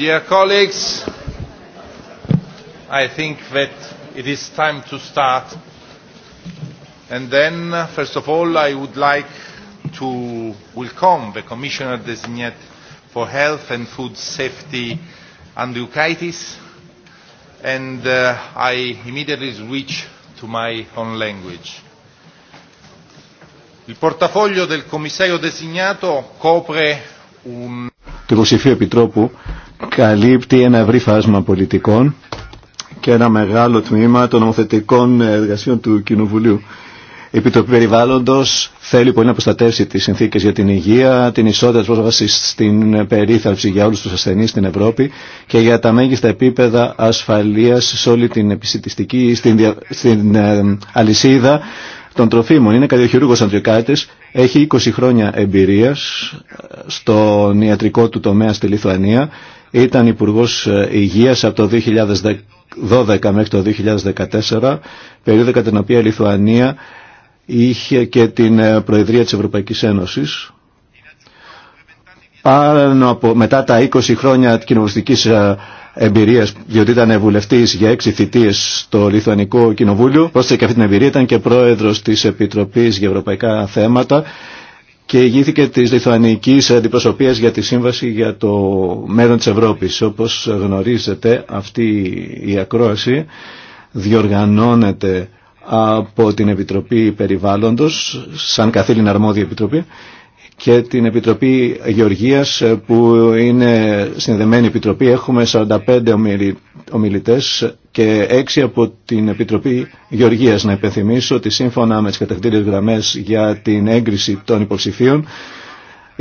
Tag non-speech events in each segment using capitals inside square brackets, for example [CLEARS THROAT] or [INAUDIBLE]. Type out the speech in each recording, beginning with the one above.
Dear colleagues, I think that it is time to start. And then, first of all, I would like to welcome the Commissioner Designate for Health and Food Safety, Andrew and I immediately switch to my own language. Il portafoglio del commissario designato copre un... Την υποψηφίου επιτρόπου καλύπτει ένα ευρύ φάσμα πολιτικών και ένα μεγάλο τμήμα των νομοθετικών εργασιών του Κοινοβουλίου. Η Επιτροπή Περιβάλλοντο θέλει πολύ να προστατεύσει τι συνθήκε για την υγεία, την ισότητα τη πρόσβαση στην περίθαλψη για όλου του ασθενεί στην Ευρώπη και για τα μέγιστα επίπεδα ασφαλεία σε όλη την επισητιστική, στην, στην ε, αλυσίδα των τροφίμων. Είναι καρδιοχειρούργο αντρικάτη, έχει 20 χρόνια εμπειρία στον ιατρικό του τομέα στη Λιθουανία ήταν Υπουργό ε, Υγεία από το 2012 μέχρι το 2014, περίοδο κατά την οποία η Λιθουανία είχε και την ε, Προεδρία της Ευρωπαϊκής Ένωσης. Πάνω από, μετά τα 20 χρόνια κοινοβουλευτικής ε, εμπειρίας, διότι ήταν βουλευτής για 6 θητείες στο Λιθουανικό Κοινοβούλιο, πρόσθεσε και αυτή την εμπειρία, ήταν και πρόεδρος της Επιτροπής για Ευρωπαϊκά Θέματα και ηγήθηκε τη λιθουανική αντιπροσωπεία για τη Σύμβαση για το Μέλλον της Ευρώπης. Όπως γνωρίζετε αυτή η ακρόαση διοργανώνεται από την Επιτροπή Περιβάλλοντος σαν καθήλυνα αρμόδια επιτροπή και την Επιτροπή Γεωργίας ε, που είναι συνδεμένη επιτροπή. Έχουμε 45 ομιλητές και 6 από την Επιτροπή Γεωργίας. Να υπενθυμίσω ότι σύμφωνα με τις κατακτήριες γραμμές για την έγκριση των υποψηφίων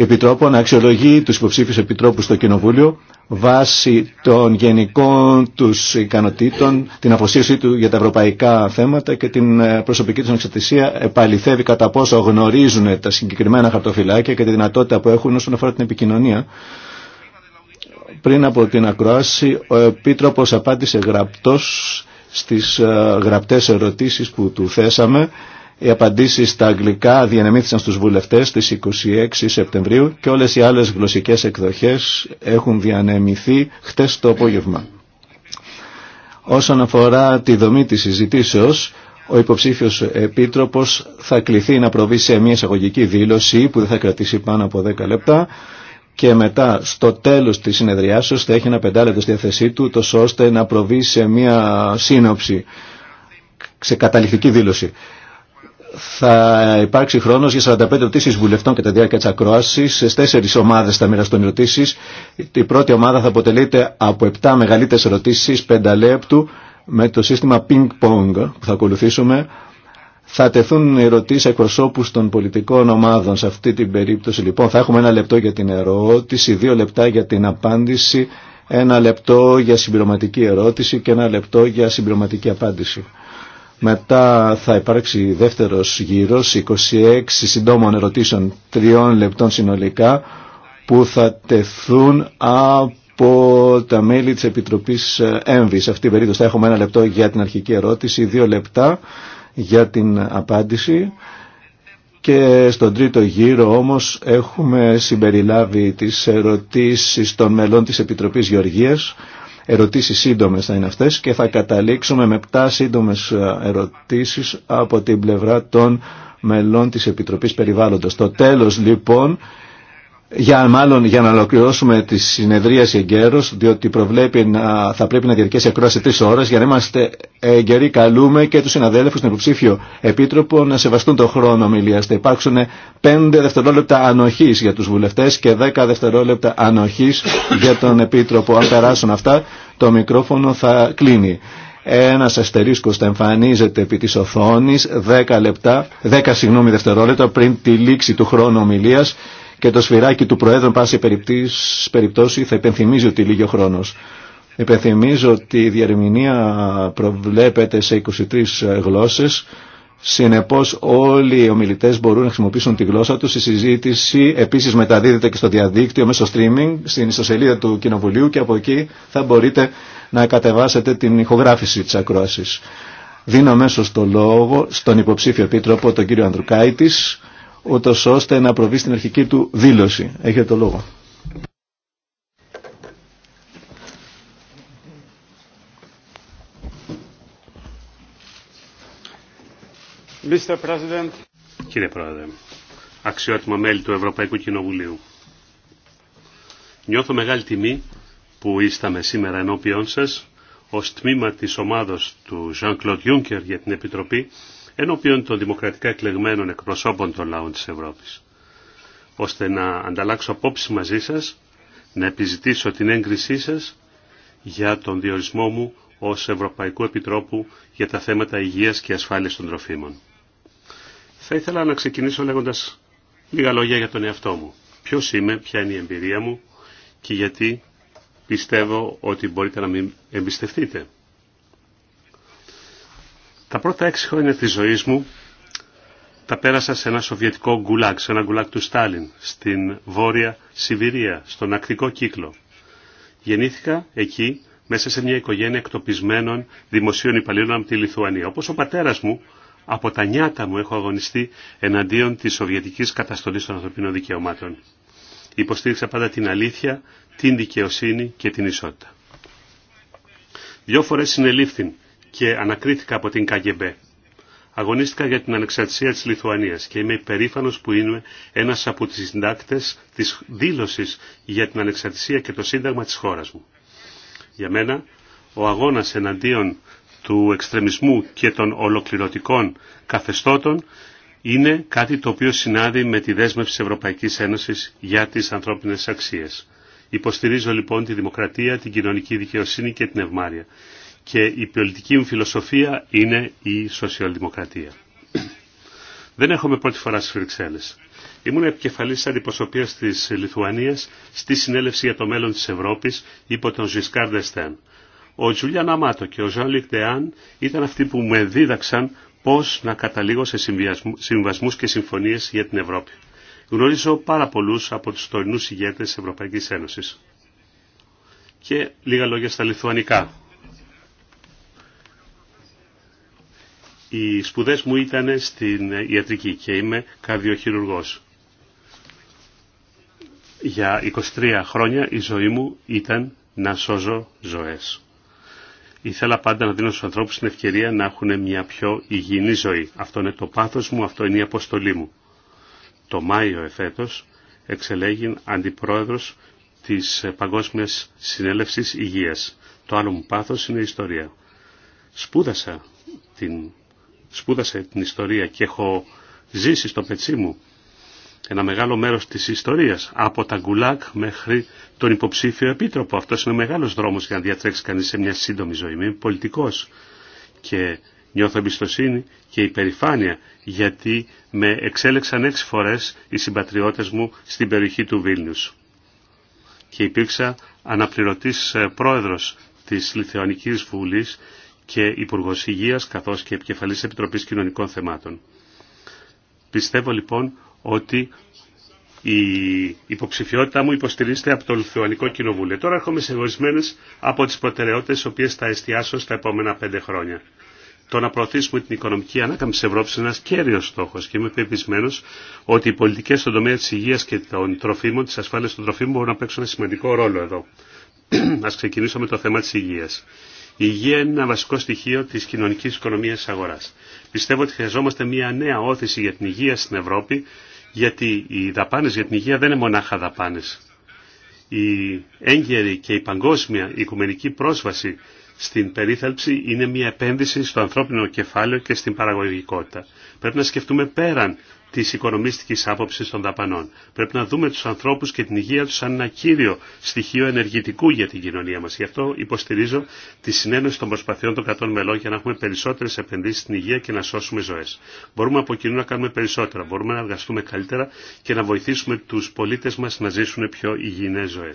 Επιτρόπων αξιολογεί τους υποψήφιους επιτρόπους στο Κοινοβούλιο βάσει των γενικών τους ικανοτήτων, την αφοσίωσή του για τα ευρωπαϊκά θέματα και την ε, προσωπική τους εξαρτησία επαληθεύει κατά πόσο γνωρίζουν τα συγκεκριμένα χαρτοφυλάκια και τη δυνατότητα που έχουν όσον αφορά την επικοινωνία. Πριν από την ακρόαση, ο Επίτροπος απάντησε γραπτός στις ε, γραπτές ερωτήσεις που του θέσαμε οι απαντήσει στα αγγλικά διανεμήθησαν στου βουλευτέ στι 26 Σεπτεμβρίου και όλε οι άλλε γλωσσικέ εκδοχέ έχουν διανεμηθεί χτε το απόγευμα. Όσον αφορά τη δομή τη συζητήσεω, ο υποψήφιο επίτροπος θα κληθεί να προβεί σε μια εισαγωγική δήλωση που δεν θα κρατήσει πάνω από 10 λεπτά και μετά στο τέλος της συνεδριάσεως θα έχει ένα πεντάλεπτο στη θέση του τόσο ώστε να προβεί σε μια σύνοψη, σε καταληκτική δήλωση. Θα υπάρξει χρόνο για 45 ερωτήσει βουλευτών κατά τη διάρκεια τη ακρόαση. Σε τέσσερι ομάδε θα μοιραστούν ερωτήσει. Η πρώτη ομάδα θα αποτελείται από 7 μεγαλύτερε ερωτήσει, 5 λεπτού, με το σύστημα ping-pong που θα ακολουθήσουμε. Θα τεθούν ερωτήσει εκπροσώπου των πολιτικών ομάδων. Σε αυτή την περίπτωση λοιπόν θα έχουμε ένα λεπτό για την ερώτηση, δύο λεπτά για την απάντηση, ένα λεπτό για συμπληρωματική ερώτηση και ένα λεπτό για συμπληρωματική απάντηση. Μετά θα υπάρξει δεύτερος γύρος, 26 συντόμων ερωτήσεων, τριών λεπτών συνολικά, που θα τεθούν από τα μέλη της Επιτροπής ΕΜΒΗ. Σε αυτή την περίπτωση θα έχουμε ένα λεπτό για την αρχική ερώτηση, δύο λεπτά για την απάντηση. Και στον τρίτο γύρο όμως έχουμε συμπεριλάβει τις ερωτήσεις των μελών της Επιτροπής Γεωργίας Ερωτήσεις σύντομες θα είναι αυτές και θα καταλήξουμε με 7 σύντομες ε, ερωτήσεις από την πλευρά των μελών της Επιτροπής Περιβάλλοντος. Το τέλος λοιπόν, για, μάλλον για να ολοκληρώσουμε τη συνεδρία εγκαίρως, διότι προβλέπει να, θα πρέπει να διαρκέσει ακρόαση τρεις ώρες, για να είμαστε εγκαιροί καλούμε και τους συναδέλφους στον υποψήφιο επίτροπο να σεβαστούν τον χρόνο ομιλίας. Θα υπάρξουν 5 δευτερόλεπτα ανοχής για τους βουλευτές και 10 δευτερόλεπτα ανοχής για τον επίτροπο. Αν περάσουν αυτά, το μικρόφωνο θα κλείνει. Ένας αστερίσκος θα εμφανίζεται επί τη οθόνης 10 λεπτά, 10 συγγνώμη δευτερόλεπτα πριν τη λήξη του χρόνου ομιλίας και το σφυράκι του Προέδρου πάση περιπτώσει θα υπενθυμίζει ότι λύγει ο χρόνος. Υπενθυμίζω ότι η διαρμηνία προβλέπεται σε 23 γλώσσες. Συνεπώς όλοι οι ομιλητές μπορούν να χρησιμοποιήσουν τη γλώσσα τους. Η συζήτηση επίσης μεταδίδεται και στο διαδίκτυο μέσω streaming στην ιστοσελίδα του Κοινοβουλίου και από εκεί θα μπορείτε να κατεβάσετε την ηχογράφηση της ακρόασης. Δίνω αμέσω το λόγο στον υποψήφιο επίτροπο, τον κύριο Ανδρουκάητη, ούτω ώστε να προβεί στην αρχική του δήλωση. Έχετε το λόγο. Κύριε Πρόεδρε, αξιότιμα μέλη του Ευρωπαϊκού Κοινοβουλίου. Νιώθω μεγάλη τιμή που ήσταμε σήμερα ενώπιόν σας ως τμήμα της ομάδος του Jean-Claude Juncker για την Επιτροπή ενώπιον των δημοκρατικά εκλεγμένων εκπροσώπων των λαών της Ευρώπης, ώστε να ανταλλάξω απόψη μαζί σας, να επιζητήσω την έγκρισή σας για τον διορισμό μου ως Ευρωπαϊκού Επιτρόπου για τα θέματα υγείας και ασφάλειας των τροφίμων. Θα ήθελα να ξεκινήσω λέγοντας λίγα λόγια για τον εαυτό μου. Ποιος είμαι, ποια είναι η εμπειρία μου και γιατί πιστεύω ότι μπορείτε να μην εμπιστευτείτε. Τα πρώτα έξι χρόνια της ζωής μου τα πέρασα σε ένα σοβιετικό γκουλάκ, σε ένα γκουλάκ του Στάλιν, στην Βόρεια Σιβηρία, στον Ακτικό Κύκλο. Γεννήθηκα εκεί μέσα σε μια οικογένεια εκτοπισμένων δημοσίων υπαλλήλων από τη Λιθουανία. Όπως ο πατέρας μου, από τα νιάτα μου έχω αγωνιστεί εναντίον της Σοβιετικής καταστολής των ανθρωπίνων δικαιωμάτων. Υποστήριξα πάντα την αλήθεια, την δικαιοσύνη και την ισότητα. Δυο φορές συνελήφθη και ανακρίθηκα από την ΚΑΓΕΜΠΕ. Αγωνίστηκα για την ανεξαρτησία της Λιθουανίας και είμαι υπερήφανος που είμαι ένας από τις συντάκτες της δήλωσης για την ανεξαρτησία και το σύνταγμα της χώρας μου. Για μένα, ο αγώνας εναντίον του εξτρεμισμού και των ολοκληρωτικών καθεστώτων είναι κάτι το οποίο συνάδει με τη δέσμευση της Ευρωπαϊκής Ένωσης για τις ανθρώπινες αξίες. Υποστηρίζω λοιπόν τη δημοκρατία, την κοινωνική δικαιοσύνη και την ευμάρεια. Και η πολιτική μου φιλοσοφία είναι η σοσιαλδημοκρατία. Δεν έχουμε πρώτη φορά στις Φρυξέλλες. Ήμουν επικεφαλής αντιπροσωπείας της Λιθουανίας στη συνέλευση για το μέλλον της Ευρώπης υπό τον Ζισκάρ Δεστέν. Ο Τζούλιαν Αμάτο και ο Ζαν Λικτεάν ήταν αυτοί που με δίδαξαν πώς να καταλήγω σε συμβασμούς και συμφωνίες για την Ευρώπη. Γνωρίζω πάρα πολλούς από τους τωρινού ηγέτες της Ευρωπαϊκής Ένωσης. Και λίγα λόγια στα λιθουανικά. Οι σπουδές μου ήταν στην ιατρική και είμαι καρδιοχειρουργός. Για 23 χρόνια η ζωή μου ήταν να σώζω ζωές. Ήθελα πάντα να δίνω στους ανθρώπους την ευκαιρία να έχουν μια πιο υγιεινή ζωή. Αυτό είναι το πάθος μου, αυτό είναι η αποστολή μου. Το Μάιο εφέτος εξελέγει αντιπρόεδρος της Παγκόσμιας Συνέλευσης Υγείας. Το άλλο μου πάθος είναι η ιστορία. Σπούδασα την, σπούδασα την ιστορία και έχω ζήσει στο πετσί μου ένα μεγάλο μέρος της ιστορίας, από τα γκουλάκ μέχρι τον υποψήφιο επίτροπο. Αυτός είναι μεγάλος δρόμος για να διατρέξει κανείς σε μια σύντομη ζωή. Είμαι πολιτικός και νιώθω εμπιστοσύνη και υπερηφάνεια γιατί με εξέλεξαν έξι φορές οι συμπατριώτες μου στην περιοχή του Βίλνιους. Και υπήρξα αναπληρωτής ε, πρόεδρος της Λιθεωνικής Βούλης και Υπουργό Υγεία καθώς και Επικεφαλής Επιτροπής Κοινωνικών Θεμάτων. Πιστεύω λοιπόν ότι η υποψηφιότητά μου υποστηρίζεται από το Λιθουανικό Κοινοβούλιο. Τώρα έρχομαι σε ορισμένε από τι προτεραιότητε, τι οποίε θα εστιάσω στα επόμενα πέντε χρόνια. Το να προωθήσουμε την οικονομική ανάκαμψη τη Ευρώπη είναι ένα κέριο στόχο και είμαι πεπισμένο ότι οι πολιτικέ στον τομέα τη υγεία και των τροφίμων, τη ασφάλεια των τροφίμων μπορούν να παίξουν ένα σημαντικό ρόλο εδώ. [CLEARS THROAT] Α ξεκινήσω με το θέμα τη υγεία. Η υγεία είναι ένα βασικό στοιχείο τη κοινωνική οικονομία αγορά. Πιστεύω ότι χρειαζόμαστε μια νέα όθηση για την υγεία στην Ευρώπη γιατί οι δαπάνες για την υγεία δεν είναι μονάχα δαπάνες. Η έγκαιρη και η παγκόσμια οικουμενική πρόσβαση στην περίθαλψη είναι μια επένδυση στο ανθρώπινο κεφάλαιο και στην παραγωγικότητα. Πρέπει να σκεφτούμε πέραν τη οικονομιστική άποψη των δαπανών. Πρέπει να δούμε τους ανθρώπους και την υγεία τους σαν ένα κύριο στοιχείο ενεργητικού για την κοινωνία μας. Γι' αυτό υποστηρίζω τη συνένωση των προσπαθειών των κρατών μελών για να έχουμε περισσότερες επενδύσεις στην υγεία και να σώσουμε ζωές. Μπορούμε από κοινού να κάνουμε περισσότερα, μπορούμε να εργαστούμε καλύτερα και να βοηθήσουμε του πολίτε μα να ζήσουν πιο υγιεινές ζωέ.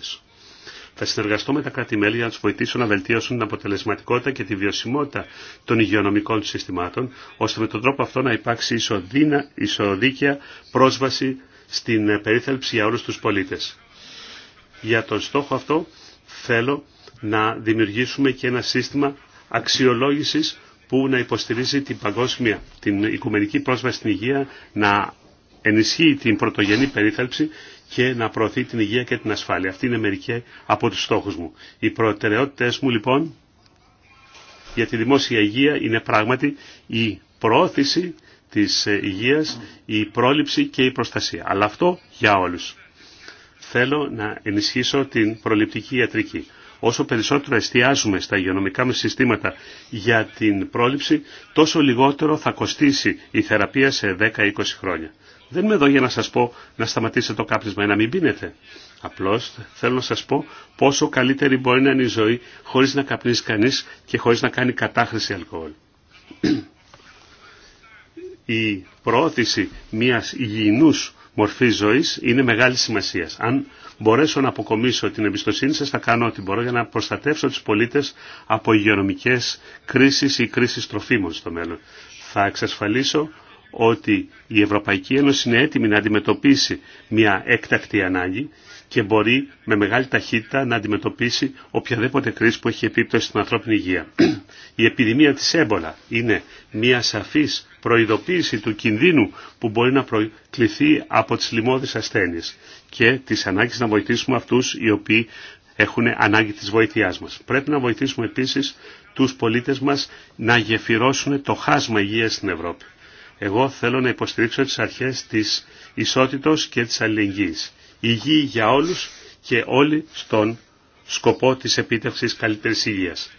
Θα συνεργαστώ με τα κράτη-μέλη για να του βοηθήσω να βελτιώσουν την αποτελεσματικότητα και τη βιωσιμότητα των υγειονομικών συστημάτων, ώστε με τον τρόπο αυτό να υπάρξει ισοδύνα, ισοδίκαια πρόσβαση στην ε, περίθαλψη για όλου του πολίτε. Για τον στόχο αυτό θέλω να δημιουργήσουμε και ένα σύστημα αξιολόγησης που να υποστηρίζει την παγκόσμια, την οικουμενική πρόσβαση στην υγεία, να ενισχύει την πρωτογενή περίθαλψη και να προωθεί την υγεία και την ασφάλεια. Αυτή είναι μερική από τους στόχους μου. Οι προτεραιότητες μου λοιπόν για τη δημόσια υγεία είναι πράγματι η προώθηση της ε, υγείας, η πρόληψη και η προστασία. Αλλά αυτό για όλους. Θέλω να ενισχύσω την προληπτική ιατρική. Όσο περισσότερο εστιάζουμε στα υγειονομικά μας συστήματα για την πρόληψη, τόσο λιγότερο θα κοστίσει η θεραπεία σε 10-20 χρόνια. Δεν είμαι εδώ για να σας πω να σταματήσετε το κάπνισμα ή να μην πίνετε. Απλώς θέλω να σας πω πόσο καλύτερη μπορεί να είναι η ζωή χωρίς να καπνίζει κανείς και χωρίς να κάνει κατάχρηση αλκοόλ. η προώθηση μιας υγιεινούς μορφής ζωής είναι μεγάλη σημασία. Αν μπορέσω να αποκομίσω την εμπιστοσύνη σας θα κάνω ό,τι μπορώ για να προστατεύσω τους πολίτες από υγειονομικές κρίσεις ή κρίσεις τροφίμων στο μέλλον. Θα εξασφαλίσω ότι η Ευρωπαϊκή Ένωση είναι έτοιμη να αντιμετωπίσει μια έκτακτη ανάγκη και μπορεί με μεγάλη ταχύτητα να αντιμετωπίσει οποιαδήποτε κρίση που έχει επίπτωση στην ανθρώπινη υγεία. Η επιδημία της έμπολα είναι μια σαφής προειδοποίηση του κινδύνου που μπορεί να προκληθεί από τις λοιμώδεις ασθένειες και τις ανάγκες να βοηθήσουμε αυτούς οι οποίοι έχουν ανάγκη της βοήθειάς μας. Πρέπει να βοηθήσουμε επίσης τους πολίτες μας να γεφυρώσουν το χάσμα υγείας στην Ευρώπη. Εγώ θέλω να υποστηρίξω τις αρχές της ισότητος και της αλληλεγγύης. Υγεία για όλους και όλοι στον σκοπό της επίτευξης καλύτερης υγείας.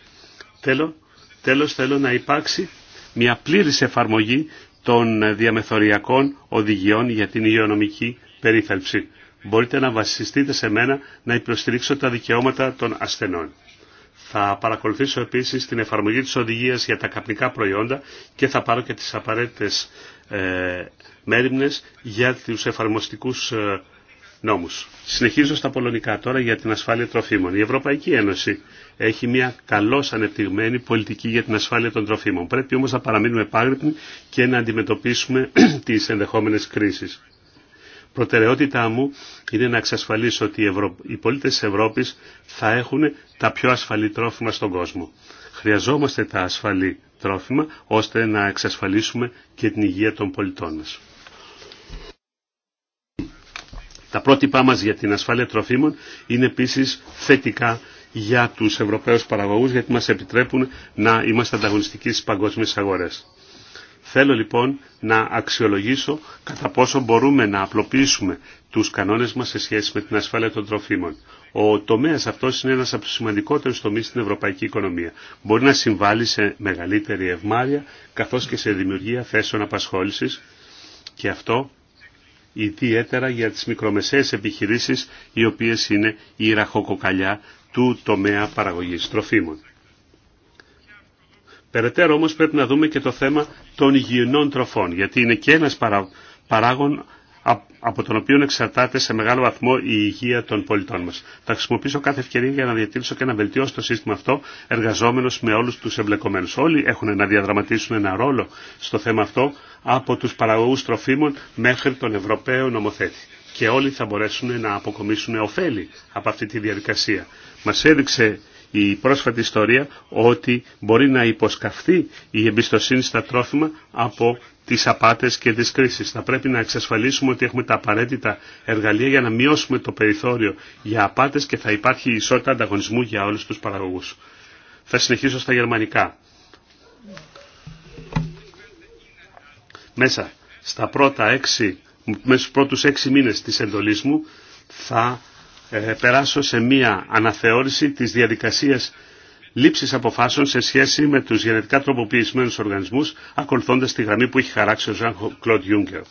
Τέλο, τέλος θέλω να υπάρξει μια πλήρης εφαρμογή των διαμεθοριακών οδηγιών για την υγειονομική περίθαλψη. Μπορείτε να βασιστείτε σε μένα να υποστηρίξω τα δικαιώματα των ασθενών. Θα παρακολουθήσω επίσης την εφαρμογή της οδηγίας για τα καπνικά προϊόντα και θα πάρω και τις απαραίτητες ε, για τους εφαρμοστικούς ε, νόμους. Συνεχίζω στα πολωνικά τώρα για την ασφάλεια τροφίμων. Η Ευρωπαϊκή Ένωση έχει μια καλώς ανεπτυγμένη πολιτική για την ασφάλεια των τροφίμων. Πρέπει όμως να παραμείνουμε επάγρυπνοι και να αντιμετωπίσουμε [CLEARS THROAT] τις ενδεχόμενες κρίσεις. Προτεραιότητά μου είναι να εξασφαλίσω ότι οι πολίτες της Ευρώπης θα έχουν τα πιο ασφαλή τρόφιμα στον κόσμο. Χρειαζόμαστε τα ασφαλή τρόφιμα ώστε να εξασφαλίσουμε και την υγεία των πολιτών μας. Τα πρότυπά μας για την ασφάλεια τροφίμων είναι επίσης θετικά για τους Ευρωπαίους παραγωγούς γιατί μας επιτρέπουν να είμαστε ανταγωνιστικοί στις παγκόσμιες αγορές. Θέλω λοιπόν να αξιολογήσω κατά πόσο μπορούμε να απλοποιήσουμε τους κανόνες μας σε σχέση με την ασφάλεια των τροφίμων. Ο τομέας αυτός είναι ένας από τους σημαντικότερους τομείς στην ευρωπαϊκή οικονομία. Μπορεί να συμβάλλει σε μεγαλύτερη ευμάρεια καθώς και σε δημιουργία θέσεων απασχόλησης και αυτό ιδιαίτερα για τις μικρομεσαίες επιχειρήσεις οι οποίες είναι η ραχοκοκαλιά του τομέα παραγωγής τροφίμων. Περαιτέρω όμως πρέπει να δούμε και το θέμα των υγιεινών τροφών, γιατί είναι και ένας παράγων από τον οποίο εξαρτάται σε μεγάλο βαθμό η υγεία των πολιτών μας. Θα χρησιμοποιήσω κάθε ευκαιρία για να διατηρήσω και να βελτιώσω το σύστημα αυτό, εργαζόμενος με όλους τους εμπλεκομένους. Όλοι έχουν να διαδραματίσουν ένα ρόλο στο θέμα αυτό, από τους παραγωγούς τροφίμων μέχρι τον Ευρωπαίο νομοθέτη. Και όλοι θα μπορέσουν να αποκομίσουν ωφέλη από αυτή τη διαδικασία. Μας έδειξε η πρόσφατη ιστορία ότι μπορεί να υποσκαφθεί η εμπιστοσύνη στα τρόφιμα από τις απάτες και τις κρίσεις. Θα πρέπει να εξασφαλίσουμε ότι έχουμε τα απαραίτητα εργαλεία για να μειώσουμε το περιθώριο για απάτες και θα υπάρχει ισότητα ανταγωνισμού για όλους τους παραγωγούς. Θα συνεχίσω στα γερμανικά. Μέσα στα πρώτα έξι, μέσα στους πρώτους έξι μήνες της εντολής μου θα ε, περάσω σε μία αναθεώρηση της διαδικασίας λήψης αποφάσεων σε σχέση με τους γενετικά τροποποιημένους οργανισμούς, ακολουθώντας τη γραμμή που έχει χαράξει ο Ζαν Κλοντ Ιούγκερ.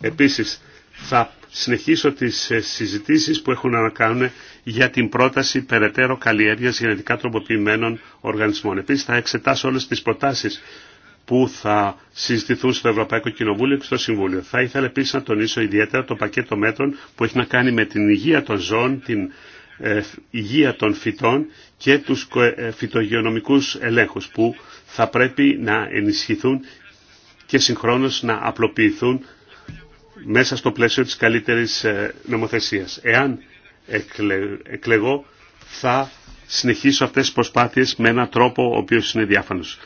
Επίσης, θα συνεχίσω τις ε, συζητήσεις που έχουν να κάνουν για την πρόταση περαιτέρω καλλιέργειας γενετικά τροποποιημένων οργανισμών. Επίσης, θα εξετάσω όλες τις προτάσεις που θα συζητηθούν στο Ευρωπαϊκό Κοινοβούλιο και στο Συμβούλιο. Θα ήθελα επίση να τονίσω ιδιαίτερα το πακέτο μέτρων που έχει να κάνει με την υγεία των ζώων, την ε, υγεία των φυτών και τους ε, φυτογειονομικούς ελέγχους που θα πρέπει να ενισχυθούν και συγχρόνως να απλοποιηθούν μέσα στο πλαίσιο της καλύτερης ε, νομοθεσίας. Εάν εκλεγώ θα συνεχίσω αυτέ τι προσπάθειε με έναν τρόπο ο οποίο είναι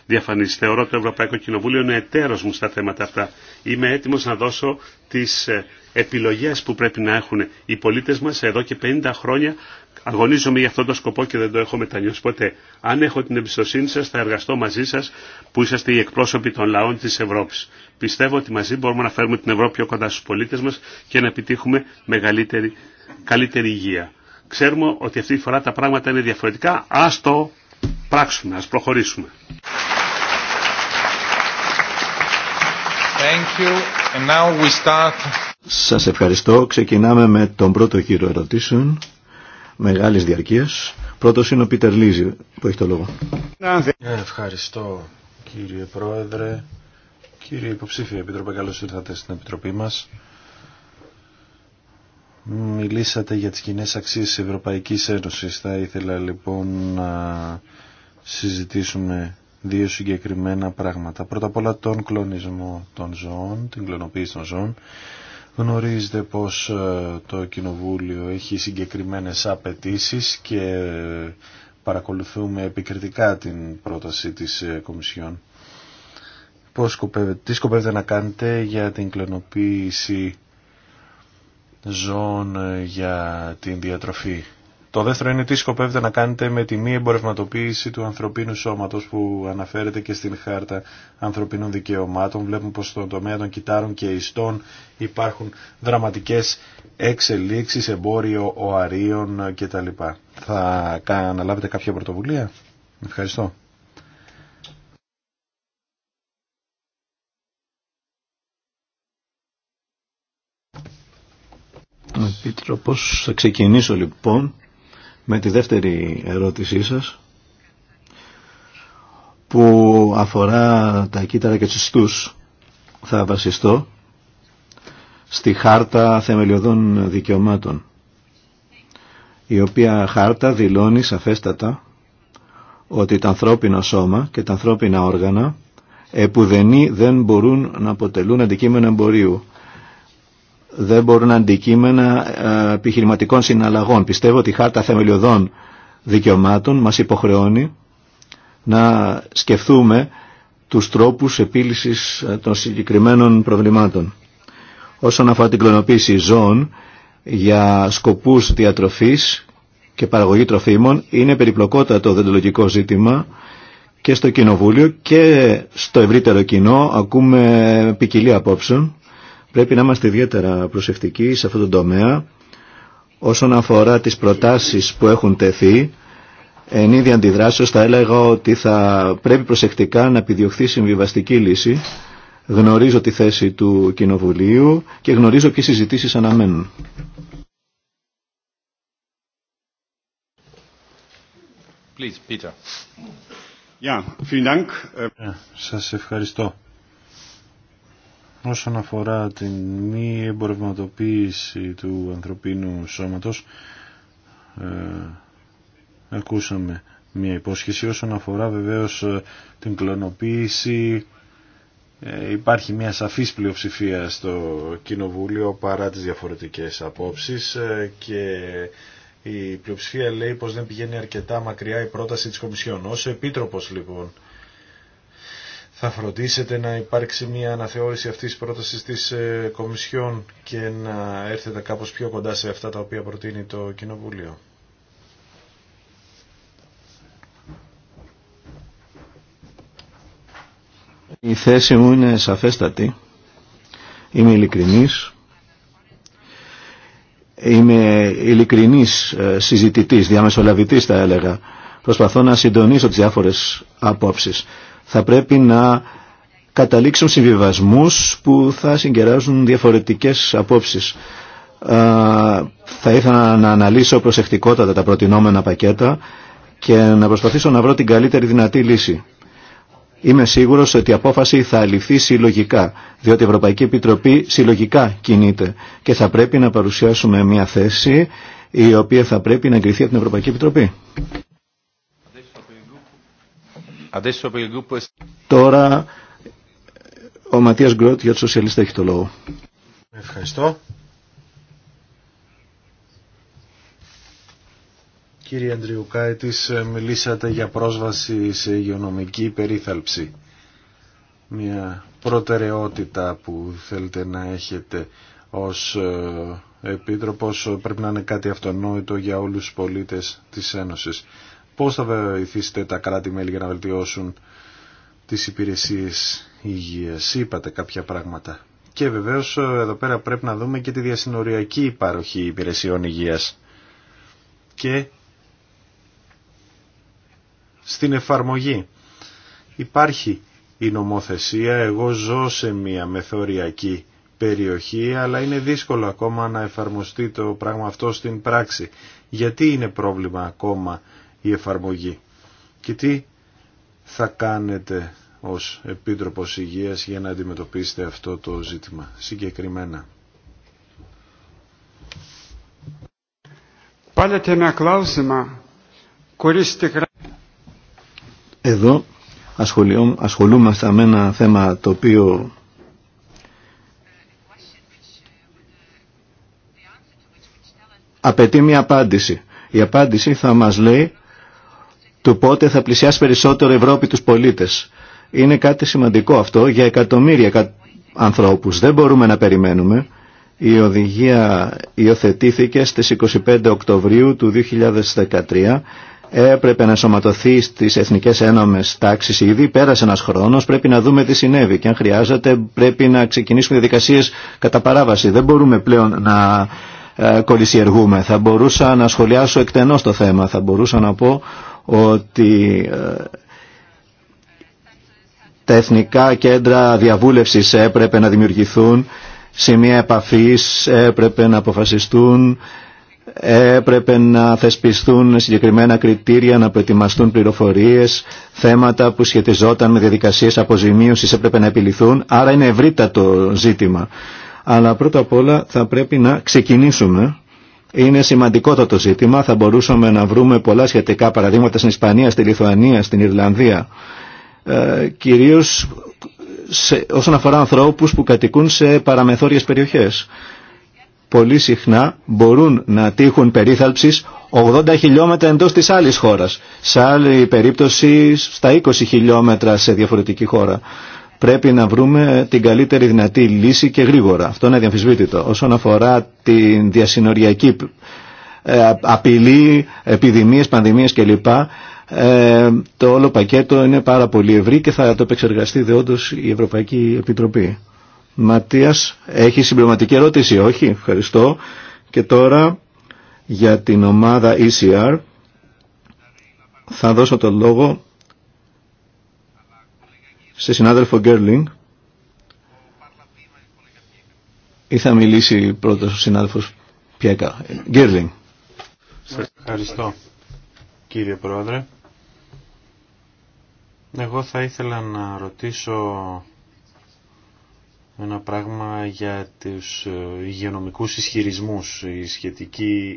διάφανος. Θεωρώ ότι το Ευρωπαϊκό Κοινοβούλιο είναι εταίρο μου στα θέματα αυτά. Είμαι έτοιμο να δώσω τι ε, επιλογέ που πρέπει να έχουν οι πολίτε μα εδώ και 50 χρόνια Αγωνίζομαι για αυτόν τον σκοπό και δεν το έχω μετανιώσει ποτέ. Αν έχω την εμπιστοσύνη σα θα εργαστώ μαζί σα που είσαστε οι εκπρόσωποι των λαών τη Ευρώπη. Πιστεύω ότι μαζί μπορούμε να φέρουμε την Ευρώπη πιο κοντά στου πολίτε μα και να επιτύχουμε μεγαλύτερη, καλύτερη υγεία ξέρουμε ότι αυτή τη φορά τα πράγματα είναι διαφορετικά. Ας το πράξουμε, ας προχωρήσουμε. Thank start... Σας ευχαριστώ. Ξεκινάμε με τον πρώτο κύριο ερωτήσεων μεγάλης διαρκείας. Πρώτος είναι ο Πίτερ Λίζη που έχει το λόγο. Ευχαριστώ κύριε Πρόεδρε. Κύριε υποψήφιε Επιτροπέ, καλώς ήρθατε στην Επιτροπή μας. Μιλήσατε για τις κοινέ αξίες της Ευρωπαϊκής Ένωσης. Θα ήθελα λοιπόν να συζητήσουμε δύο συγκεκριμένα πράγματα. Πρώτα απ' όλα τον κλονισμό των ζώων, την κλωνοποίηση των ζώων. Γνωρίζετε πως ε, το Κοινοβούλιο έχει συγκεκριμένες απαιτήσει και ε, παρακολουθούμε επικριτικά την πρόταση της ε, Κομισιόν. Πώς τι σκοπεύετε να κάνετε για την κλωνοποίηση ζώων ε, για την διατροφή. Το δεύτερο είναι τι σκοπεύετε να κάνετε με τη μη εμπορευματοποίηση του ανθρωπίνου σώματος που αναφέρεται και στην Χάρτα Ανθρωπίνων Δικαιωμάτων. Βλέπουμε πως στον τομέα των κιτάρων και ιστών υπάρχουν δραματικές εξελίξεις, εμπόριο οαρίων ε, κτλ. Θα αναλάβετε κάποια πρωτοβουλία. Ευχαριστώ. Επίτροπος. Θα ξεκινήσω λοιπόν με τη δεύτερη ερώτησή σας που αφορά τα κύτταρα και τους Θα βασιστώ στη χάρτα θεμελιωδών δικαιωμάτων η οποία χάρτα δηλώνει σαφέστατα ότι τα ανθρώπινα σώμα και τα ανθρώπινα όργανα επουδενή δεν μπορούν να αποτελούν αντικείμενο εμπορίου δεν μπορούν αντικείμενα ε, επιχειρηματικών συναλλαγών. Πιστεύω ότι η Χάρτα Θεμελιωδών Δικαιωμάτων μας υποχρεώνει να σκεφτούμε τους τρόπους επίλυσης ε, των συγκεκριμένων προβλημάτων. Όσον αφορά την κλωνοποίηση ζώων για σκοπούς διατροφής και παραγωγή τροφίμων είναι περιπλοκότατο δεντολογικό ζήτημα και στο Κοινοβούλιο και στο ευρύτερο κοινό ακούμε ποικιλία απόψεων Πρέπει να είμαστε ιδιαίτερα προσεκτικοί σε αυτό το τομέα όσον αφορά τις προτάσεις που έχουν τεθεί εν ίδια αντιδράσεως θα έλεγα ότι θα πρέπει προσεκτικά να επιδιωχθεί συμβιβαστική λύση γνωρίζω τη θέση του Κοινοβουλίου και γνωρίζω ποιες συζητήσεις αναμένουν. Please, Peter. Ε, σας ευχαριστώ. Όσον αφορά την μη εμπορευματοποίηση του ανθρωπίνου σώματος, ε, ακούσαμε μια υπόσχεση. Όσον αφορά βεβαίως ε, την κλωνοποίηση, ε, υπάρχει μια σαφής πλειοψηφία στο Κοινοβούλιο παρά τις διαφορετικές απόψεις ε, και η πλειοψηφία λέει πως δεν πηγαίνει αρκετά μακριά η πρόταση της Κομισιόν. Ως Επίτροπος λοιπόν θα φροντίσετε να υπάρξει μια αναθεώρηση αυτής της πρότασης της ε, Κομισιόν και να έρθετε κάπως πιο κοντά σε αυτά τα οποία προτείνει το Κοινοβούλιο. Η θέση μου είναι σαφέστατη. Είμαι ειλικρινής. Είμαι ειλικρινής ε, συζητητής, διαμεσολαβητής θα έλεγα. Προσπαθώ να συντονίσω τις διάφορες απόψεις θα πρέπει να καταλήξουν συμβιβασμούς που θα συγκεράζουν διαφορετικές απόψεις. Θα ήθελα να αναλύσω προσεκτικότατα τα προτινόμενα πακέτα και να προσπαθήσω να βρω την καλύτερη δυνατή λύση. Είμαι σίγουρος ότι η απόφαση θα ληφθεί συλλογικά, διότι η Ευρωπαϊκή Επιτροπή συλλογικά κινείται και θα πρέπει να παρουσιάσουμε μια θέση η οποία θα πρέπει να εγκριθεί από την Ευρωπαϊκή Επιτροπή. Τώρα ο Ματίας Γκρότ για τους σοσιαλιστές έχει το λόγο. Ευχαριστώ. Κύριε Αντριουκάητης, μιλήσατε για πρόσβαση σε υγειονομική περίθαλψη. Μια προτεραιότητα που θέλετε να έχετε ως ε, επίτροπος πρέπει να είναι κάτι αυτονόητο για όλους τους πολίτες της Ένωσης πώς θα βοηθήσετε τα κράτη-μέλη για να βελτιώσουν τις υπηρεσίες υγείας. Είπατε κάποια πράγματα. Και βεβαίως εδώ πέρα πρέπει να δούμε και τη διασυνοριακή υπαροχή υπηρεσιών υγείας. Και στην εφαρμογή. Υπάρχει η νομοθεσία, εγώ ζω σε μια μεθοριακή περιοχή, αλλά είναι δύσκολο ακόμα να εφαρμοστεί το πράγμα αυτό στην πράξη. Γιατί είναι πρόβλημα ακόμα η εφαρμογή. Και τι θα κάνετε ως Επίτροπος Υγείας για να αντιμετωπίσετε αυτό το ζήτημα συγκεκριμένα. Εδώ ασχολούμαστε με ένα θέμα το οποίο απαιτεί μια απάντηση. Η απάντηση θα μας λέει του πότε θα πλησιάσει περισσότερο Ευρώπη τους πολίτες. Είναι κάτι σημαντικό αυτό για εκατομμύρια εκα... ανθρώπους. Δεν μπορούμε να περιμένουμε. Η οδηγία υιοθετήθηκε στις 25 Οκτωβρίου του 2013 έπρεπε να σωματωθεί στις εθνικές ένομες τάξεις ήδη, πέρασε ένας χρόνος, πρέπει να δούμε τι συνέβη και αν χρειάζεται πρέπει να ξεκινήσουμε διαδικασίες κατά παράβαση. Δεν μπορούμε πλέον να ε, κολυσιεργούμε. Θα μπορούσα να σχολιάσω εκτενώς το θέμα, θα μπορούσα να πω ότι ε, τα εθνικά κέντρα διαβούλευσης έπρεπε να δημιουργηθούν, σημεία επαφής έπρεπε να αποφασιστούν, έπρεπε να θεσπιστούν συγκεκριμένα κριτήρια, να προετοιμαστούν πληροφορίες, θέματα που σχετιζόταν με διαδικασίες αποζημίωσης έπρεπε να επιληθούν, άρα είναι ευρύτατο ζήτημα. Αλλά πρώτα απ' όλα θα πρέπει να ξεκινήσουμε είναι σημαντικό το ζήτημα, θα μπορούσαμε να βρούμε πολλά σχετικά παραδείγματα στην Ισπανία, στη Λιθουανία, στην Ιρλανδία. Ε, κυρίως όσον αφορά ανθρώπους που κατοικούν σε παραμεθόριες περιοχές. Πολύ συχνά μπορούν να τύχουν περίθαλψης 80 χιλιόμετρα εντός της άλλης χώρας. Σε άλλη περίπτωση στα 20 χιλιόμετρα σε διαφορετική χώρα. Πρέπει να βρούμε την καλύτερη δυνατή λύση και γρήγορα. Αυτό είναι διαμφισβήτητο. Όσον αφορά την διασυνοριακή ε, απειλή, επιδημίες, πανδημίες κλπ. Ε, το όλο πακέτο είναι πάρα πολύ ευρύ και θα το επεξεργαστεί δεόντως η Ευρωπαϊκή Επιτροπή. Ματίας, έχει συμπληρωματική ερώτηση, όχι, ευχαριστώ. Και τώρα για την ομάδα ECR θα δώσω το λόγο σε συνάδελφο Γκέρλινγκ. Ή θα μιλήσει πρώτα ο συνάδελφος Πιέκα. Γκέρλινγκ. ευχαριστώ κύριε Πρόεδρε. Εγώ θα ήθελα να ρωτήσω ένα πράγμα για τους υγειονομικούς ισχυρισμούς. Η,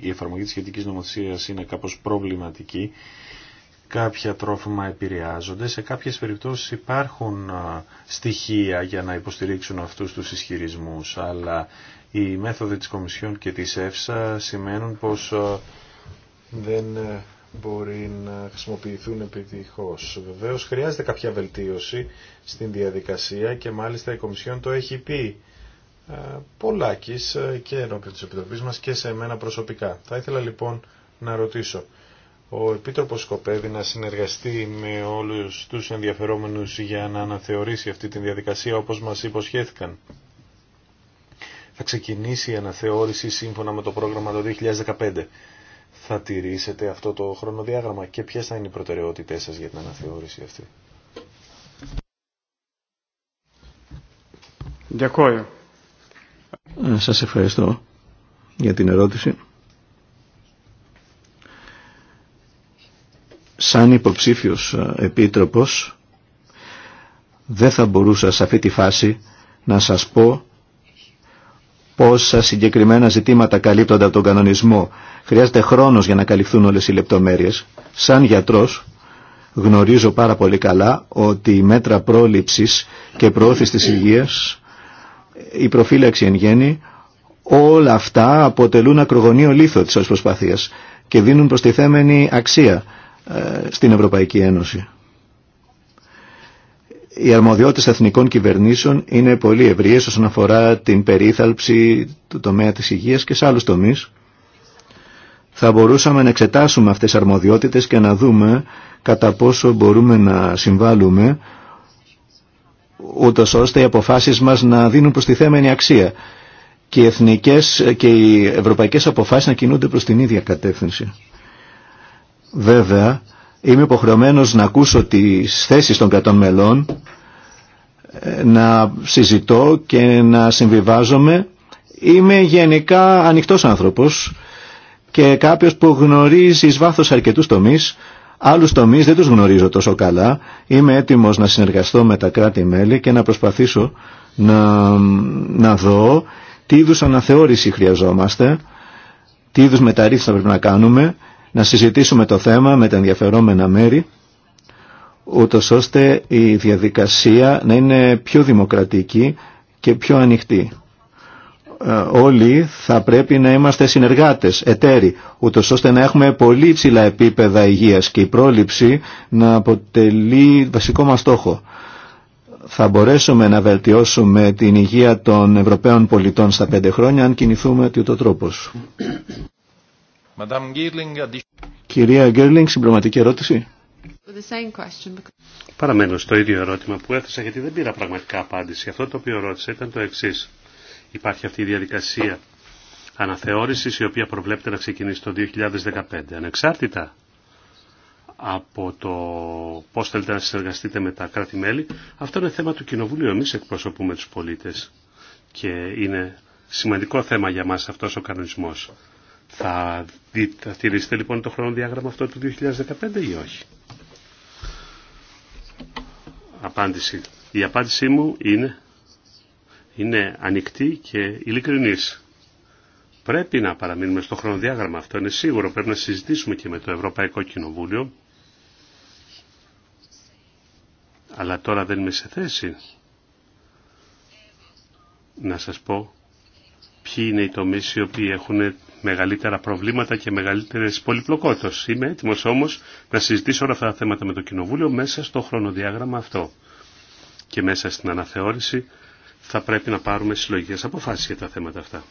η εφαρμογή της σχετικής νομοθεσίας είναι κάπως προβληματική κάποια τρόφιμα επηρεάζονται. Σε κάποιες περιπτώσεις υπάρχουν στοιχεία για να υποστηρίξουν αυτούς τους ισχυρισμούς, αλλά οι μέθοδοι της Κομισιόν και της ΕΦΣΑ σημαίνουν πως δεν ε, μπορεί να χρησιμοποιηθούν επιτυχώς. Βεβαίως χρειάζεται κάποια βελτίωση στην διαδικασία και μάλιστα η Κομισιόν το έχει πει πολλάκις ε, και ενώπιον της Επιτροπής μας και σε εμένα προσωπικά. Θα ήθελα λοιπόν να ρωτήσω ο Επίτροπος σκοπεύει να συνεργαστεί με όλους τους ενδιαφερόμενους για να αναθεωρήσει αυτή τη διαδικασία όπως μας υποσχέθηκαν. Θα ξεκινήσει η αναθεώρηση σύμφωνα με το πρόγραμμα το 2015. Θα τηρήσετε αυτό το χρονοδιάγραμμα και ποιες θα είναι οι προτεραιότητές σας για την αναθεώρηση αυτή. Ε, σας ευχαριστώ για την ερώτηση. σαν υποψήφιος ε, επίτροπος δεν θα μπορούσα σε αυτή τη φάση να σας πω πόσα συγκεκριμένα ζητήματα καλύπτονται από τον κανονισμό. Χρειάζεται χρόνος για να καλυφθούν όλες οι λεπτομέρειες. Σαν γιατρός γνωρίζω πάρα πολύ καλά ότι η μέτρα πρόληψης και προώθηση της υγείας, η προφύλαξη εν γέννη, όλα αυτά αποτελούν ακρογωνίο λίθο της προσπάθειας και δίνουν προστιθέμενη αξία ε, στην Ευρωπαϊκή Ένωση. Οι αρμοδιότητες εθνικών κυβερνήσεων είναι πολύ ευρείες όσον αφορά την περίθαλψη του τομέα της υγείας και σε άλλους τομείς. Θα μπορούσαμε να εξετάσουμε αυτές τις αρμοδιότητες και να δούμε κατά πόσο μπορούμε να συμβάλλουμε ούτως ώστε οι αποφάσεις μας να δίνουν τη θέμενη αξία και οι εθνικές και οι ευρωπαϊκές αποφάσεις να κινούνται προς την ίδια κατεύθυνση. Βέβαια, είμαι υποχρεωμένος να ακούσω τις θέσεις των κρατών μελών, ε, να συζητώ και να συμβιβάζομαι. Είμαι γενικά ανοιχτός άνθρωπος και κάποιος που γνωρίζει εις βάθος αρκετούς τομείς, άλλους τομείς δεν τους γνωρίζω τόσο καλά. Είμαι έτοιμος να συνεργαστώ με τα κράτη-μέλη και να προσπαθήσω να, δω τι είδους αναθεώρηση χρειαζόμαστε, τι είδους μεταρρύθμιση θα πρέπει να κάνουμε να συζητήσουμε το θέμα με τα ενδιαφερόμενα μέρη, ούτως ώστε η διαδικασία να είναι πιο δημοκρατική και πιο ανοιχτή. Ε, όλοι θα πρέπει να είμαστε συνεργάτες, εταίροι, ούτως ώστε να έχουμε πολύ ψηλά επίπεδα υγείας και η πρόληψη να αποτελεί βασικό μας στόχο. Θα μπορέσουμε να βελτιώσουμε την υγεία των Ευρωπαίων πολιτών στα πέντε χρόνια αν κινηθούμε ότι τρόπος. Κυρία Γκέρλινγκ, συμπληρωματική ερώτηση. Παραμένω στο ίδιο ερώτημα που έθεσα γιατί δεν πήρα πραγματικά απάντηση. Αυτό το οποίο ρώτησα ήταν το εξή. Υπάρχει αυτή η διαδικασία αναθεώρηση, η οποία προβλέπεται να ξεκινήσει το 2015. Ανεξάρτητα από το πώ θέλετε να συνεργαστείτε με τα κράτη-μέλη, αυτό είναι θέμα του Κοινοβουλίου. Εμεί εκπροσωπούμε του πολίτε. και είναι σημαντικό θέμα για μα αυτό ο κανονισμό. Θα, δει, θα τηρήσετε λοιπόν το χρονοδιάγραμμα αυτό του 2015 ή όχι. Απάντηση. Η απάντησή μου είναι, είναι ανοιχτή και ειλικρινής. Πρέπει να παραμείνουμε στο χρονοδιάγραμμα αυτό, είναι σίγουρο. Πρέπει να συζητήσουμε και με το Ευρωπαϊκό Κοινοβούλιο. Αλλά τώρα δεν είμαι σε θέση να σας πω ποιοι είναι οι τομείς οι οποίοι έχουν μεγαλύτερα προβλήματα και μεγαλύτερε πολυπλοκότητε. Είμαι έτοιμο όμω, να συζητήσω όλα αυτά τα θέματα με το Κοινοβούλιο μέσα στο χρονοδιάγραμμα αυτό. Και μέσα στην αναθεώρηση θα πρέπει να πάρουμε συλλογικέ αποφάσεις για τα θέματα αυτά.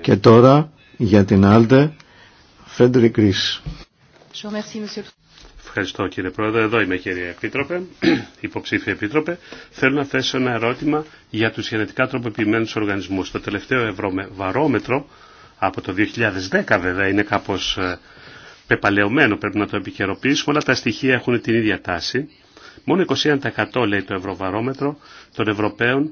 Και τώρα για την Άλτε, Φρέντερικ Ρίς. Ευχαριστώ κύριε Πρόεδρε. Εδώ είμαι κύριε Επίτροπε, [CLEARS THROAT] υποψήφια Επίτροπε. Θέλω να θέσω ένα ερώτημα για τους γενετικά τροποποιημένους οργανισμούς. Το τελευταίο ευρωβαρόμετρο από το 2010 βέβαια είναι κάπως ε, πεπαλαιωμένο, πρέπει να το επικαιροποιήσουμε. Όλα τα στοιχεία έχουν την ίδια τάση. Μόνο 21% λέει το ευρωβαρόμετρο των Ευρωπαίων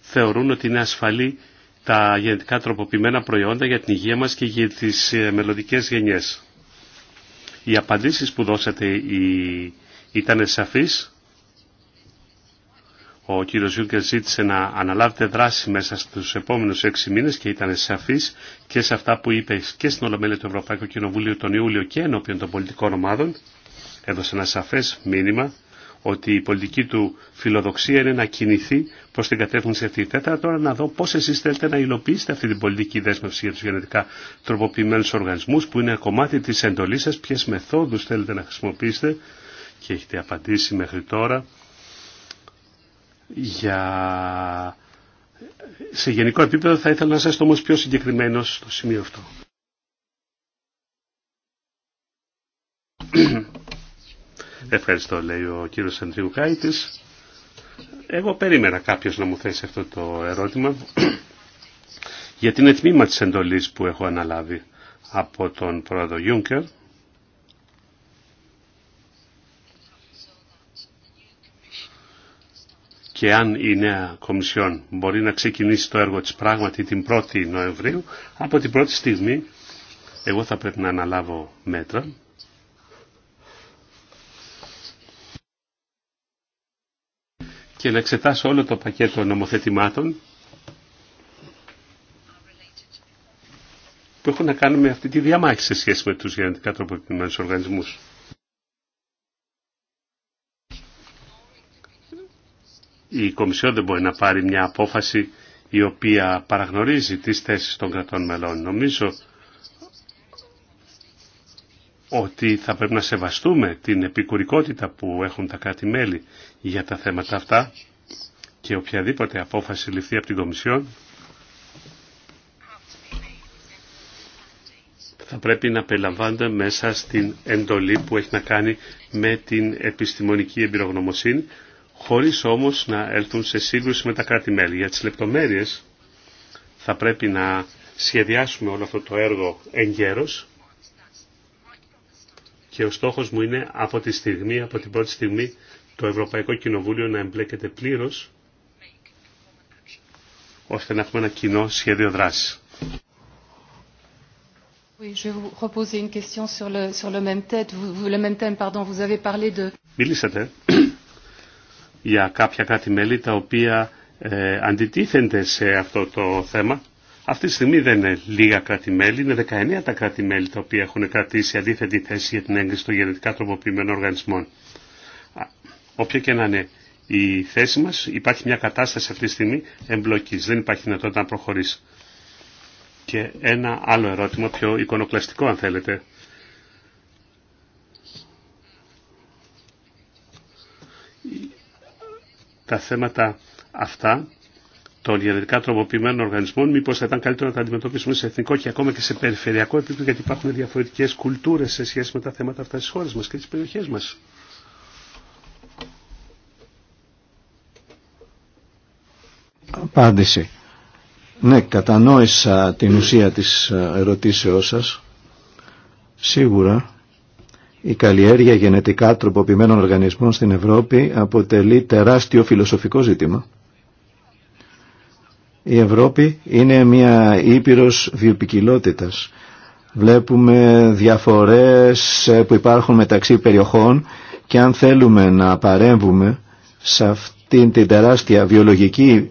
θεωρούν ότι είναι ασφαλή τα γενετικά τροποποιημένα προϊόντα για την υγεία μας και για τις ε, μελλοντικέ γενιές. Οι απαντήσεις που δώσατε ήταν σαφείς. Ο κύριος Ιούγκερ ζήτησε να αναλάβετε δράση μέσα στους επόμενους έξι μήνες και ήταν σαφείς και σε αυτά που είπε και στην Ολομέλεια του Ευρωπαϊκού Κοινοβουλίου τον Ιούλιο και ενώπιον των πολιτικών ομάδων. Έδωσε ένα σαφές μήνυμα ότι η πολιτική του φιλοδοξία είναι να κινηθεί προ την κατεύθυνση αυτή. Θα τώρα να δω πώ εσεί θέλετε να υλοποιήσετε αυτή την πολιτική δέσμευση για του γενετικά τροποποιημένου οργανισμού που είναι κομμάτι τη εντολή σα, ποιε μεθόδου θέλετε να χρησιμοποιήσετε και έχετε απαντήσει μέχρι τώρα για... σε γενικό επίπεδο θα ήθελα να σας όμως πιο συγκεκριμένος στο σημείο αυτό. Ευχαριστώ λέει ο κύριος Κάιτης εγώ περίμενα κάποιος να μου θέσει αυτό το ερώτημα γιατί την τμήμα της εντολής που έχω αναλάβει από τον πρόεδρο Γιούνκερ και αν η νέα Κομισιόν μπορεί να ξεκινήσει το έργο της πράγματι την 1η Νοεμβρίου, από την πρώτη στιγμή εγώ θα πρέπει να αναλάβω μέτρα και να εξετάσω όλο το πακέτο νομοθετημάτων που έχουν να κάνουν με αυτή τη διαμάχη σε σχέση με τους γενετικά τροποποιημένους οργανισμούς. Η Κομισιόν δεν μπορεί να πάρει μια απόφαση η οποία παραγνωρίζει τις θέσεις των κρατών μελών. Νομίζω ότι θα πρέπει να σεβαστούμε την επικουρικότητα που έχουν τα κράτη-μέλη για τα θέματα αυτά και οποιαδήποτε απόφαση ληφθεί από την Κομισιόν θα πρέπει να περιλαμβάνεται μέσα στην εντολή που έχει να κάνει με την επιστημονική εμπειρογνωμοσύνη χωρίς όμως να έλθουν σε σύγκρουση με τα κράτη-μέλη. Για τις λεπτομέρειες θα πρέπει να σχεδιάσουμε όλο αυτό το έργο εγκαίρως και ο στόχος μου είναι από τη στιγμή, από την πρώτη στιγμή το Ευρωπαϊκό Κοινοβούλιο να εμπλέκεται πλήρως ώστε να έχουμε ένα κοινό σχέδιο δράσης. Μίλησατε για κάποια κάτι μέλη τα οποία ε, αντιτίθενται σε αυτό το θέμα. Αυτή τη στιγμή δεν είναι λίγα κράτη-μέλη, είναι 19 τα κράτη-μέλη τα οποία έχουν κρατήσει αντίθετη θέση για την έγκριση των γενετικά τροποποιημένων οργανισμών. Όποια και να είναι η θέση μας, υπάρχει μια κατάσταση αυτή τη στιγμή εμπλοκής. Δεν υπάρχει δυνατότητα να προχωρήσει. Και ένα άλλο ερώτημα, πιο εικονοκλαστικό αν θέλετε. Τα θέματα αυτά των γενετικά τροποποιημένων οργανισμών, μήπω θα ήταν καλύτερο να τα αντιμετωπίσουμε σε εθνικό και ακόμα και σε περιφερειακό επίπεδο, γιατί υπάρχουν διαφορετικέ κουλτούρε σε σχέση με τα θέματα αυτά στι χώρε μα και τι περιοχέ μα. Απάντηση. Ναι, κατανόησα την ουσία της ε, ερωτήσεώς σας. Σίγουρα η καλλιέργεια γενετικά τροποποιημένων οργανισμών στην Ευρώπη αποτελεί τεράστιο φιλοσοφικό ζήτημα. Η Ευρώπη είναι μια ήπειρος βιοπικιλότητας. Βλέπουμε διαφορές ε, που υπάρχουν μεταξύ περιοχών και αν θέλουμε να παρέμβουμε σε αυτήν την τεράστια βιολογική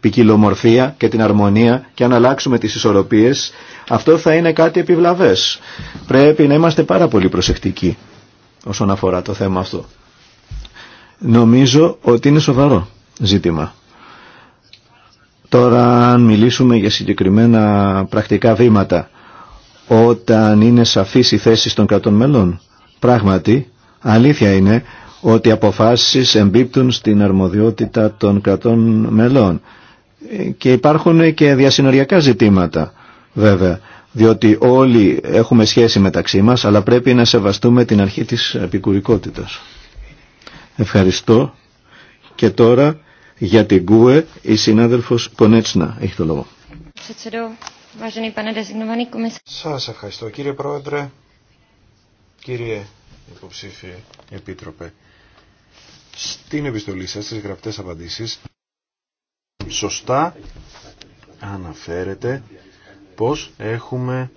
ποικιλομορφία και την αρμονία και αν αλλάξουμε τις ισορροπίες, αυτό θα είναι κάτι επιβλαβές. Πρέπει να είμαστε πάρα πολύ προσεκτικοί όσον αφορά το θέμα αυτό. Νομίζω ότι είναι σοβαρό ζήτημα. Τώρα αν μιλήσουμε για συγκεκριμένα πρακτικά βήματα, όταν είναι σαφής η θέση των κρατών μελών, πράγματι αλήθεια είναι ότι αποφάσεις εμπίπτουν στην αρμοδιότητα των κρατών μελών και υπάρχουν και διασυνοριακά ζητήματα βέβαια διότι όλοι έχουμε σχέση μεταξύ μας αλλά πρέπει να σεβαστούμε την αρχή της επικουρικότητας. Ευχαριστώ και τώρα για την ΚΟΕ η συνάδελφος Κονέτσνα έχει το λόγο. Σας ευχαριστώ κύριε Πρόεδρε, κύριε υποψήφιε Επίτροπε. Στην επιστολή σας, στις γραπτές απαντήσεις, σωστά αναφέρεται πως έχουμε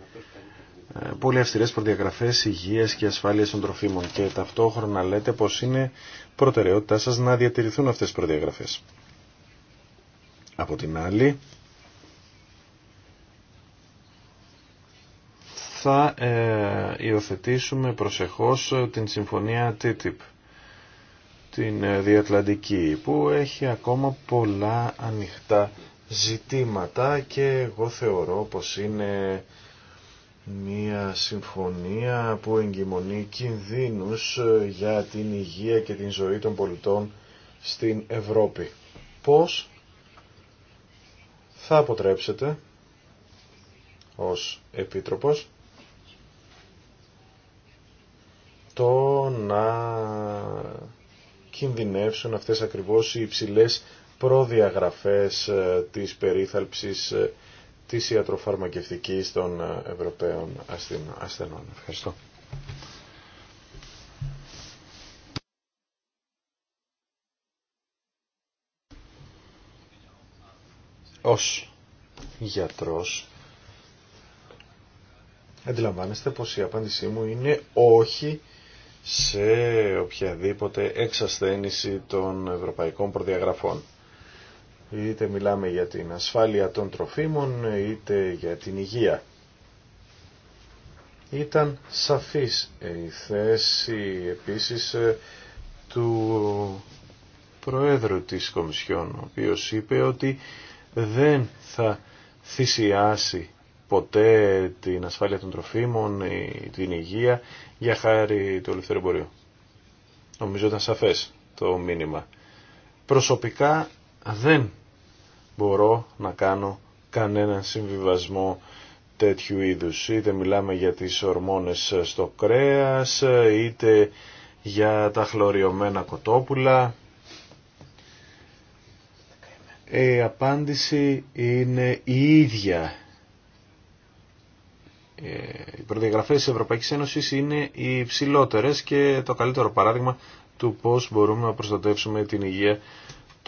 πολύ αυστηρές προδιαγραφές υγείας και ασφάλειας των τροφίμων και ταυτόχρονα λέτε πως είναι προτεραιότητά σας να διατηρηθούν αυτές οι προδιαγραφές. Από την άλλη, θα ε, υιοθετήσουμε προσεχώς την συμφωνία TTIP, την ε, Διατλαντική, που έχει ακόμα πολλά ανοιχτά ζητήματα και εγώ θεωρώ πως είναι μια συμφωνία που εγκυμονεί κινδύνους ε, για την υγεία και την ζωή των πολιτών στην Ευρώπη. Πώς θα αποτρέψετε ως Επίτροπος το να κινδυνεύσουν αυτές ακριβώς οι υψηλές προδιαγραφές ε, της περίθαλψης ε, της ιατροφαρμακευτικής των ε, Ευρωπαίων ασθενών. Ευχαριστώ. Ως γιατρός αντιλαμβάνεστε πως η απάντησή μου είναι όχι σε οποιαδήποτε εξασθένηση των ευρωπαϊκών προδιαγραφών είτε μιλάμε για την ασφάλεια των τροφίμων, είτε για την υγεία. Ήταν σαφής η θέση επίσης ε, του Προέδρου της Κομισιόν, ο οποίος είπε ότι δεν θα θυσιάσει ποτέ την ασφάλεια των τροφίμων ή την υγεία για χάρη του ελευθερου Νομίζω ήταν σαφές το μήνυμα. Προσωπικά δεν μπορώ να κάνω κανέναν συμβιβασμό τέτοιου είδους. Είτε μιλάμε για τις ορμόνες στο κρέας, είτε για τα χλωριωμένα κοτόπουλα. Η απάντηση είναι η ίδια. Ε, οι προδιαγραφές της Ευρωπαϊκής Ένωσης είναι οι ψηλότερες και το καλύτερο παράδειγμα του πώς μπορούμε να προστατεύσουμε την υγεία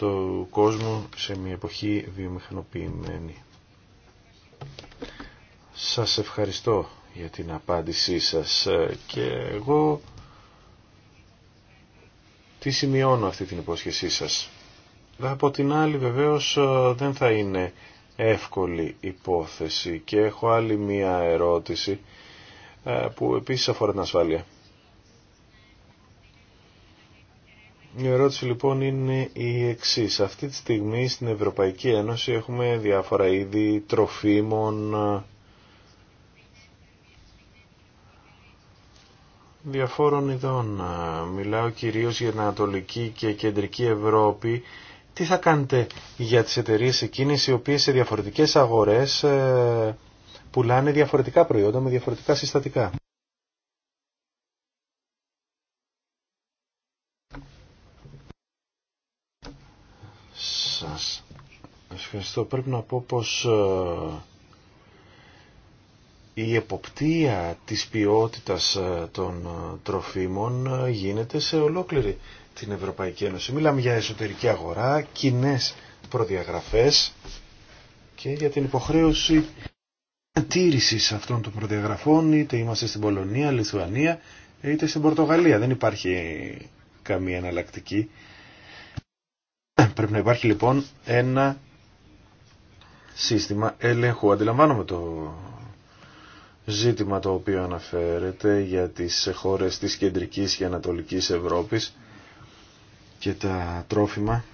του κόσμου σε μια εποχή βιομηχανοποιημένη. Σας ευχαριστώ για την απάντησή σας και εγώ τι σημειώνω αυτή την υπόσχεσή σας. Από την άλλη βεβαίως δεν θα είναι εύκολη υπόθεση και έχω άλλη μία ερώτηση ε, που επίσης αφορά την ασφάλεια. Η ερώτηση λοιπόν είναι η εξής. Αυτή τη στιγμή στην Ευρωπαϊκή Ένωση έχουμε διάφορα είδη τροφίμων, διαφόρων ειδών. Μιλάω κυρίως για την Ανατολική και Κεντρική Ευρώπη. Τι θα κάνετε για τις εταιρείες εκείνες οι οποίες σε διαφορετικές αγορές ε, πουλάνε διαφορετικά προϊόντα με διαφορετικά συστατικά. Ευχαριστώ. Πρέπει να πω πως ε, η εποπτεία της ποιότητας ε, των ε, τροφίμων γίνεται σε ολόκληρη την Ευρωπαϊκή Ένωση. Μιλάμε για εσωτερική αγορά, κοινέ προδιαγραφές και για την υποχρέωση τήρησης αυτών των προδιαγραφών είτε είμαστε στην Πολωνία, Λιθουανία είτε στην Πορτογαλία. Δεν υπάρχει καμία εναλλακτική. Πρέπει να υπάρχει λοιπόν ένα σύστημα ελέγχου. Αντιλαμβάνομαι το ζήτημα το οποίο αναφέρεται για τις χώρες της κεντρικής και ανατολικής Ευρώπης και τα τρόφιμα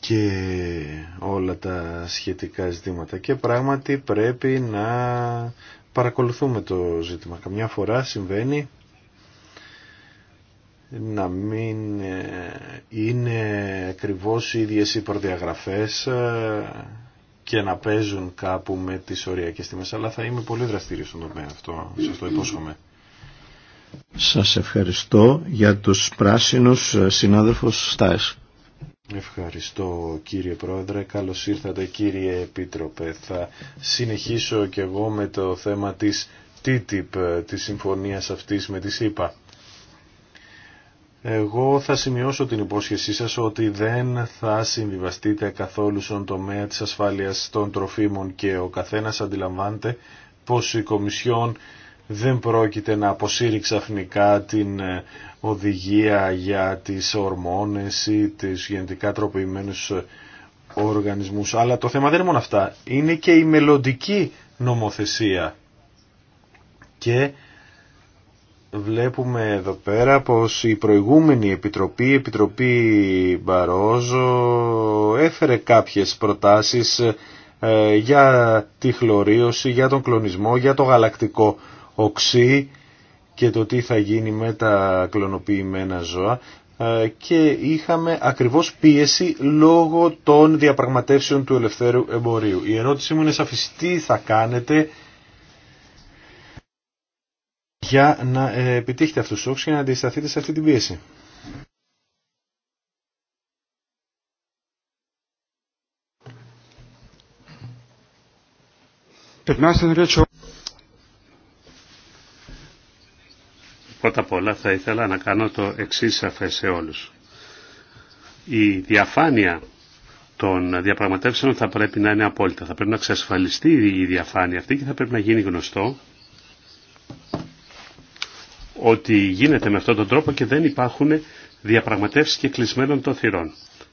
και όλα τα σχετικά ζητήματα και πράγματι πρέπει να παρακολουθούμε το ζήτημα. Καμιά φορά συμβαίνει να μην ε, είναι ακριβώ οι ίδιες οι προδιαγραφές ε, και να παίζουν κάπου με τις οριακές τιμές, αλλά θα είμαι πολύ δραστήριος στον τομέα αυτό, σας το υπόσχομαι. Σας ευχαριστώ για τους πράσινους ε, συνάδελφους Στάες. Ευχαριστώ κύριε Πρόεδρε, καλώς ήρθατε κύριε Επίτροπε. Θα συνεχίσω και εγώ με το θέμα της TTIP, της συμφωνίας αυτής με τη ΣΥΠΑ. Εγώ θα σημειώσω την υπόσχεσή σας ότι δεν θα συμβιβαστείτε καθόλου στον τομέα της ασφάλειας των τροφίμων και ο καθένας αντιλαμβάνεται πως η Κομισιόν δεν πρόκειται να αποσύρει ξαφνικά την ε, οδηγία για τις ορμόνες ή τις γενετικά τροποποιημένους ε, οργανισμούς. Αλλά το θέμα δεν είναι μόνο αυτά. Είναι και η μελλοντική νομοθεσία. Και βλέπουμε εδώ πέρα πως η προηγούμενη επιτροπή, η επιτροπή Μπαρόζο, έφερε κάποιες προτάσεις ε, για τη χλωρίωση, για τον κλονισμό, για το γαλακτικό οξύ και το τι θα γίνει με τα κλωνοποιημένα ζώα ε, και είχαμε ακριβώς πίεση λόγω των διαπραγματεύσεων του ελευθέρου εμπορίου. Η ερώτησή μου είναι σαφής, τι θα κάνετε για να ε, επιτύχετε αυτούς τους στόχους και να αντισταθείτε σε αυτή την πίεση. Πρώτα απ' όλα θα ήθελα να κάνω το εξή σαφέ σε όλους. Η διαφάνεια των διαπραγματεύσεων θα πρέπει να είναι απόλυτα. Θα πρέπει να εξασφαλιστεί η διαφάνεια αυτή και θα πρέπει να γίνει γνωστό ότι γίνεται με αυτόν τον τρόπο και δεν υπάρχουν διαπραγματεύσεις και κλεισμένων των θυρών.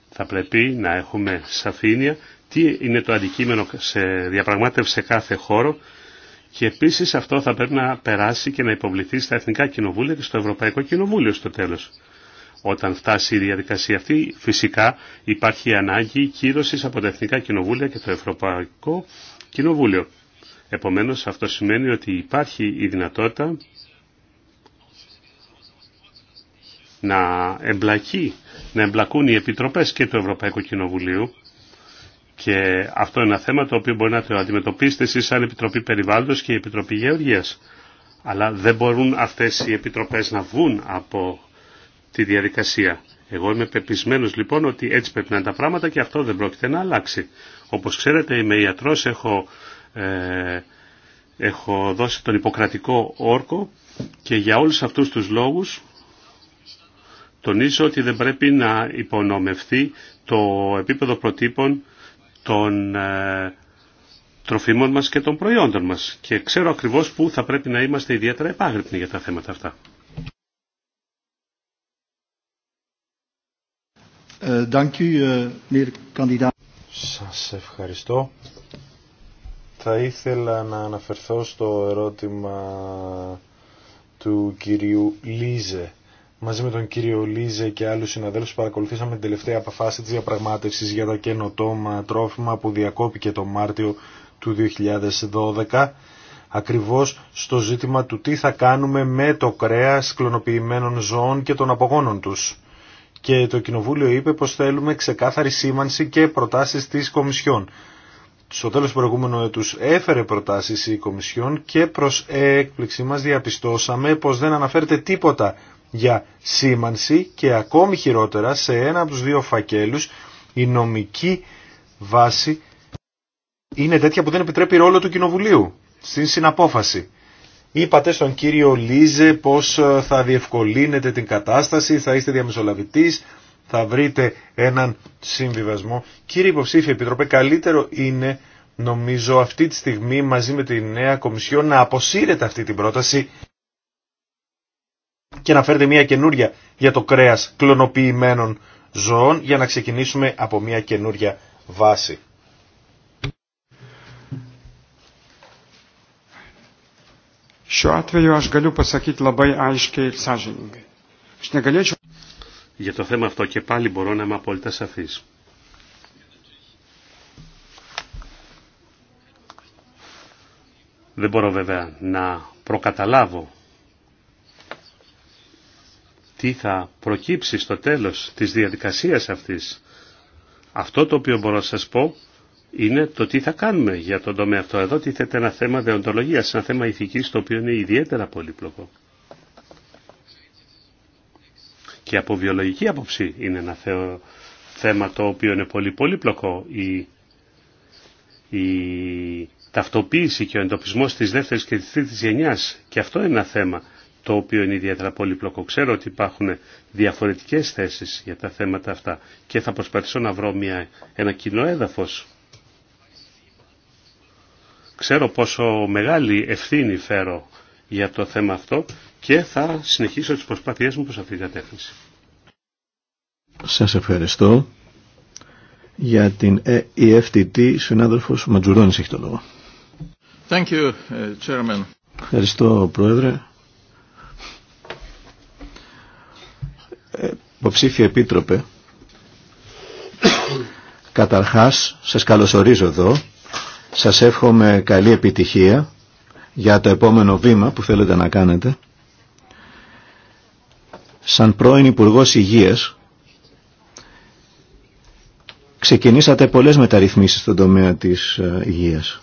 Θα πρέπει να έχουμε σαφήνεια τι είναι το αντικείμενο σε διαπραγμάτευση σε κάθε χώρο και επίσης αυτό θα πρέπει να περάσει και να υποβληθεί στα Εθνικά Κοινοβούλια και στο Ευρωπαϊκό Κοινοβούλιο στο τέλος. Όταν φτάσει η διαδικασία αυτή, φυσικά υπάρχει ανάγκη κύρωση από τα Εθνικά Κοινοβούλια και το Ευρωπαϊκό Κοινοβούλιο. Επομένως, αυτό σημαίνει ότι υπάρχει η δυνατότητα να εμπλακεί, να εμπλακούν οι επιτροπές και του Ευρωπαϊκού Κοινοβουλίου και αυτό είναι ένα θέμα το οποίο μπορεί να το αντιμετωπίσετε εσείς σαν Επιτροπή Περιβάλλοντος και η Επιτροπή Γεωργίας. Αλλά δεν μπορούν αυτές οι επιτροπές να βγουν από τη διαδικασία. Εγώ είμαι πεπισμένος λοιπόν ότι έτσι πρέπει να είναι τα πράγματα και αυτό δεν πρόκειται να αλλάξει. Όπως ξέρετε είμαι ιατρός, έχω, ε, έχω δώσει τον υποκρατικό όρκο και για όλους αυτούς τους λόγους Τονίζω ότι δεν πρέπει να υπονομευθεί το επίπεδο προτύπων των ε, τροφίμων μας και των προϊόντων μας και ξέρω ακριβώς που θα πρέπει να είμαστε ιδιαίτερα επάγρυπνοι για τα θέματα αυτά. Ε, ε, Σας ευχαριστώ. Θα ήθελα να αναφερθώ στο ερώτημα του κυρίου Λίζε μαζί με τον κύριο Λίζε και άλλου συναδέλφου. παρακολουθήσαμε την τελευταία αποφάση τη διαπραγμάτευση για το καινοτόμα τρόφιμα που διακόπηκε το Μάρτιο του 2012 ακριβώς στο ζήτημα του τι θα κάνουμε με το κρέας κλωνοποιημένων ζώων και των απογόνων τους. Και το Κοινοβούλιο είπε πως θέλουμε ξεκάθαρη σήμανση και προτάσεις της Κομισιόν. Στο τέλος προηγούμενου έτους έφερε προτάσεις η Κομισιόν και προς έκπληξή μας διαπιστώσαμε πως δεν αναφέρεται τίποτα για σήμανση και ακόμη χειρότερα σε ένα από τους δύο φακέλους η νομική βάση είναι τέτοια που δεν επιτρέπει ρόλο του Κοινοβουλίου στην συναπόφαση. Είπατε στον κύριο Λίζε πως ε, θα διευκολύνετε την κατάσταση, θα είστε διαμεσολαβητής, θα βρείτε έναν συμβιβασμό. Κύριε Υποψήφιε Επιτροπέ, καλύτερο είναι νομίζω αυτή τη στιγμή μαζί με τη νέα Κομισιό να αποσύρετε αυτή την πρόταση και να φέρετε μια καινούρια για το κρέας κλωνοποιημένων ζώων για να ξεκινήσουμε από μια καινούρια βάση. Για το θέμα αυτό και πάλι μπορώ να είμαι απόλυτα σαφής. Δεν μπορώ βέβαια να προκαταλάβω τι θα προκύψει στο τέλος της διαδικασίας αυτής. Αυτό το οποίο μπορώ να σας πω είναι το τι θα κάνουμε για τον τομέα αυτό. Εδώ τίθεται ένα θέμα δεοντολογίας, ένα θέμα ηθικής το οποίο είναι ιδιαίτερα πολύπλοκο. Και από βιολογική άποψη είναι ένα θέμα το οποίο είναι πολύ πολύπλοκο. Η, η ταυτοποίηση και ο εντοπισμός της δεύτερης και της τρίτης γενιάς και αυτό είναι ένα θέμα το οποίο είναι ιδιαίτερα πολύπλοκο. Ξέρω ότι υπάρχουν διαφορετικές θέσεις για τα θέματα αυτά και θα προσπαθήσω να βρω μια, ένα κοινό έδαφος. Ξέρω πόσο μεγάλη ευθύνη φέρω για το θέμα αυτό και θα συνεχίσω τις προσπάθειές μου προς αυτή την κατεύθυνση. Σας ευχαριστώ για την EFTT, ε συνάδελφος Ματζουρόνης έχει το λόγο. Uh, ευχαριστώ, Πρόεδρε. Ε, υποψήφιο επίτροπε, καταρχάς σας καλωσορίζω εδώ, σας εύχομαι καλή επιτυχία για το επόμενο βήμα που θέλετε να κάνετε. Σαν πρώην υπουργό Υγείας, ξεκινήσατε πολλές μεταρρυθμίσεις στον τομέα της ε, υγείας.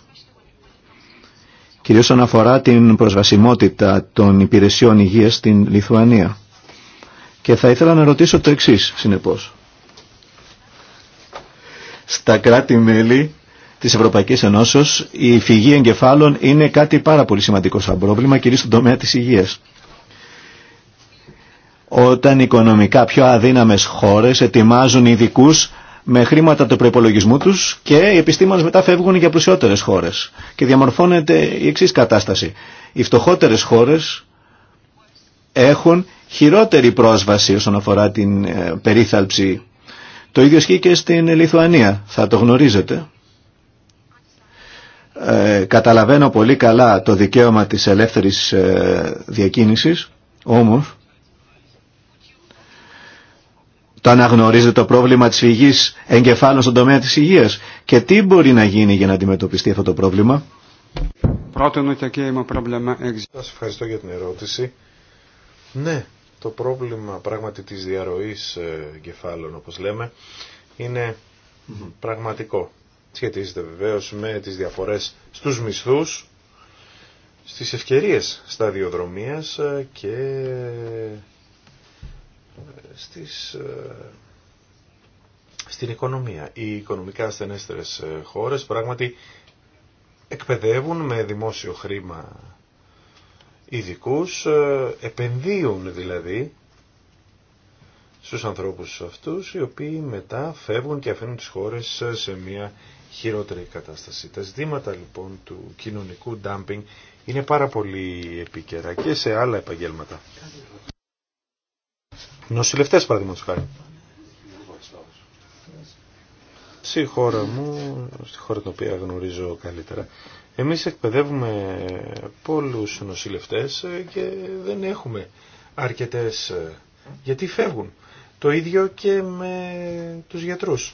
Κυρίως όσον αφορά την προσβασιμότητα των υπηρεσιών υγείας στην Λιθουανία. Και θα ήθελα να ρωτήσω το εξής, συνεπώς. Στα κράτη-μέλη της Ευρωπαϊκής Ενώσεως η φυγή εγκεφάλων είναι κάτι πάρα πολύ σημαντικό σαν πρόβλημα, κυρίως στον τομέα της υγείας. Όταν οικονομικά πιο αδύναμες χώρες ετοιμάζουν ειδικού με χρήματα του προπολογισμού του και οι επιστήμονε μετά φεύγουν για πλουσιότερε χώρε. Και διαμορφώνεται η εξή κατάσταση. Οι φτωχότερε χώρε έχουν χειρότερη πρόσβαση όσον αφορά την ε, περίθαλψη. Το ίδιο ισχύει και στην Λιθουανία, θα το γνωρίζετε. Ε, καταλαβαίνω πολύ καλά το δικαίωμα της ελεύθερης ε, διακίνησης, όμως το αναγνωρίζετε το πρόβλημα της φυγής εγκεφάλων στον τομέα της υγείας και τι μπορεί να γίνει για να αντιμετωπιστεί αυτό το πρόβλημα. Ε, Σας ευχαριστώ για την ερώτηση. Ναι, το πρόβλημα πράγματι της διαρροής ε, κεφάλων όπως λέμε είναι πραγματικό. Σχετίζεται βεβαίως με τις διαφορές στους μισθούς, στις ευκαιρίες σταδιοδρομίας ε, και ε, στις, στην οικονομία. Οι οικονομικά ασθενέστερες χώρες πράγματι εκπαιδεύουν με δημόσιο χρήμα ειδικού ε, επενδύουν δηλαδή στους ανθρώπους αυτούς οι οποίοι μετά φεύγουν και αφήνουν τις χώρες σε μια χειρότερη κατάσταση. Τα ζητήματα λοιπόν του κοινωνικού ντάμπινγκ είναι πάρα πολύ επίκαιρα και σε άλλα επαγγέλματα. Νοσηλευτές παραδείγματος χάρη. Στη χώρα μου, στη χώρα την οποία γνωρίζω καλύτερα, εμείς εκπαιδεύουμε πολλούς νοσηλευτές ε, και δεν έχουμε αρκετές ε, γιατί φεύγουν. Το ίδιο και με τους γιατρούς.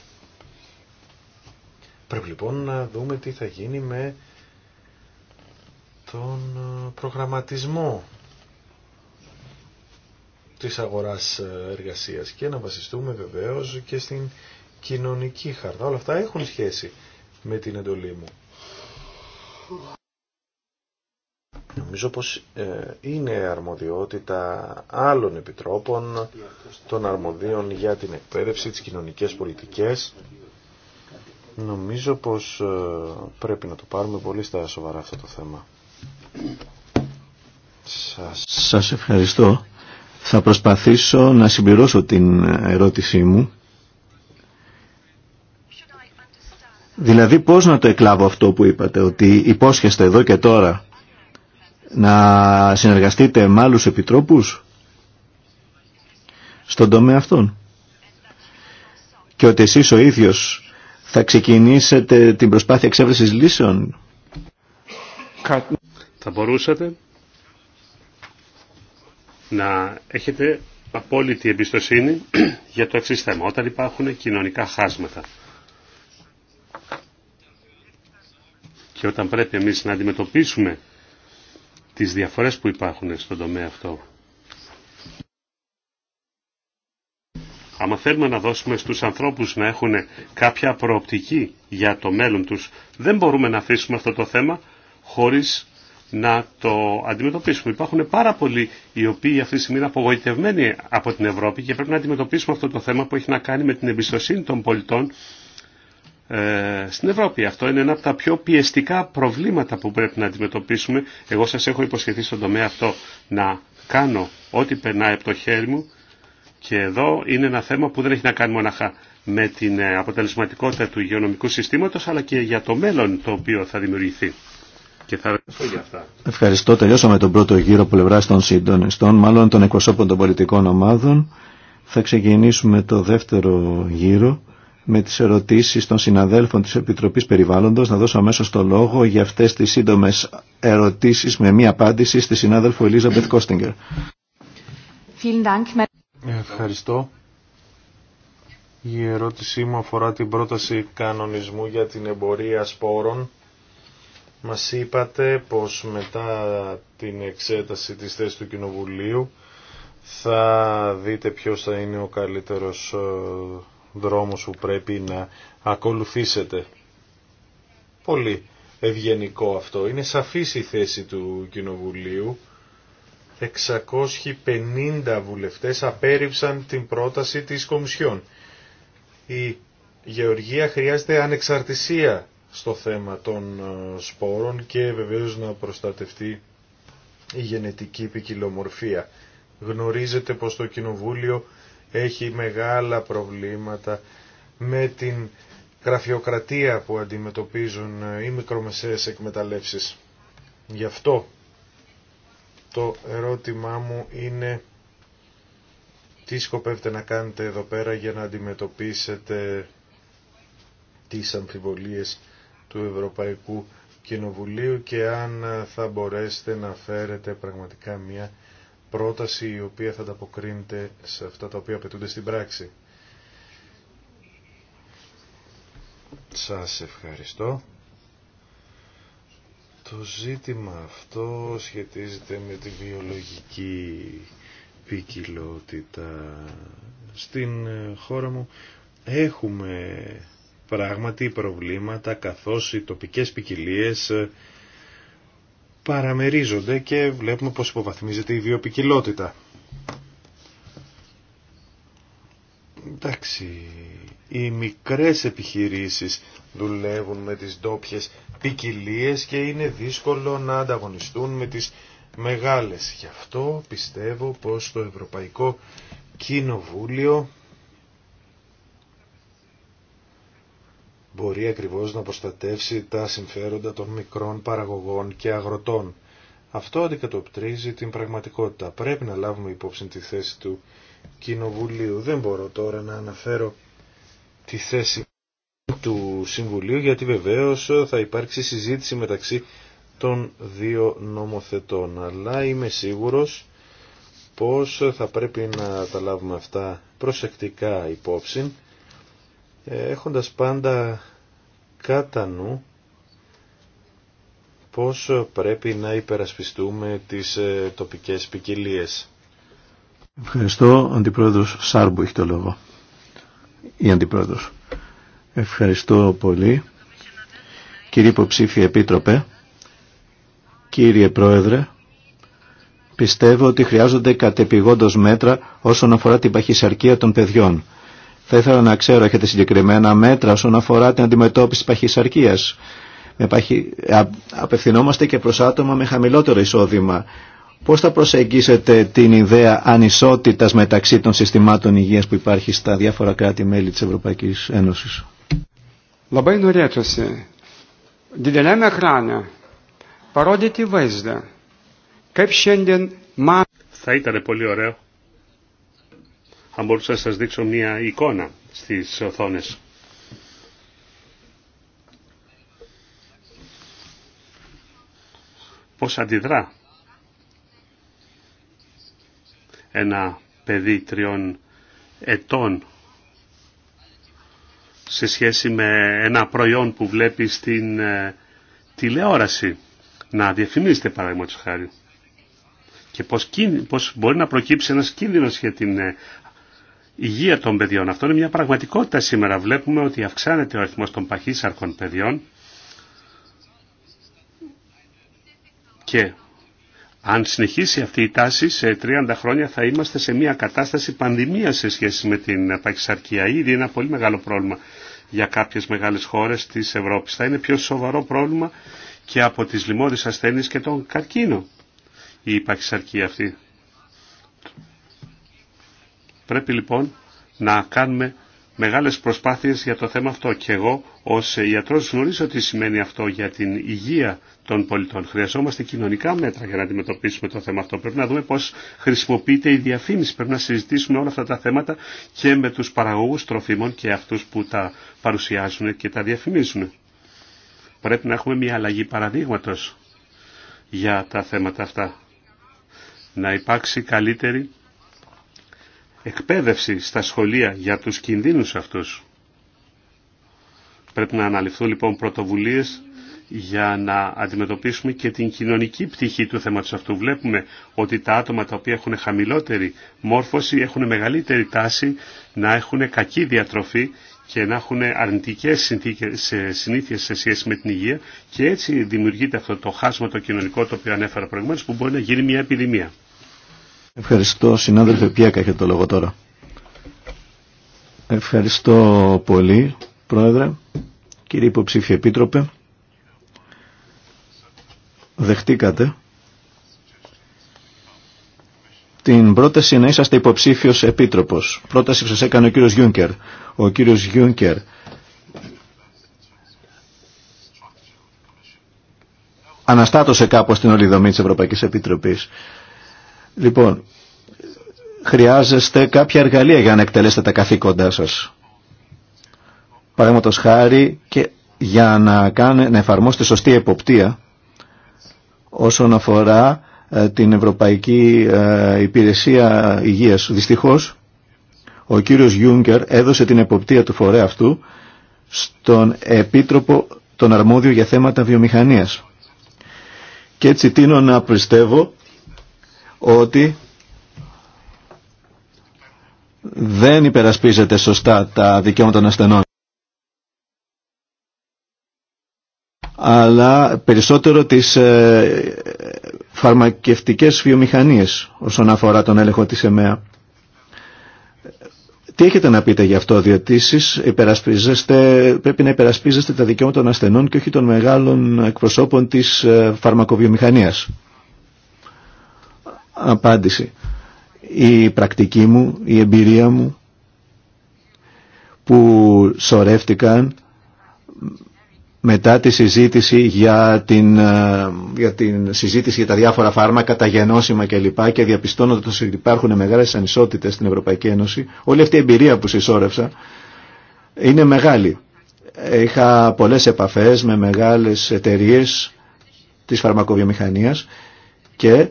Πρέπει λοιπόν να δούμε τι θα γίνει με τον ε, προγραμματισμό της αγοράς εργασίας και να βασιστούμε βεβαίως και στην κοινωνική χαρτά. Όλα αυτά έχουν σχέση με την εντολή μου. Νομίζω πως ε, είναι αρμοδιότητα άλλων επιτρόπων, των αρμοδίων για την εκπαίδευση, της κοινωνικές πολιτικές. Νομίζω πως ε, πρέπει να το πάρουμε πολύ στα σοβαρά αυτό το θέμα. Σας... Σας ευχαριστώ. Θα προσπαθήσω να συμπληρώσω την ερώτησή μου Δηλαδή πώς να το εκλάβω αυτό που είπατε, ότι υπόσχεστε εδώ και τώρα να συνεργαστείτε με άλλους επιτρόπους στον τομέα αυτών Και ότι εσείς ο ίδιος θα ξεκινήσετε την προσπάθεια εξέβρεσης λύσεων. Θα μπορούσατε να έχετε απόλυτη εμπιστοσύνη για το εξή θέμα. Όταν υπάρχουν κοινωνικά χάσματα, Και όταν πρέπει εμείς να αντιμετωπίσουμε τις διαφορές που υπάρχουν στον τομέα αυτό. Άμα θέλουμε να δώσουμε στους ανθρώπους να έχουν κάποια προοπτική για το μέλλον τους, δεν μπορούμε να αφήσουμε αυτό το θέμα χωρίς να το αντιμετωπίσουμε. Υπάρχουν πάρα πολλοί οι οποίοι αυτή τη στιγμή είναι απογοητευμένοι από την Ευρώπη και πρέπει να αντιμετωπίσουμε αυτό το θέμα που έχει να κάνει με την εμπιστοσύνη των πολιτών ε, στην Ευρώπη. Αυτό είναι ένα από τα πιο πιεστικά προβλήματα που πρέπει να αντιμετωπίσουμε. Εγώ σας έχω υποσχεθεί στον τομέα αυτό να κάνω ό,τι περνάει από το χέρι μου και εδώ είναι ένα θέμα που δεν έχει να κάνει μοναχά με την ε, αποτελεσματικότητα του υγειονομικού συστήματος αλλά και για το μέλλον το οποίο θα δημιουργηθεί. Και θα για αυτά. Ευχαριστώ. Τελειώσαμε τον πρώτο γύρο που πλευρά των συντονιστών, μάλλον των εκπροσώπων των πολιτικών ομάδων. Θα ξεκινήσουμε το δεύτερο γύρο με τις ερωτήσεις των συναδέλφων της Επιτροπής Περιβάλλοντος να δώσω αμέσως το λόγο για αυτές τις σύντομες ερωτήσεις με μία απάντηση στη συνάδελφο Μπέτ Κόστιγκερ. Ευχαριστώ. Η ερώτησή μου αφορά την πρόταση κανονισμού για την εμπορία σπόρων. Μας είπατε πως μετά την εξέταση της θέσης του Κοινοβουλίου θα δείτε ποιος θα είναι ο καλύτερος ε, Δρόμο σου πρέπει να ακολουθήσετε. Πολύ ευγενικό αυτό. Είναι σαφής η θέση του Κοινοβουλίου. 650 βουλευτές απέρριψαν την πρόταση της Κομισιόν. Η Γεωργία χρειάζεται ανεξαρτησία στο θέμα των ε, σπόρων και βεβαίως να προστατευτεί η γενετική ποικιλομορφία. Γνωρίζετε πως το Κοινοβούλιο έχει μεγάλα προβλήματα με την γραφειοκρατία που αντιμετωπίζουν ε, οι μικρομεσαίες εκμεταλλεύσεις. Γι' αυτό το ερώτημά μου είναι τι σκοπεύετε να κάνετε εδώ πέρα για να αντιμετωπίσετε τις αμφιβολίες του Ευρωπαϊκού Κοινοβουλίου και αν θα μπορέσετε να φέρετε πραγματικά μια πρόταση η οποία θα ανταποκρίνεται σε αυτά τα οποία απαιτούνται στην πράξη. Σας ευχαριστώ. Το ζήτημα αυτό σχετίζεται με τη βιολογική ποικιλότητα. Στην χώρα μου έχουμε πράγματι προβλήματα καθώς οι τοπικές ποικιλίε παραμερίζονται και βλέπουμε πως υποβαθμίζεται η βιοπικιλότητα. Εντάξει, οι μικρές επιχειρήσεις δουλεύουν με τις ντόπιε ποικιλίε και είναι δύσκολο να ανταγωνιστούν με τις μεγάλες. Γι' αυτό πιστεύω πως το Ευρωπαϊκό Κοινοβούλιο μπορεί ακριβώς να προστατεύσει τα συμφέροντα των μικρών παραγωγών και αγροτών. Αυτό αντικατοπτρίζει την πραγματικότητα. Πρέπει να λάβουμε υπόψη τη θέση του Κοινοβουλίου. Δεν μπορώ τώρα να αναφέρω τη θέση του Συμβουλίου γιατί βεβαίως θα υπάρξει συζήτηση μεταξύ των δύο νομοθετών. Αλλά είμαι σίγουρος πως θα πρέπει να τα λάβουμε αυτά προσεκτικά υπόψη έχοντας πάντα κατά νου πώς πρέπει να υπερασπιστούμε τις ε, τοπικές ποικιλίε. Ευχαριστώ, Αντιπρόεδρος Σάρμπου έχει το λόγο. Η Αντιπρόεδρος. Ευχαριστώ πολύ. Κύριε Υποψήφια Επίτροπε, κύριε Πρόεδρε, πιστεύω ότι χρειάζονται κατεπηγόντως μέτρα όσον αφορά την παχυσαρκία των παιδιών θα ήθελα να ξέρω, έχετε συγκεκριμένα μέτρα όσον αφορά την αντιμετώπιση της παχυσαρκίας. Απευθυνόμαστε και προς άτομα με χαμηλότερο εισόδημα. Πώς θα προσεγγίσετε την ιδέα ανισότητας μεταξύ των συστημάτων υγείας που υπάρχει στα διάφορα κράτη-μέλη της Ευρωπαϊκής Ένωσης. Θα ήταν πολύ ωραίο θα μπορούσα να σας δείξω μια εικόνα στις οθόνες. Πώς αντιδρά ένα παιδί τριών ετών σε σχέση με ένα προϊόν που βλέπει στην ε, τηλεόραση να διαφημίζεται παραδείγματος χάρη και πώς, μπορεί να προκύψει ένας κίνδυνος για την ε, υγεία των παιδιών. Αυτό είναι μια πραγματικότητα σήμερα. Βλέπουμε ότι αυξάνεται ο αριθμός των παχύσαρκων παιδιών και αν συνεχίσει αυτή η τάση, σε 30 χρόνια θα είμαστε σε μια κατάσταση πανδημία σε σχέση με την παχυσαρκία. Ήδη είναι ένα πολύ μεγάλο πρόβλημα για κάποιες μεγάλες χώρες της Ευρώπης. Θα είναι πιο σοβαρό πρόβλημα και από τις λοιμώδεις ασθένειες και τον καρκίνο η παχυσαρκία αυτή. Πρέπει λοιπόν να κάνουμε μεγάλες προσπάθειες για το θέμα αυτό και εγώ ως ιατρός γνωρίζω τι σημαίνει αυτό για την υγεία των πολιτών. Χρειαζόμαστε κοινωνικά μέτρα για να αντιμετωπίσουμε το θέμα αυτό. Πρέπει να δούμε πώς χρησιμοποιείται η διαφήμιση. Πρέπει να συζητήσουμε όλα αυτά τα θέματα και με τους παραγωγούς τροφίμων και αυτούς που τα παρουσιάζουν και τα διαφημίζουν. Πρέπει να έχουμε μια αλλαγή παραδείγματος για τα θέματα αυτά. Να υπάρξει καλύτερη εκπαίδευση στα σχολεία για τους κινδύνους αυτούς. Πρέπει να αναλυφθούν λοιπόν πρωτοβουλίες για να αντιμετωπίσουμε και την κοινωνική πτυχή του θέματος αυτού. Βλέπουμε ότι τα άτομα τα οποία έχουν χαμηλότερη μόρφωση έχουν μεγαλύτερη τάση να έχουν κακή διατροφή και να έχουν αρνητικές συνήθειες σε σχέση με την υγεία και έτσι δημιουργείται αυτό το χάσμα το κοινωνικό το οποίο ανέφερα προηγουμένως που μπορεί να γίνει μια επιδημία. Ευχαριστώ, συνάδελφε Πιάκα, για το λόγο τώρα. Ευχαριστώ πολύ, Πρόεδρε, κύριε Υποψήφιε Επίτροπε. Δεχτήκατε την πρόταση να είσαστε υποψήφιος επίτροπος. Πρόταση που σας έκανε ο κύριος Γιούνκερ. Ο κύριος Γιούνκερ αναστάτωσε κάπως την όλη δομή της Ευρωπαϊκής Επιτροπής. Λοιπόν, χρειάζεστε κάποια εργαλεία για να εκτελέσετε τα καθήκοντά σας. Παραδείγματο χάρη και για να, κάνε, να εφαρμόσετε σωστή εποπτεία όσον αφορά ε, την Ευρωπαϊκή ε, Υπηρεσία Υγείας. Δυστυχώς, ο κύριος Γιούγκερ έδωσε την εποπτεία του φορέα αυτού στον Επίτροπο τον Αρμόδιο για θέματα βιομηχανίας. Και έτσι τίνω να πιστεύω ότι δεν υπερασπίζεται σωστά τα δικαιώματα των ασθενών. αλλά περισσότερο τις ε, φαρμακευτικές βιομηχανίες όσον αφορά τον έλεγχο της ΕΜΕΑ. Τι έχετε να πείτε γι' αυτό, διότι εσείς πρέπει να υπερασπίζεστε τα δικαιώματα των ασθενών και όχι των μεγάλων εκπροσώπων της ε, φαρμακοβιομηχανίας. Απάντηση. Η πρακτική μου, η εμπειρία μου που σωρεύτηκαν μετά τη συζήτηση για την, ε, για την συζήτηση για τα διάφορα φάρμακα, τα γενώσιμα κλπ. Και, και διαπιστώνοντα ότι υπάρχουν μεγάλες ανισότητες στην Ευρωπαϊκή Ένωση, όλη αυτή η εμπειρία που συσσόρευσα είναι μεγάλη. Είχα πολλές επαφές με μεγάλες εταιρείες της φαρμακοβιομηχανίας και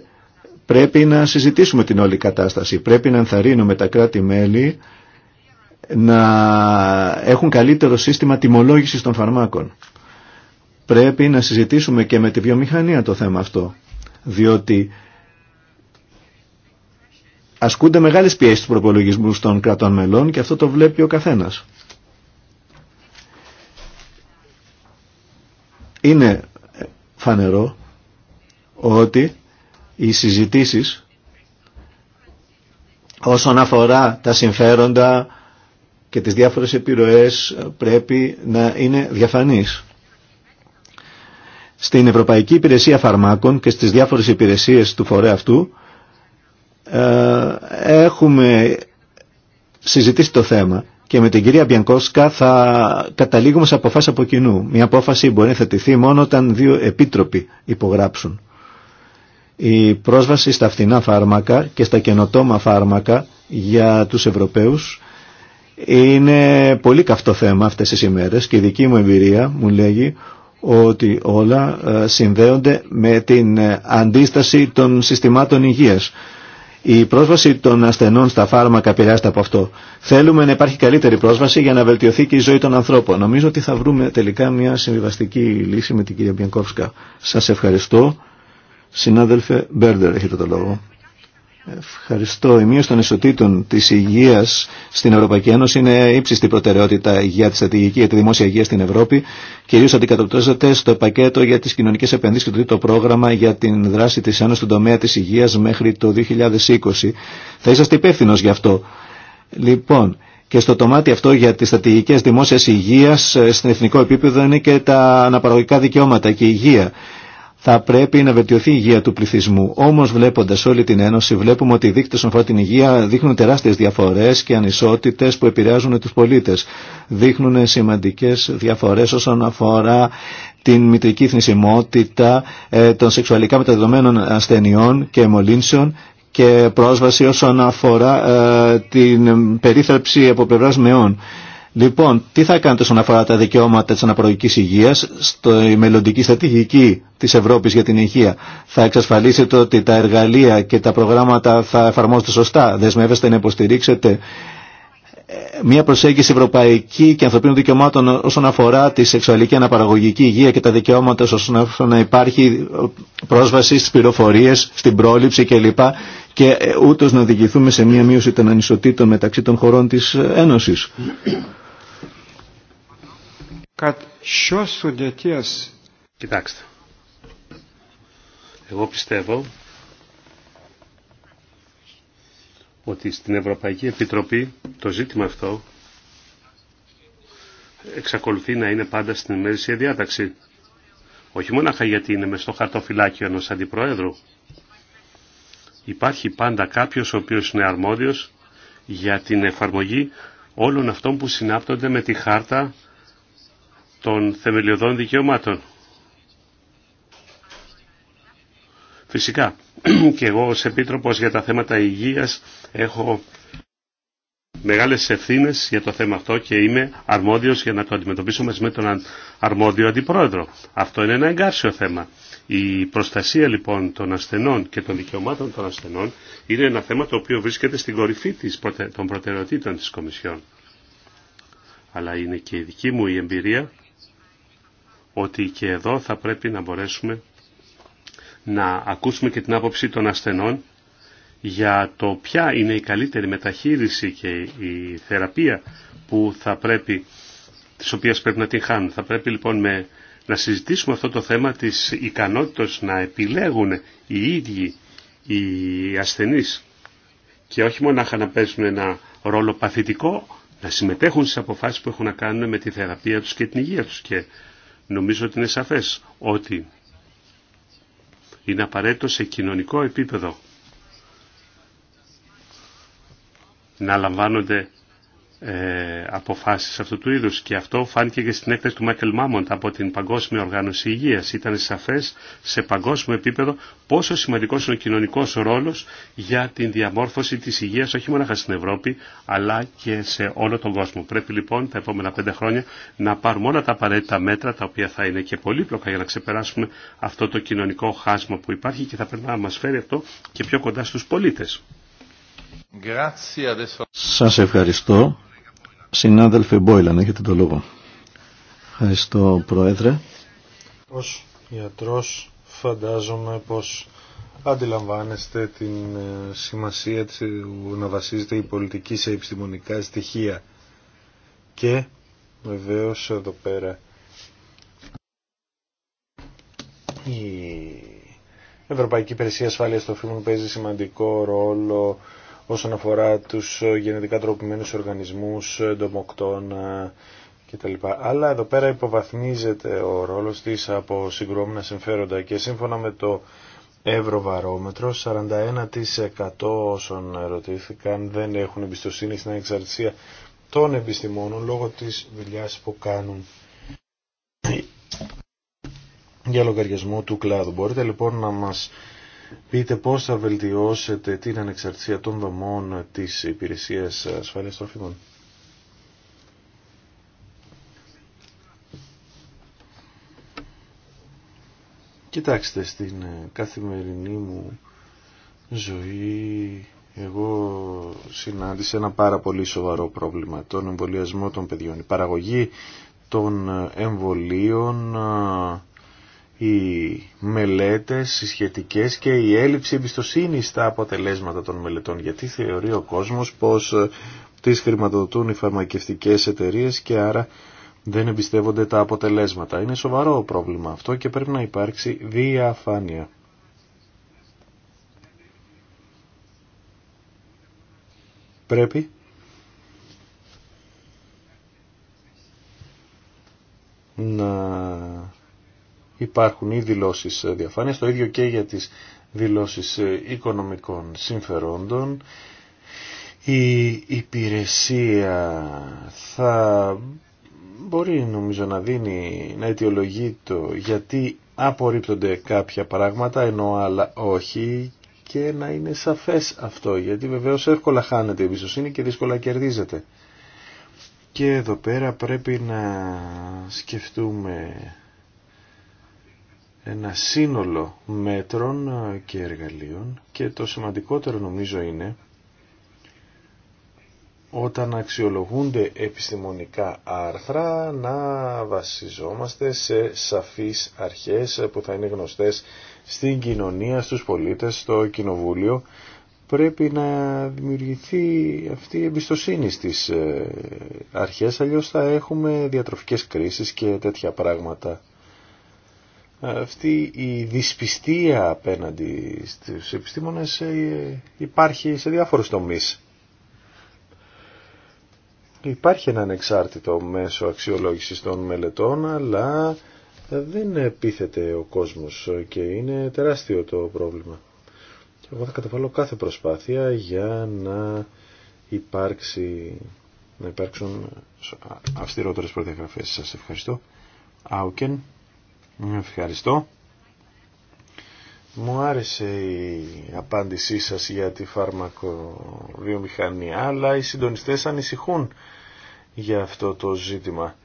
Πρέπει να συζητήσουμε την όλη κατάσταση. Πρέπει να ενθαρρύνουμε τα κράτη-μέλη να έχουν καλύτερο σύστημα τιμολόγησης των φαρμάκων. Πρέπει να συζητήσουμε και με τη βιομηχανία το θέμα αυτό, διότι ασκούνται μεγάλες πιέσεις του προπολογισμού των κρατών μελών και αυτό το βλέπει ο καθένας. Είναι φανερό ότι οι συζητήσεις όσον αφορά τα συμφέροντα και τις διάφορες επιρροές πρέπει να είναι διαφανείς. Στην Ευρωπαϊκή Υπηρεσία Φαρμάκων και στις διάφορες υπηρεσίες του φορέα αυτού ε, έχουμε συζητήσει το θέμα και με την κυρία Μπιανκόσκα θα καταλήγουμε σε αποφάσεις από κοινού. Μια απόφαση μπορεί να θετηθεί μόνο όταν δύο επίτροποι υπογράψουν η πρόσβαση στα φθηνά φάρμακα και στα καινοτόμα φάρμακα για τους Ευρωπαίους είναι πολύ καυτό θέμα αυτές τις ημέρες και η δική μου εμπειρία μου λέγει ότι όλα ε, συνδέονται με την ε, αντίσταση των συστημάτων υγείας. Η πρόσβαση των ασθενών στα φάρμακα επηρεάζεται από αυτό. Θέλουμε να υπάρχει καλύτερη πρόσβαση για να βελτιωθεί και η ζωή των ανθρώπων. Νομίζω ότι θα βρούμε τελικά μια συμβιβαστική λύση με την κυρία Μπιανκόφσκα. Σας ευχαριστώ. Συνάδελφε Μπέρντερ, έχετε το λόγο. Ευχαριστώ. Η μείωση των ισοτήτων τη υγεία στην Ευρωπαϊκή Ένωση είναι ύψιστη προτεραιότητα για τη στρατηγική και τη δημόσια υγεία στην Ευρώπη. Κυρίω αντικατοπτρίζεται στο πακέτο για τι κοινωνικέ επενδύσει και το τρίτο πρόγραμμα για την δράση τη Ένωση στον τομέα τη υγεία μέχρι το 2020. Θα είσαστε υπεύθυνο γι' αυτό. Λοιπόν, και στο τομάτι αυτό για τι στρατηγικές δημόσια υγεία ε, στην εθνικό επίπεδο είναι και τα αναπαραγωγικά δικαιώματα και η υγεία θα πρέπει να βελτιωθεί η υγεία του πληθυσμού. Όμω, βλέποντα όλη την Ένωση, βλέπουμε ότι οι δείκτε όσον αφορά την υγεία δείχνουν τεράστιε διαφορέ και ανισότητε που επηρεάζουν του πολίτε. Δείχνουν σημαντικέ διαφορέ όσον αφορά την μητρική θνησιμότητα ε, των σεξουαλικά μεταδεδομένων ασθενειών και εμολύνσεων και πρόσβαση όσον αφορά ε, την περίθαλψη από πλευρά μεών. Λοιπόν, τι θα κάνετε όσον αφορά τα δικαιώματα της αναπαραγωγικής υγείας στο μελλοντική στρατηγική της Ευρώπης για την υγεία. Θα εξασφαλίσετε ότι τα εργαλεία και τα προγράμματα θα εφαρμόζονται σωστά. Δεσμεύεστε να υποστηρίξετε ε, μια προσέγγιση ευρωπαϊκή και ανθρωπίνων δικαιωμάτων όσον αφορά τη σεξουαλική αναπαραγωγική υγεία και τα δικαιώματα όσον να υπάρχει ε, πρόσβαση στις πληροφορίες, στην πρόληψη κλπ. Και ε, ούτως να οδηγηθούμε σε μια μείωση των ανισοτήτων μεταξύ των χωρών της Ένωσης. Κοιτάξτε. Εγώ πιστεύω ότι στην Ευρωπαϊκή Επιτροπή το ζήτημα αυτό εξακολουθεί να είναι πάντα στην ημερήσια διάταξη. Όχι μόνο γιατί είναι με στο χαρτοφυλάκιο ενός αντιπροέδρου. Υπάρχει πάντα κάποιος ο οποίος είναι αρμόδιος για την εφαρμογή όλων αυτών που συνάπτονται με τη χάρτα των θεμελιωδών δικαιωμάτων. Φυσικά [CLEARS THROAT] και εγώ ως Επίτροπος για τα θέματα υγείας έχω μεγάλες ευθύνε για το θέμα αυτό και είμαι αρμόδιος για να το αντιμετωπίσω μαζί με τον αρμόδιο αντιπρόεδρο. Αυτό είναι ένα εγκάρσιο θέμα. Η προστασία λοιπόν των ασθενών και των δικαιωμάτων των ασθενών είναι ένα θέμα το οποίο βρίσκεται στην κορυφή της, των προτεραιοτήτων της Κομισιόν. Αλλά είναι και η δική μου η εμπειρία ότι και εδώ θα πρέπει να μπορέσουμε να ακούσουμε και την άποψη των ασθενών για το ποια είναι η καλύτερη μεταχείριση και η θεραπεία που θα πρέπει, τις οποίες πρέπει να την χάνουν. Θα πρέπει λοιπόν με, να συζητήσουμε αυτό το θέμα της ικανότητας να επιλέγουν οι ίδιοι οι ασθενείς και όχι μόνο να παίζουν ένα ρόλο παθητικό, να συμμετέχουν στις αποφάσεις που έχουν να κάνουν με τη θεραπεία τους και την υγεία τους. Και Νομίζω ότι είναι σαφές ότι είναι απαραίτητο σε κοινωνικό επίπεδο να λαμβάνονται ε, αποφάσεις αυτού του είδους και αυτό φάνηκε και στην έκθεση του Μάικελ Μάμοντ από την Παγκόσμια Οργάνωση Υγείας. Ήταν σαφές σε παγκόσμιο επίπεδο πόσο σημαντικός είναι ο κοινωνικός ρόλος για την διαμόρφωση της υγείας όχι μόνο στην Ευρώπη αλλά και σε όλο τον κόσμο. Πρέπει λοιπόν τα επόμενα πέντε χρόνια να πάρουμε όλα τα απαραίτητα μέτρα τα οποία θα είναι και πολύπλοκα για να ξεπεράσουμε αυτό το κοινωνικό χάσμα που υπάρχει και θα πρέπει να μα φέρει αυτό και πιο κοντά στους πολίτες. Σας ευχαριστώ. Συνάδελφε Μπόιλαν, έχετε το λόγο. Ευχαριστώ, Πρόεδρε. Ως γιατρό φαντάζομαι πως αντιλαμβάνεστε την ε, σημασία του ε, να βασίζεται η πολιτική σε επιστημονικά στοιχεία. Και βεβαίως εδώ πέρα η Ευρωπαϊκή Υπηρεσία Ασφάλειας των Φίλων παίζει σημαντικό ρόλο όσον αφορά τους ε, γενετικά τροποποιημένους οργανισμούς, ε, ντομοκτώνα κτλ. Αλλά εδώ πέρα υποβαθμίζεται ο ρόλος της από συγκρόμενα συμφέροντα και σύμφωνα με το Ευρωβαρόμετρο, 41% όσων ερωτήθηκαν δεν έχουν εμπιστοσύνη στην ανεξαρτησία των επιστημόνων λόγω της δουλειά που κάνουν για λογαριασμό του κλάδου. Μπορείτε λοιπόν να μας πείτε πώς θα βελτιώσετε την ανεξαρτησία των δομών της υπηρεσίας ασφάλειας τροφίμων. Κοιτάξτε, στην καθημερινή μου ζωή εγώ συνάντησα ένα πάρα πολύ σοβαρό πρόβλημα, τον εμβολιασμό των παιδιών. Η παραγωγή των εμβολίων οι μελέτες, οι σχετικές και η έλλειψη εμπιστοσύνη στα αποτελέσματα των μελετών γιατί θεωρεί ο κόσμος πως ε, τις χρηματοδοτούν οι φαρμακευτικές εταιρείες και άρα δεν εμπιστεύονται τα αποτελέσματα. Είναι σοβαρό πρόβλημα αυτό και πρέπει να υπάρξει διαφάνεια. Πρέπει να υπάρχουν ή δηλώσεις διαφάνειας, το ίδιο και για τις δηλώσεις οικονομικών συμφερόντων. Η υπηρεσία θα μπορεί νομίζω να δίνει, να αιτιολογεί το γιατί απορρίπτονται κάποια πράγματα ενώ άλλα όχι και να είναι σαφές αυτό γιατί βεβαίως εύκολα χάνεται η εμπιστοσύνη και δύσκολα κερδίζεται. Και εδώ πέρα πρέπει να σκεφτούμε ένα σύνολο μέτρων και εργαλείων και το σημαντικότερο νομίζω είναι όταν αξιολογούνται επιστημονικά άρθρα να βασιζόμαστε σε σαφείς αρχές που θα είναι γνωστές στην κοινωνία, στους πολίτες, στο κοινοβούλιο. Πρέπει να δημιουργηθεί αυτή η εμπιστοσύνη στις ε, αρχές, αλλιώς θα έχουμε διατροφικές κρίσεις και τέτοια πράγματα αυτή η δυσπιστία απέναντι στους επιστήμονες ε, υπάρχει σε διάφορους τομείς. Υπάρχει ένα ανεξάρτητο μέσο αξιολόγησης των μελετών, αλλά δεν επίθεται ο κόσμος και είναι τεράστιο το πρόβλημα. εγώ θα καταβάλω κάθε προσπάθεια για να, υπάρξει, να υπάρξουν αυστηρότερες προδιαγραφές. Σας ευχαριστώ. Άουκεν. Ευχαριστώ. Μου άρεσε η απάντησή σας για τη φαρμακοβιομηχανία, αλλά οι συντονιστές ανησυχούν για αυτό το ζήτημα.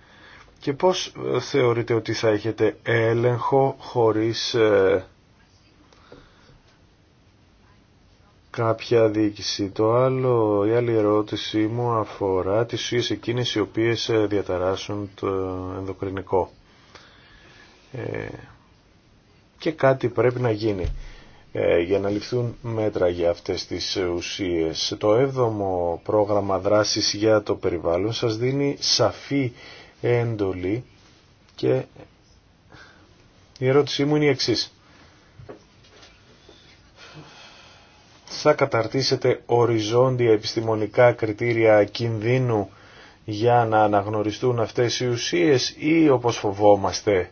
Και πώς ε, θεωρείτε ότι θα έχετε έλεγχο χωρίς ε, κάποια διοίκηση. Το άλλο, η άλλη ερώτησή μου αφορά τις ουσίες εκείνες οι οποίες ε, διαταράσσουν το ενδοκρινικό ε, και κάτι πρέπει να γίνει ε, για να ληφθούν μέτρα για αυτές τις ουσίες. Το 7ο πρόγραμμα δράσης για το περιβάλλον σας δίνει σαφή έντολη και η ερώτησή μου είναι η εξής. Θα καταρτήσετε οριζόντια επιστημονικά κριτήρια κινδύνου για να αναγνωριστούν αυτές οι ουσίες ή όπως φοβόμαστε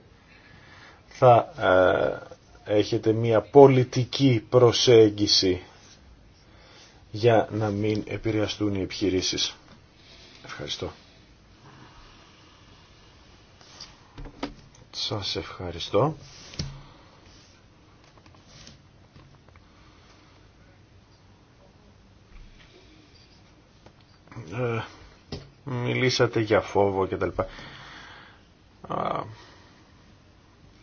θα ε, έχετε μια πολιτική προσέγγιση για να μην επηρεαστούν οι επιχειρήσεις. Ευχαριστώ. Σας ευχαριστώ. Ε, μιλήσατε για φόβο κτλ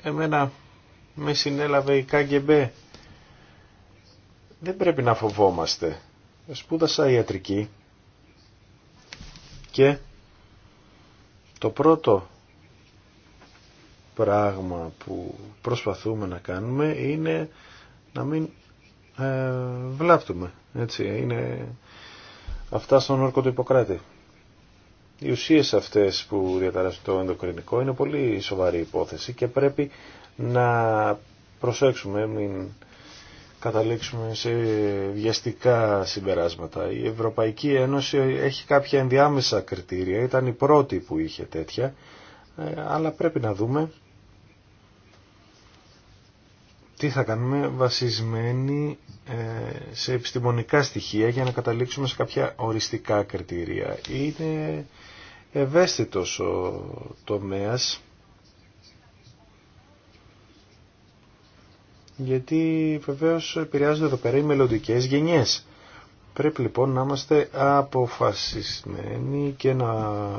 εμένα με συνέλαβε η KGB. Δεν πρέπει να φοβόμαστε. Σπούδασα ιατρική και το πρώτο πράγμα που προσπαθούμε να κάνουμε είναι να μην ε, βλάπτουμε. Έτσι, είναι αυτά στον όρκο του Ιπποκράτη οι ουσίες αυτές που διαταράσσουν το ενδοκρινικό είναι πολύ σοβαρή υπόθεση και πρέπει να προσέξουμε, μην καταλήξουμε σε βιαστικά συμπεράσματα. Η Ευρωπαϊκή Ένωση έχει κάποια ενδιάμεσα κριτήρια, ήταν η πρώτη που είχε τέτοια, ε, αλλά πρέπει να δούμε τι θα κάνουμε βασισμένοι ε, σε επιστημονικά στοιχεία για να καταλήξουμε σε κάποια οριστικά κριτήρια. Είναι ευαίσθητος ο τομέας γιατί βεβαίως επηρεάζονται εδώ πέρα οι μελλοντικέ γενιές. Πρέπει λοιπόν να είμαστε αποφασισμένοι και να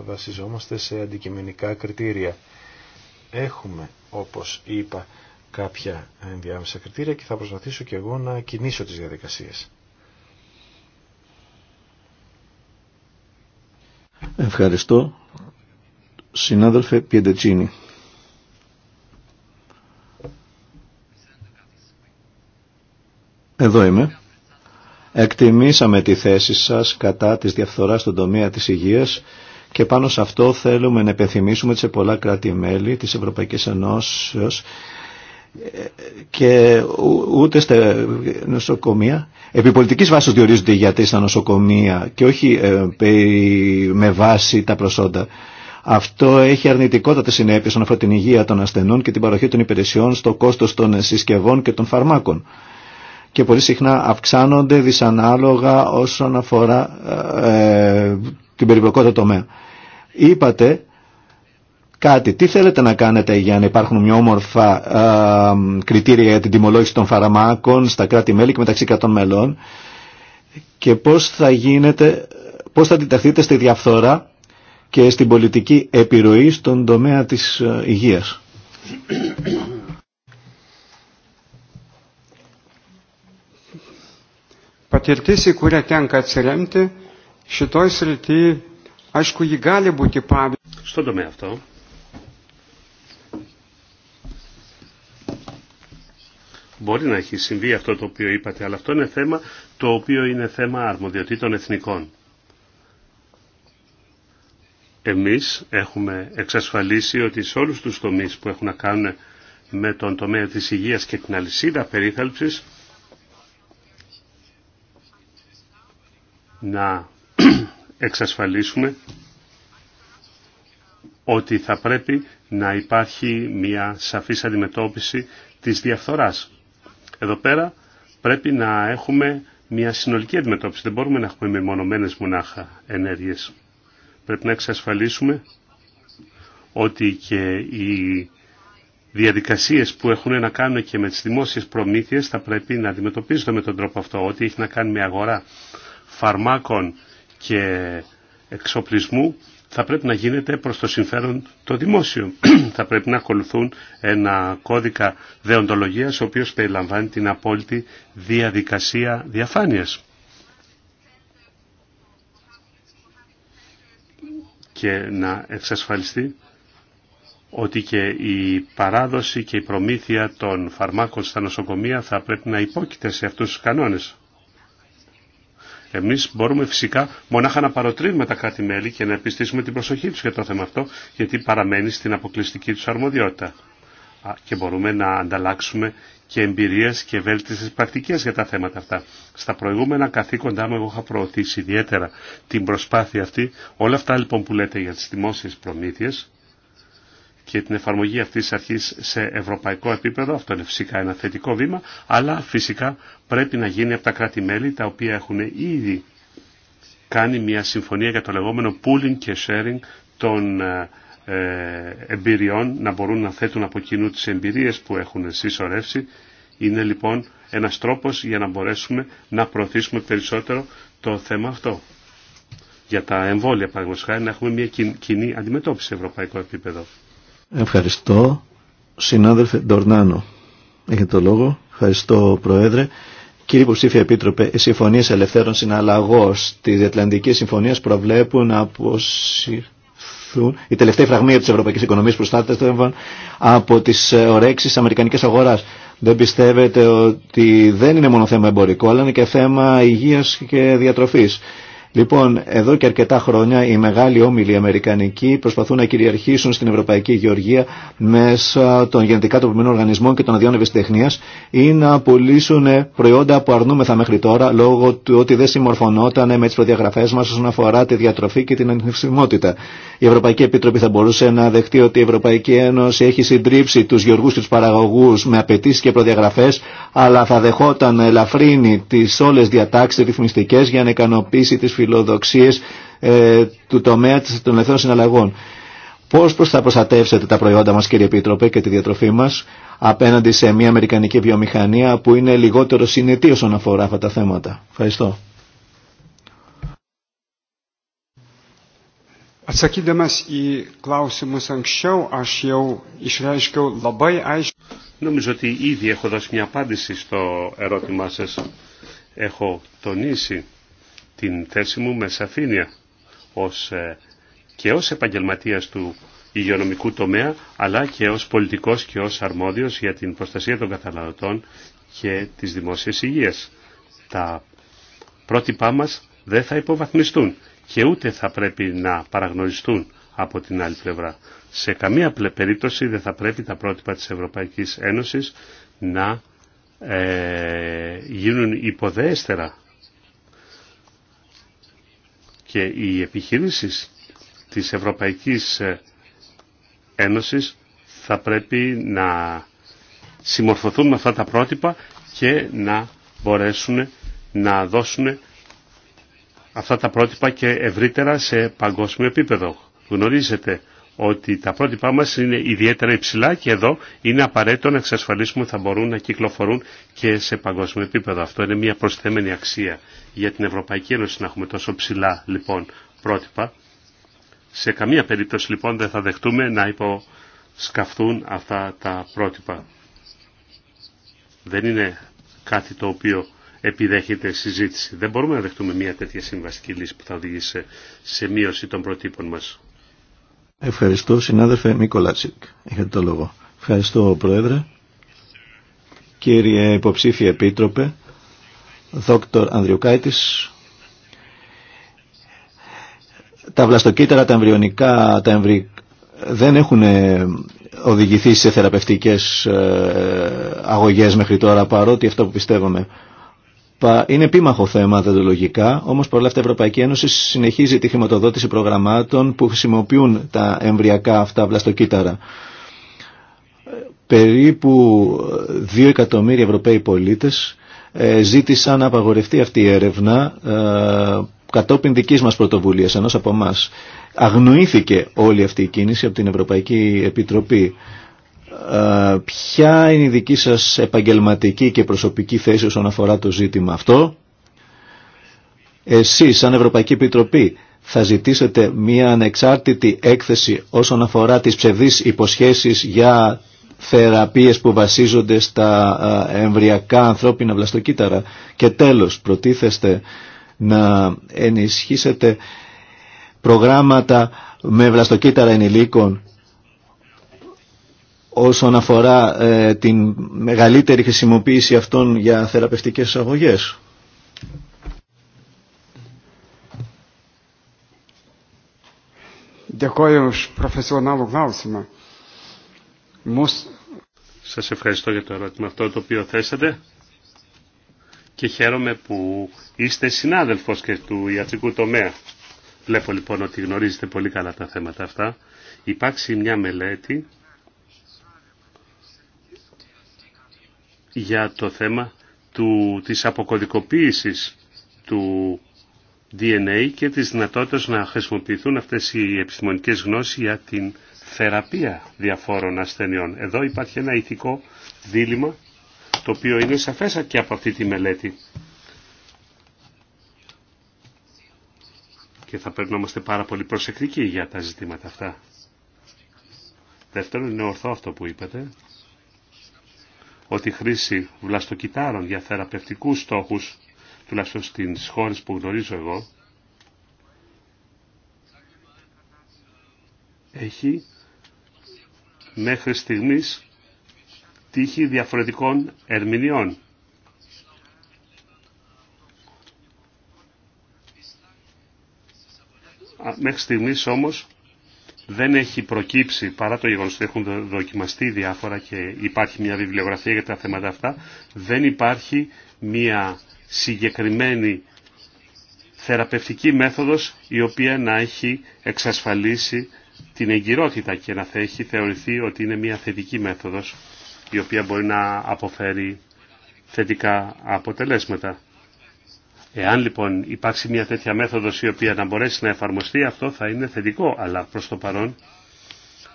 βασιζόμαστε σε αντικειμενικά κριτήρια. Έχουμε, όπως είπα, κάποια ενδιάμεσα κριτήρια και θα προσπαθήσω και εγώ να κινήσω τις διαδικασίες. Ευχαριστώ. Συνάδελφε Πιεντετσίνη. Εδώ είμαι. Εκτιμήσαμε τη θέση σας κατά της διαφθοράς στον τομέα της υγείας και πάνω σε αυτό θέλουμε να επιθυμίσουμε σε πολλά κράτη-μέλη της Ευρωπαϊκής Ενώσεως και ούτε στα νοσοκομεία. Επί πολιτική βάση διορίζονται οι γιατροί στα νοσοκομεία και όχι ε, με βάση τα προσόντα. Αυτό έχει αρνητικότατε συνέπειε όσον αφορά την υγεία των ασθενών και την παροχή των υπηρεσιών στο κόστο των συσκευών και των φαρμάκων. Και πολύ συχνά αυξάνονται δυσανάλογα όσον αφορά ε, ε, την περιπλοκότητα τομέα. Είπατε κάτι. Τι θέλετε να κάνετε για να υπάρχουν μια όμορφα ε, κριτήρια για την τιμολόγηση των φαραμάκων στα κράτη-μέλη και μεταξύ κρατών μελών και πώς θα γίνετε πώς θα αντιταχθείτε στη διαφθορά και στην πολιτική επιρροή στον τομέα της ε, υγείας. Patirtis, kurią tenka atsiremti, šitoj srity, aišku, ji gali būti Στον τομέα αυτό, Μπορεί να έχει συμβεί αυτό το οποίο είπατε, αλλά αυτό είναι θέμα το οποίο είναι θέμα αρμοδιοτήτων εθνικών. Εμείς έχουμε εξασφαλίσει ότι σε όλους τους τομείς που έχουν να κάνουν με τον τομέα της υγείας και την αλυσίδα περίθαλψης να [CLEARS THROAT] εξασφαλίσουμε ότι θα πρέπει να υπάρχει μια σαφής αντιμετώπιση της διαφθοράς. Εδώ πέρα πρέπει να έχουμε μια συνολική αντιμετώπιση. Δεν μπορούμε να έχουμε μεμονωμένες μονάχα ενέργειες. Πρέπει να εξασφαλίσουμε ότι και οι διαδικασίες που έχουν να κάνουν και με τις δημόσιες προμήθειες θα πρέπει να αντιμετωπίζονται με τον τρόπο αυτό. Ό,τι έχει να κάνει με αγορά φαρμάκων και εξοπλισμού θα πρέπει να γίνεται προς το συμφέρον το δημόσιο. [CLEARS THROAT] θα πρέπει να ακολουθούν ένα κώδικα δεοντολογίας ο οποίος περιλαμβάνει την απόλυτη διαδικασία διαφάνειας. Και να εξασφαλιστεί ότι και η παράδοση και η προμήθεια των φαρμάκων στα νοσοκομεία θα πρέπει να υπόκειται σε αυτούς τους κανόνες. Εμείς μπορούμε φυσικά μονάχα να παροτρύνουμε τα κράτη-μέλη και να επιστήσουμε την προσοχή τους για το θέμα αυτό, γιατί παραμένει στην αποκλειστική τους αρμοδιότητα. Και μπορούμε να ανταλλάξουμε και εμπειρίες και βέλτιστες πρακτικές για τα θέματα αυτά. Στα προηγούμενα καθήκοντά μου εγώ είχα προωθήσει ιδιαίτερα την προσπάθεια αυτή. Όλα αυτά λοιπόν που λέτε για τις δημόσιες προμήθειες και την εφαρμογή αυτής της αρχής σε ευρωπαϊκό επίπεδο. Αυτό είναι φυσικά ένα θετικό βήμα, αλλά φυσικά πρέπει να γίνει από τα κράτη-μέλη τα οποία έχουν ήδη κάνει μια συμφωνία για το λεγόμενο pooling και sharing των ε, ε, εμπειριών, να μπορούν να θέτουν από κοινού τις εμπειρίες που έχουν συσσωρεύσει. Είναι λοιπόν ένας τρόπος για να μπορέσουμε να προωθήσουμε περισσότερο το θέμα αυτό. Για τα εμβόλια, παραδείγματος χάρη, να έχουμε μια κοινή αντιμετώπιση σε ευρωπαϊκό επίπεδο. Ευχαριστώ. Συνάδελφε Ντορνάνο, έχετε το λόγο. Ευχαριστώ, Προέδρε. Κύριε Υποψήφια Επίτροπε, οι συμφωνίε ελευθέρων συναλλαγό τη Διατλαντική Συμφωνία προβλέπουν να αποσυρθούν οι τελευταίοι φραγμοί τη ευρωπαϊκή οικονομία προστάτευαν από τι ωρέξει τη Αμερικανική αγορά. Δεν πιστεύετε ότι δεν είναι μόνο θέμα εμπορικό, αλλά είναι και θέμα υγεία και διατροφή. Λοιπόν, εδώ και αρκετά χρόνια οι μεγάλοι όμιλοι αμερικανικοί προσπαθούν να κυριαρχήσουν στην ευρωπαϊκή γεωργία μέσα των γενετικά τροποποιημένων οργανισμών και των αδειών ευαισθητεχνία ή να πουλήσουν προϊόντα που αρνούμεθα μέχρι τώρα λόγω του ότι δεν συμμορφωνόταν με τι προδιαγραφέ μα όσον αφορά τη διατροφή και την ανεχνευσιμότητα. Η Ευρωπαϊκή Επιτροπή θα μπορούσε να δεχτεί ότι η Ευρωπαϊκή Ένωση έχει συντρίψει του γεωργού και του παραγωγού με απαιτήσει και προδιαγραφέ, αλλά θα δεχόταν ελαφρύνει τι όλε διατάξει ρυθμιστικέ για να ικανοποιήσει τι φιλοδοξίες ε, του τομέα των ελευθερών συναλλαγών. Πώς θα προστατεύσετε τα προϊόντα μας κύριε Επίτροπε και τη διατροφή μας απέναντι σε μια αμερικανική βιομηχανία που είναι λιγότερο συνετή όσον αφορά αυτά τα θέματα. Ευχαριστώ. Atsakydamas į klausimus anksčiau, aš jau išreiškiau labai aiškiai. Νομίζω ότι ήδη έχω δώσει μια απάντηση στο ερώτημά σας. Έχω τονίσει την θέση μου με σαφήνεια ως, ε, και ως επαγγελματίας του υγειονομικού τομέα αλλά και ως πολιτικός και ως αρμόδιος για την προστασία των καταναλωτών και της δημόσιας υγείας. Τα πρότυπά μας δεν θα υποβαθμιστούν και ούτε θα πρέπει να παραγνωριστούν από την άλλη πλευρά. Σε καμία περίπτωση δεν θα πρέπει τα πρότυπα της Ευρωπαϊκής Ένωσης να ε, γίνουν υποδέστερα και οι επιχειρήσεις της Ευρωπαϊκής ε, Ένωσης θα πρέπει να συμμορφωθούν με αυτά τα πρότυπα και να μπορέσουν να δώσουν αυτά τα πρότυπα και ευρύτερα σε παγκόσμιο επίπεδο. Γνωρίζετε ότι τα πρότυπά μας είναι ιδιαίτερα υψηλά και εδώ είναι απαραίτητο να εξασφαλίσουμε ότι θα μπορούν να κυκλοφορούν και σε παγκόσμιο επίπεδο. Αυτό είναι μια προσθέμενη αξία για την Ευρωπαϊκή Ένωση να έχουμε τόσο ψηλά λοιπόν πρότυπα. Σε καμία περίπτωση λοιπόν δεν θα δεχτούμε να υποσκαφθούν αυτά τα πρότυπα. Δεν είναι κάτι το οποίο επιδέχεται συζήτηση. Δεν μπορούμε να δεχτούμε μια τέτοια συμβαστική λύση που θα οδηγήσει σε, μείωση των προτύπων μας. Ευχαριστώ, συνάδελφε Μικολάτσικ. είχατε το λόγο. Ευχαριστώ, Πρόεδρε. Κύριε Υποψήφιε Επίτροπε, Δόκτωρ Ανδριουκάητης, τα βλαστοκύτταρα, τα εμβριονικά, τα εμβρι... δεν έχουν ε, οδηγηθεί σε θεραπευτικές ε, αγωγές μέχρι τώρα, παρότι αυτό που πιστεύουμε. Είναι επίμαχο θέμα δεδολογικά, όμω παρόλα αυτά η Ευρωπαϊκή Ένωση συνεχίζει τη χρηματοδότηση προγραμμάτων που χρησιμοποιούν τα εμβριακά αυτά βλαστοκύτταρα. Περίπου 2 εκατομμύρια Ευρωπαίοι πολίτε ε, ζήτησαν να απαγορευτεί αυτή η έρευνα ε, κατόπιν δική μα πρωτοβουλία, ενό από εμά. Αγνοήθηκε όλη αυτή η κίνηση από την Ευρωπαϊκή Επιτροπή. Ε, ποια είναι η δική σας επαγγελματική και προσωπική θέση όσον αφορά το ζήτημα αυτό. Εσείς σαν Ευρωπαϊκή Επιτροπή θα ζητήσετε μια ανεξάρτητη έκθεση όσον αφορά τις ψευδείς υποσχέσεις για θεραπείες που βασίζονται στα ε, εμβριακά ανθρώπινα βλαστοκύτταρα. Και τέλος, προτίθεστε να ενισχύσετε προγράμματα με βλαστοκύτταρα ενηλίκων όσον αφορά ε, την μεγαλύτερη χρησιμοποίηση αυτών για θεραπευτικές αγωγές. Σας ευχαριστώ για το ερώτημα αυτό το οποίο θέσατε και χαίρομαι που είστε συνάδελφος και του ιατρικού τομέα. Βλέπω λοιπόν ότι γνωρίζετε πολύ καλά τα θέματα αυτά. υπάρχει μια μελέτη για το θέμα του, της αποκωδικοποίησης του DNA και της δυνατότητας να χρησιμοποιηθούν αυτές οι επιστημονικές γνώσεις για την θεραπεία διαφόρων ασθενειών. Εδώ υπάρχει ένα ηθικό δίλημα το οποίο είναι σαφές και από αυτή τη μελέτη. Και θα πρέπει να είμαστε πάρα πολύ προσεκτικοί για τα ζητήματα αυτά. Δεύτερον, είναι ορθό αυτό που είπατε, ότι η χρήση βλαστοκυτάρων για θεραπευτικούς στόχους, τουλάχιστον στις χώρες που γνωρίζω εγώ, έχει μέχρι στιγμής τύχη διαφορετικών ερμηνεών. Μέχρι στιγμής όμως δεν έχει προκύψει, παρά το γεγονός ότι έχουν δοκιμαστεί διάφορα και υπάρχει μια βιβλιογραφία για τα θέματα αυτά, δεν υπάρχει μια συγκεκριμένη θεραπευτική μέθοδος η οποία να έχει εξασφαλίσει την εγκυρότητα και να έχει θεωρηθεί ότι είναι μια θετική μέθοδος η οποία μπορεί να αποφέρει θετικά αποτελέσματα. Εάν λοιπόν υπάρξει μια τέτοια μέθοδος η οποία να μπορέσει να εφαρμοστεί, αυτό θα είναι θετικό. Αλλά προς το παρόν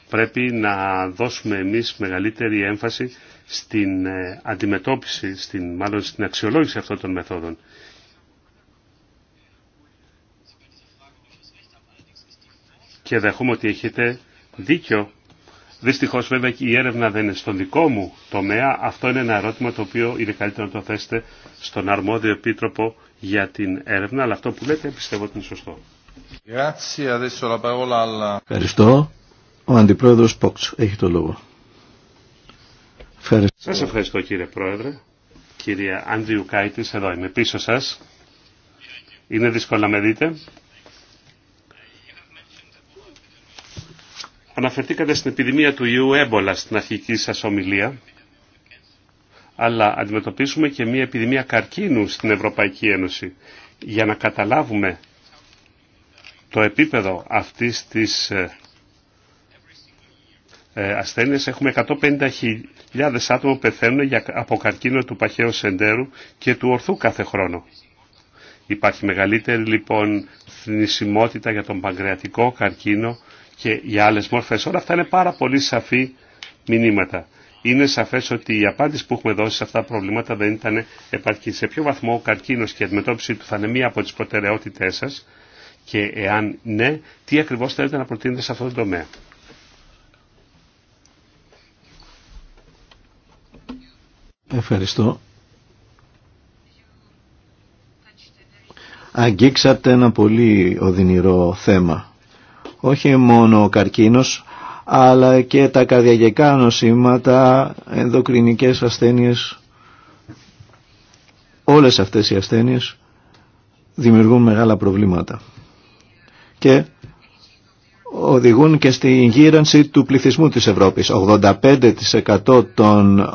πρέπει να δώσουμε εμείς μεγαλύτερη έμφαση στην ε, αντιμετώπιση, στην, μάλλον στην αξιολόγηση αυτών των μεθόδων. Και δεχούμε ότι έχετε δίκιο. Δυστυχώς βέβαια η έρευνα δεν είναι στον δικό μου τομέα. Αυτό είναι ένα ερώτημα το οποίο είναι καλύτερο να το θέσετε στον αρμόδιο επίτροπο για την έρευνα, αλλά αυτό που λέτε πιστεύω ότι είναι σωστό. Ευχαριστώ. Ο Αντιπρόεδρος Πόξ έχει το λόγο. Ευχαριστώ. Σας ευχαριστώ κύριε Πρόεδρε. Κυρία Άνδριου Κάιτης, εδώ είμαι πίσω σας. Είναι δύσκολο να με δείτε. Αναφερθήκατε στην επιδημία του ιού έμπολα στην αρχική σας ομιλία αλλά αντιμετωπίσουμε και μια επιδημία καρκίνου στην Ευρωπαϊκή Ένωση. Για να καταλάβουμε το επίπεδο αυτής της ε, ε, ασθένειας έχουμε 150.000 άτομα που πεθαίνουν από καρκίνο του παχαίου σεντέρου και του ορθού κάθε χρόνο. Υπάρχει μεγαλύτερη λοιπόν θνησιμότητα για τον παγκρεατικό καρκίνο και για άλλες μορφές. Όλα αυτά είναι πάρα πολύ σαφή μηνύματα είναι σαφές ότι η απάντηση που έχουμε δώσει σε αυτά τα προβλήματα δεν ήταν επαρκή. Σε ποιο βαθμό ο καρκίνος και η αντιμετώπιση του θα είναι μία από τις προτεραιότητές σας και εάν ναι, τι ακριβώς θέλετε να προτείνετε σε αυτό το τομέα. Ευχαριστώ. Αγγίξατε ένα πολύ οδυνηρό θέμα. Όχι μόνο ο καρκίνος, αλλά και τα καρδιακά νοσήματα, ενδοκρινικές ασθένειες. Όλες αυτές οι ασθένειες δημιουργούν μεγάλα προβλήματα και οδηγούν και στην γύρανση του πληθυσμού της Ευρώπης. 85% των,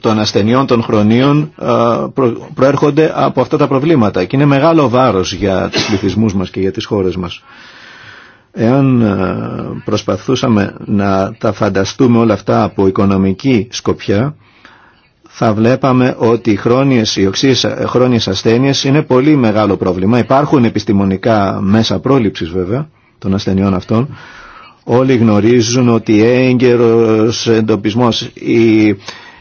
των ασθενειών των χρονίων ε, προέρχονται από αυτά τα προβλήματα και είναι μεγάλο βάρος για τους πληθυσμούς μας και για τις χώρες μας. Εάν ε, προσπαθούσαμε να τα φανταστούμε όλα αυτά από οικονομική σκοπιά, θα βλέπαμε ότι οι χρόνιες, οι οξύες, ε, χρόνιες ασθένειες είναι πολύ μεγάλο πρόβλημα. Υπάρχουν επιστημονικά μέσα πρόληψης βέβαια των ασθενειών αυτών. Όλοι γνωρίζουν ότι έγκαιρος εντοπισμός η,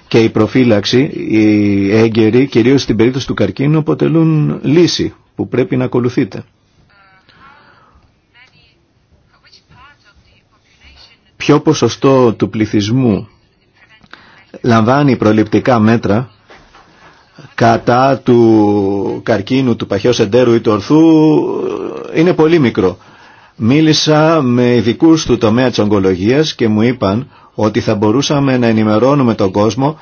και η προφύλαξη, οι έγκαιροι, κυρίως στην περίπτωση του καρκίνου, αποτελούν λύση που πρέπει να ακολουθείτε. ποιο ποσοστό του πληθυσμού λαμβάνει προληπτικά μέτρα κατά του καρκίνου, του παχιός εντέρου ή του ορθού είναι πολύ μικρό. Μίλησα με ειδικού του τομέα της ογκολογίας και μου είπαν ότι θα μπορούσαμε να ενημερώνουμε τον κόσμο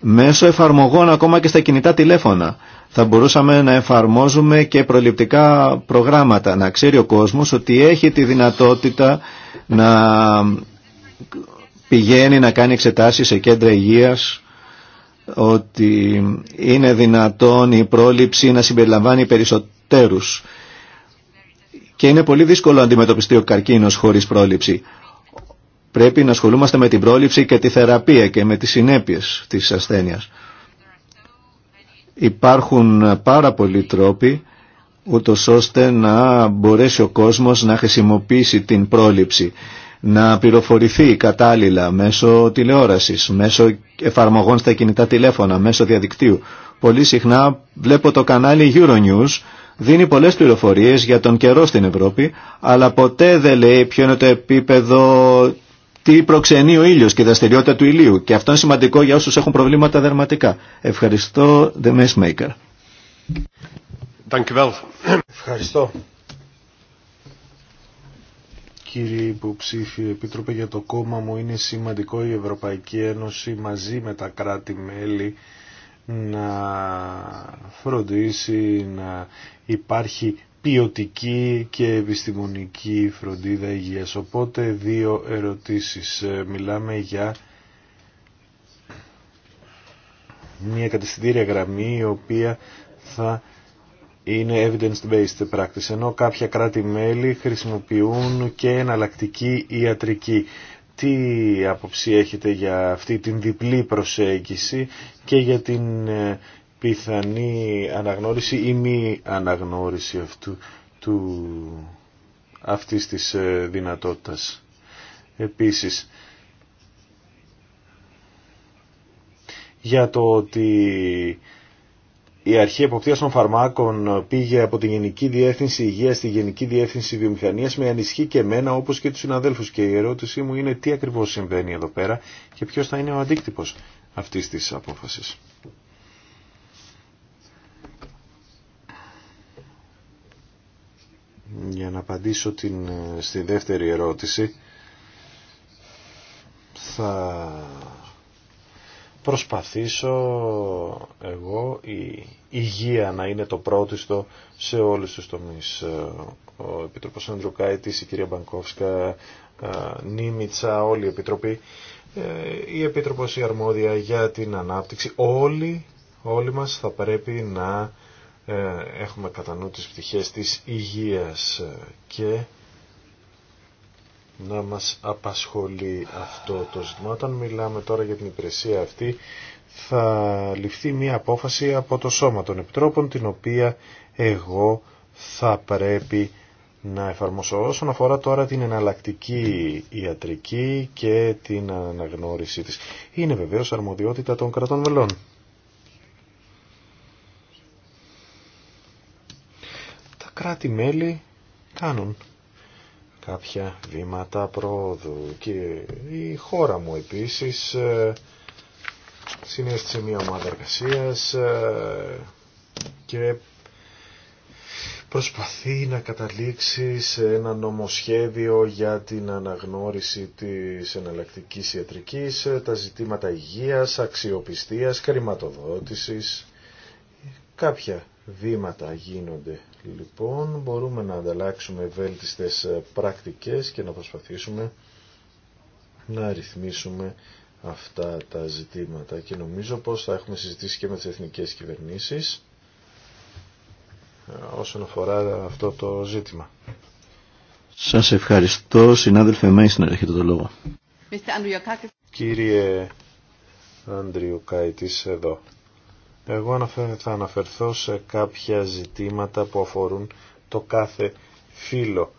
μέσω εφαρμογών ακόμα και στα κινητά τηλέφωνα. Θα μπορούσαμε να εφαρμόζουμε και προληπτικά προγράμματα, να ξέρει ο κόσμος ότι έχει τη δυνατότητα να πηγαίνει να κάνει εξετάσεις σε κέντρα υγείας ότι είναι δυνατόν η πρόληψη να συμπεριλαμβάνει περισσότερους και είναι πολύ δύσκολο να αντιμετωπιστεί ο καρκίνος χωρίς πρόληψη. Πρέπει να ασχολούμαστε με την πρόληψη και τη θεραπεία και με τις συνέπειες της ασθένειας. Υπάρχουν πάρα πολλοί τρόποι ούτω ώστε να μπορέσει ο κόσμος να χρησιμοποιήσει την πρόληψη να πληροφορηθεί κατάλληλα μέσω τηλεόρασης, μέσω εφαρμογών στα κινητά τηλέφωνα, μέσω διαδικτύου. Πολύ συχνά βλέπω το κανάλι Euronews, δίνει πολλές πληροφορίες για τον καιρό στην Ευρώπη, αλλά ποτέ δεν λέει ποιο είναι το επίπεδο, τι προξενεί ο ήλιος και η δραστηριότητα του ηλίου. Και αυτό είναι σημαντικό για όσους έχουν προβλήματα δερματικά. Ευχαριστώ, The Messmaker. Ευχαριστώ. Κύριε υποψήφοι επίτροπε για το κόμμα μου είναι σημαντικό η Ευρωπαϊκή Ένωση μαζί με τα κράτη-μέλη να φροντίσει να υπάρχει ποιοτική και επιστημονική φροντίδα υγείας. Οπότε δύο ερωτήσεις. Ε, μιλάμε για μια κατευθυντήρια γραμμή η οποία θα είναι evidence-based practice, ενώ κάποια κράτη-μέλη χρησιμοποιούν και εναλλακτική ιατρική. Τι άποψη έχετε για αυτή την διπλή προσέγγιση και για την ε, πιθανή αναγνώριση ή μη αναγνώριση αυτού, του, αυτής της ε, δυνατότητας. Επίσης, για το ότι η αρχή εποπτείας των φαρμάκων πήγε από τη Γενική Διεύθυνση Υγείας στη Γενική Διεύθυνση Βιομηχανίας με ανισχύ και εμένα όπως και τους συναδέλφους και η ερώτησή μου είναι τι ακριβώς συμβαίνει εδώ πέρα και ποιος θα είναι ο αντίκτυπος αυτής της απόφασης. Για να απαντήσω την, στη δεύτερη ερώτηση θα προσπαθήσω εγώ η υγεία να είναι το πρώτιστο σε όλους τους τομείς. Ε, ο Επιτροπός Ανδρουκάητης, η κυρία Μπανκόφσκα, ε, Νίμιτσα, όλοι οι Επιτροποί, ε, η Επίτροπος η Αρμόδια για την Ανάπτυξη, όλοι, όλοι μας θα πρέπει να έχουμε κατά νου τις πτυχές της υγείας και να μας απασχολεί αυτό το ζήτημα. Όταν μιλάμε τώρα για την υπηρεσία αυτή θα ληφθεί μία απόφαση από το Σώμα των Επιτρόπων την οποία εγώ θα πρέπει να εφαρμόσω όσον αφορά τώρα την εναλλακτική ιατρική και την αναγνώρισή της. Είναι βεβαίως αρμοδιότητα των κρατών μελών. Τα κράτη-μέλη κάνουν κάποια βήματα πρόοδου. Και η χώρα μου επίσης ε, συνέστησε μια ομάδα εργασία ε, και προσπαθεί να καταλήξει σε ένα νομοσχέδιο για την αναγνώριση της εναλλακτική ιατρικής, ε, τα ζητήματα υγείας, αξιοπιστίας, χρηματοδότησης. Κάποια βήματα γίνονται Λοιπόν, μπορούμε να ανταλλάξουμε βέλτιστες ε, πρακτικές και να προσπαθήσουμε να ρυθμίσουμε αυτά τα ζητήματα και νομίζω πως θα έχουμε συζητήσει και με τις εθνικές κυβερνήσεις ε, όσον αφορά αυτό το ζήτημα. Σας ευχαριστώ συνάδελφε Μέισνερ, έχετε το λόγο. Κύριε Άντριου Κάιτης εδώ. Εγώ θα αναφερθώ σε κάποια ζητήματα που αφορούν το κάθε φίλο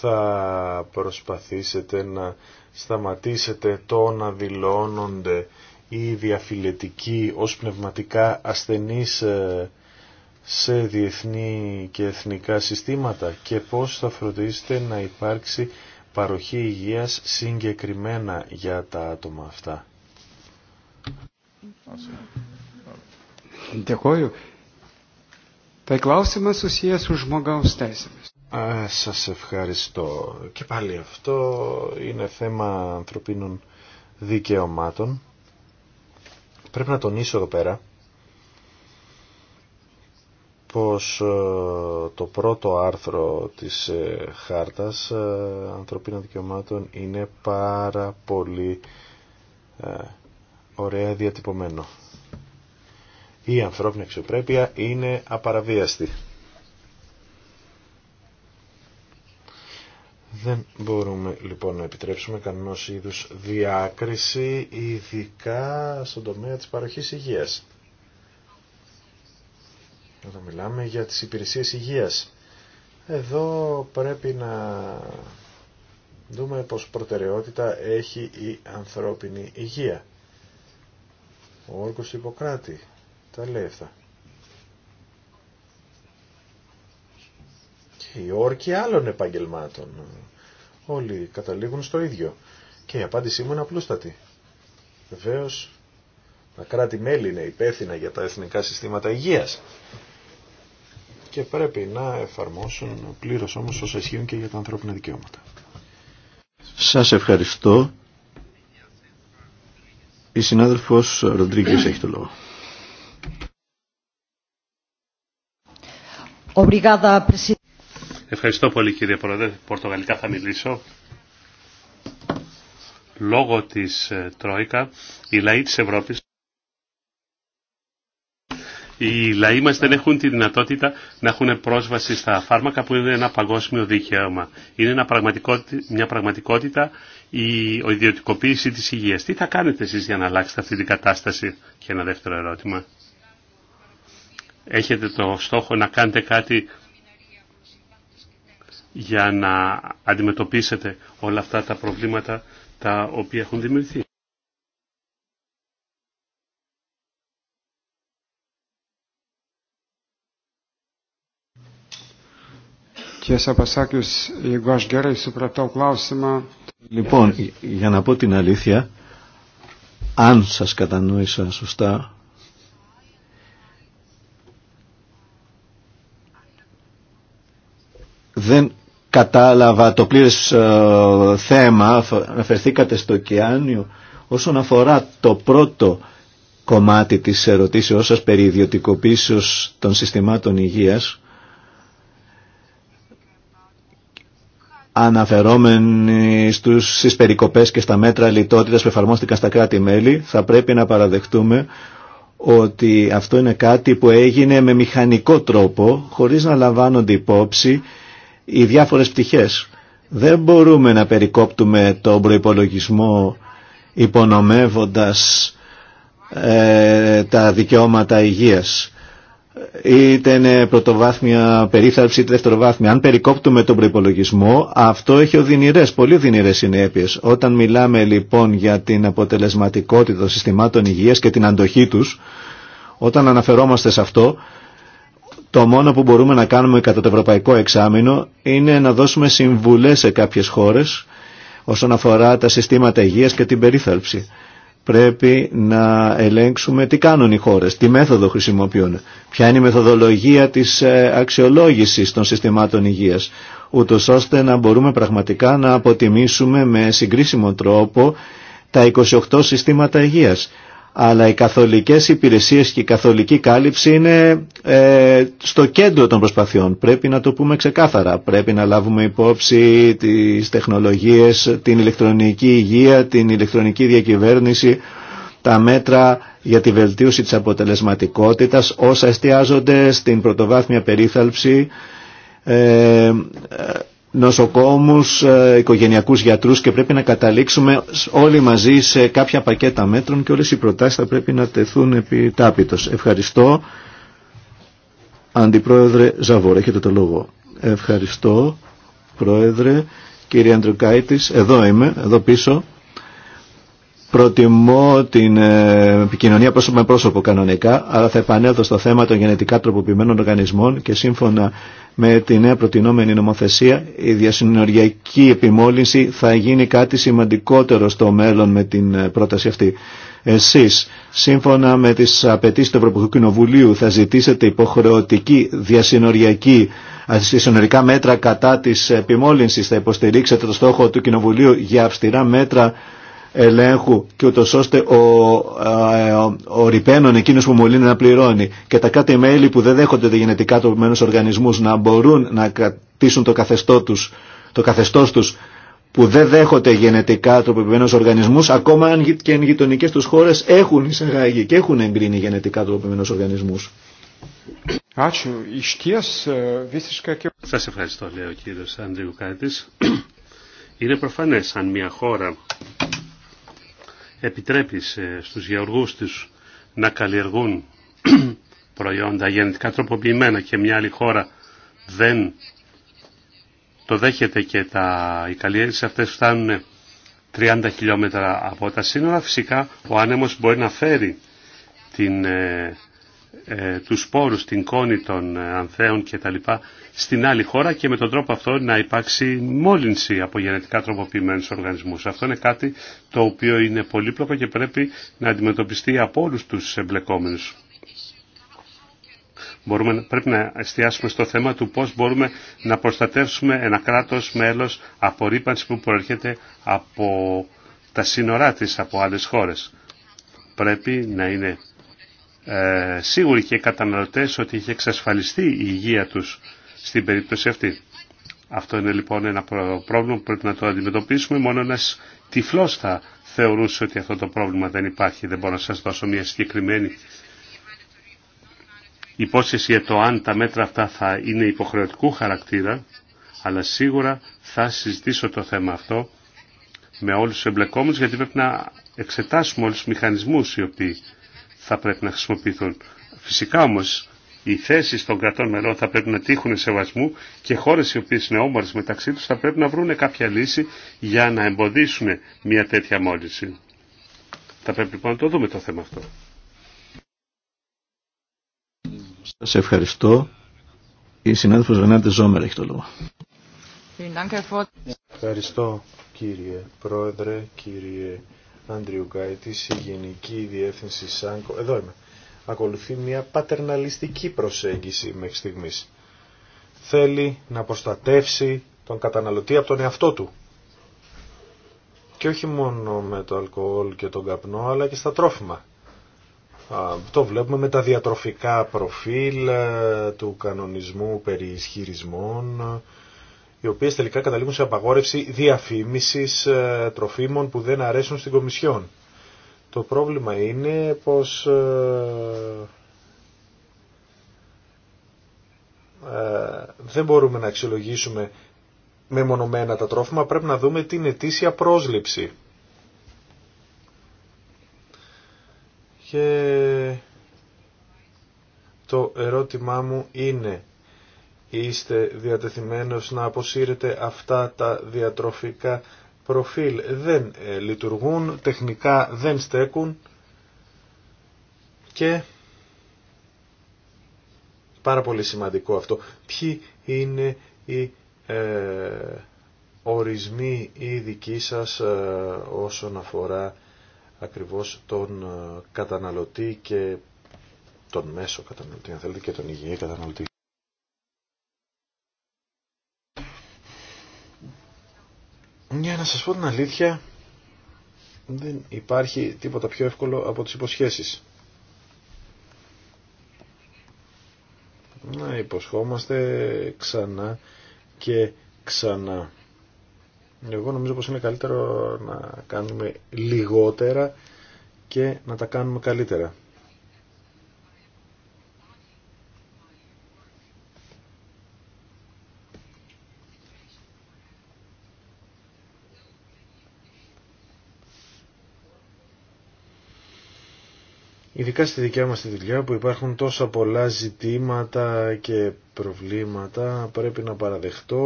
Θα προσπαθήσετε να σταματήσετε το να δηλώνονται ή διαφυλετικοί ως πνευματικά ασθενείς ε, σε διεθνή και εθνικά συστήματα και πώς θα φροντίσετε να υπάρξει παροχή υγείας συγκεκριμένα για τα άτομα αυτά. Dėkoju. σας ευχαριστώ. Και πάλι αυτό είναι θέμα ανθρωπίνων δικαιωμάτων. Πρέπει να τονίσω εδώ πέρα πως το πρώτο άρθρο της χάρτας ανθρωπίνων δικαιωμάτων είναι πάρα πολύ ωραία διατυπωμένο. Η ανθρώπινη αξιοπρέπεια είναι απαραβίαστη. Δεν μπορούμε λοιπόν να επιτρέψουμε κανένας είδους διάκριση, ειδικά στον τομέα της παροχής υγείας. Εδώ μιλάμε για τις υπηρεσίες υγείας, εδώ πρέπει να δούμε πως προτεραιότητα έχει η ανθρώπινη υγεία. Ο όρκος Ιπποκράτη τα λέει αυτά. Και οι όρκοι άλλων επαγγελμάτων. Όλοι καταλήγουν στο ίδιο. Και η απάντησή μου είναι απλούστατη. Βεβαίω, τα κράτη-μέλη είναι υπεύθυνα για τα εθνικά συστήματα υγείας και πρέπει να εφαρμόσουν πλήρως όμως όσα ισχύουν και για τα ανθρώπινα δικαιώματα. Σας ευχαριστώ. Η συνάδελφος Ροντρίγκης έχει το λόγο. Ευχαριστώ πολύ κύριε Πρόεδρε. Πορτογαλικά θα μιλήσω. Λόγω της ε, Τρόικα, οι λαοί της Ευρώπης οι λαοί μας δεν έχουν τη δυνατότητα να έχουν πρόσβαση στα φάρμακα που είναι ένα παγκόσμιο δικαίωμα. Είναι μια πραγματικότητα η ιδιωτικοποίηση της υγείας. Τι θα κάνετε εσείς για να αλλάξετε αυτή την κατάσταση. Και ένα δεύτερο ερώτημα. Έχετε το στόχο να κάνετε κάτι για να αντιμετωπίσετε όλα αυτά τα προβλήματα τα οποία έχουν δημιουργηθεί. Λοιπόν, για να πω την αλήθεια, αν σας κατανόησα σωστά, δεν κατάλαβα το πλήρες ε, θέμα, αναφερθήκατε στο ωκεάνιο, όσον αφορά το πρώτο κομμάτι της ερωτήσεώς σας περί ιδιωτικοποίησεως των συστημάτων υγείας, αναφερόμενοι στους, στις περικοπές και στα μέτρα λιτότητας που εφαρμόστηκαν στα κράτη-μέλη, θα πρέπει να παραδεχτούμε ότι αυτό είναι κάτι που έγινε με μηχανικό τρόπο, χωρίς να λαμβάνονται υπόψη οι διάφορες πτυχές. Δεν μπορούμε να περικόπτουμε τον προϋπολογισμό υπονομεύοντας ε, τα δικαιώματα υγείας είτε είναι πρωτοβάθμια περίθαλψη είτε δευτεροβάθμια. Αν περικόπτουμε τον προπολογισμό, αυτό έχει οδυνηρές, πολύ οδυνηρές συνέπειες. Όταν μιλάμε λοιπόν για την αποτελεσματικότητα των συστημάτων υγείας και την αντοχή τους, όταν αναφερόμαστε σε αυτό, το μόνο που μπορούμε να κάνουμε κατά το ευρωπαϊκό εξάμεινο είναι να δώσουμε συμβουλές σε κάποιες χώρες όσον αφορά τα συστήματα υγείας και την περίθαλψη πρέπει να ελέγξουμε τι κάνουν οι χώρες, τι μέθοδο χρησιμοποιούν, ποια είναι η μεθοδολογία της ε, αξιολόγησης των συστημάτων υγείας, ούτω ώστε να μπορούμε πραγματικά να αποτιμήσουμε με συγκρίσιμο τρόπο τα 28 συστήματα υγείας αλλά οι καθολικές υπηρεσίες και η καθολική κάλυψη είναι ε, στο κέντρο των προσπαθειών. Πρέπει να το πούμε ξεκάθαρα. Πρέπει να λάβουμε υπόψη τις τεχνολογίες, την ηλεκτρονική υγεία, την ηλεκτρονική διακυβέρνηση, τα μέτρα για τη βελτίωση της αποτελεσματικότητας, όσα εστιάζονται στην πρωτοβάθμια περίθαλψη, ε, ε, νοσοκόμους, ε, οικογενειακούς γιατρούς και πρέπει να καταλήξουμε όλοι μαζί σε κάποια πακέτα μέτρων και όλες οι προτάσεις θα πρέπει να τεθούν επί τάπητος. Ευχαριστώ. Αντιπρόεδρε Ζαβόρ, έχετε το λόγο. Ευχαριστώ, Πρόεδρε, κύριε Αντρουκάητης, εδώ είμαι, εδώ πίσω. Προτιμώ την ε, επικοινωνία πρόσωπο με πρόσωπο κανονικά, αλλά θα επανέλθω στο θέμα των γενετικά τροποποιημένων οργανισμών και σύμφωνα με τη νέα προτινόμενη νομοθεσία η διασυνοριακή επιμόλυνση θα γίνει κάτι σημαντικότερο στο μέλλον με την ε, πρόταση αυτή. Εσείς, σύμφωνα με τις απαιτήσεις του Ευρωπαϊκού Κοινοβουλίου, θα ζητήσετε υποχρεωτική διασυνοριακή συνορικά μέτρα κατά της επιμόλυνσης. Θα υποστηρίξετε το στόχο του Κοινοβουλίου για αυστηρά μέτρα ελέγχου και ούτω ώστε ο, ο, ε, ο ρηπαίνων εκείνος που μολύνει να πληρώνει και τα κάτι μέλη που δεν δέχονται τα γενετικά τροπημένους οργανισμού να μπορούν να κρατήσουν το, καθεστώ του, το καθεστώς τους που δεν δέχονται γενετικά τροποποιημένους οργανισμού, ακόμα αν και οι γειτονικέ τους χώρες έχουν εισαγάγει και έχουν εγκρίνει γενετικά τροποποιημένους οργανισμού. Ε, Σας ευχαριστώ λέει ο κύριος Κάρτης. Είναι προφανές αν μια χώρα επιτρέπει στους γεωργούς τους να καλλιεργούν [CLEARS THROAT] προϊόντα γενετικά τροποποιημένα και μια άλλη χώρα δεν το δέχεται και τα, οι καλλιέργειες αυτές φτάνουν 30 χιλιόμετρα από τα σύνορα, φυσικά ο άνεμος μπορεί να φέρει την, ε, ε, τους σπόρους, την κόνη των ε, ανθέων κτλ στην άλλη χώρα και με τον τρόπο αυτό να υπάρξει μόλυνση από γενετικά τροποποιημένους οργανισμούς. Αυτό είναι κάτι το οποίο είναι πολύπλοκο και πρέπει να αντιμετωπιστεί από όλους τους εμπλεκόμενους. Μπορούμε, πρέπει να εστιάσουμε στο θέμα του πώς μπορούμε να προστατεύσουμε ένα κράτος μέλος από ρήπανση που προέρχεται από τα σύνορά της από άλλες χώρες. Πρέπει να είναι ε, σίγουροι και οι καταναλωτές ότι έχει εξασφαλιστεί η υγεία τους στην περίπτωση αυτή. Αυτό είναι λοιπόν ένα πρόβλημα που πρέπει να το αντιμετωπίσουμε. Μόνο ένα τυφλό θα θεωρούσε ότι αυτό το πρόβλημα δεν υπάρχει. Δεν μπορώ να σα δώσω μια συγκεκριμένη υπόσχεση για το αν τα μέτρα αυτά θα είναι υποχρεωτικού χαρακτήρα, αλλά σίγουρα θα συζητήσω το θέμα αυτό με όλους τους εμπλεκόμενους, γιατί πρέπει να εξετάσουμε όλους τους μηχανισμούς οι οποίοι θα πρέπει να χρησιμοποιηθούν. Φυσικά όμως οι θέσει των κρατών μελών θα πρέπει να τύχουν σεβασμού και χώρε οι οποίε είναι όμορε μεταξύ του θα πρέπει να βρουν κάποια λύση για να εμποδίσουν μια τέτοια μόλυνση. Θα πρέπει λοιπόν να το δούμε το θέμα αυτό. Σα ευχαριστώ. Η συνάδελφος Βενάντε Ζόμερ έχει το λόγο. Ευχαριστώ κύριε Πρόεδρε, κύριε Άντριου Γκάιτη, η Γενική Διεύθυνση ΣΑΝΚΟ. Εδώ είμαι ακολουθεί μια πατερναλιστική προσέγγιση μέχρι στιγμής. Θέλει να προστατεύσει τον καταναλωτή από τον εαυτό του. Και όχι μόνο με το αλκοόλ και τον καπνό, αλλά και στα τρόφιμα. Το βλέπουμε με τα διατροφικά προφίλ ε, του κανονισμού περί ισχυρισμών, οι οποίες τελικά καταλήγουν σε απαγόρευση διαφήμισης ε, τροφίμων που δεν αρέσουν στην Κομισιόν. Το πρόβλημα είναι πως ε, ε, δεν μπορούμε να αξιολογήσουμε μεμονωμένα τα τρόφιμα, πρέπει να δούμε την ετήσια πρόσληψη. Και το ερώτημά μου είναι, είστε διατεθειμένος να αποσύρετε αυτά τα διατροφικά προφίλ δεν ε, λειτουργούν, τεχνικά δεν στέκουν και πάρα πολύ σημαντικό αυτό. Ποιοι είναι οι ε, ορισμοί οι δικοί σας ε, όσον αφορά ακριβώς τον καταναλωτή και τον μέσο καταναλωτή, αν θέλετε, και τον υγιή καταναλωτή. Για να σας πω την αλήθεια, δεν υπάρχει τίποτα πιο εύκολο από τις υποσχέσεις. Να υποσχόμαστε ξανά και ξανά. Εγώ νομίζω πως είναι καλύτερο να κάνουμε λιγότερα και να τα κάνουμε καλύτερα. Ειδικά στη δικιά μας τη δουλειά που υπάρχουν τόσα πολλά ζητήματα και προβλήματα πρέπει να παραδεχτώ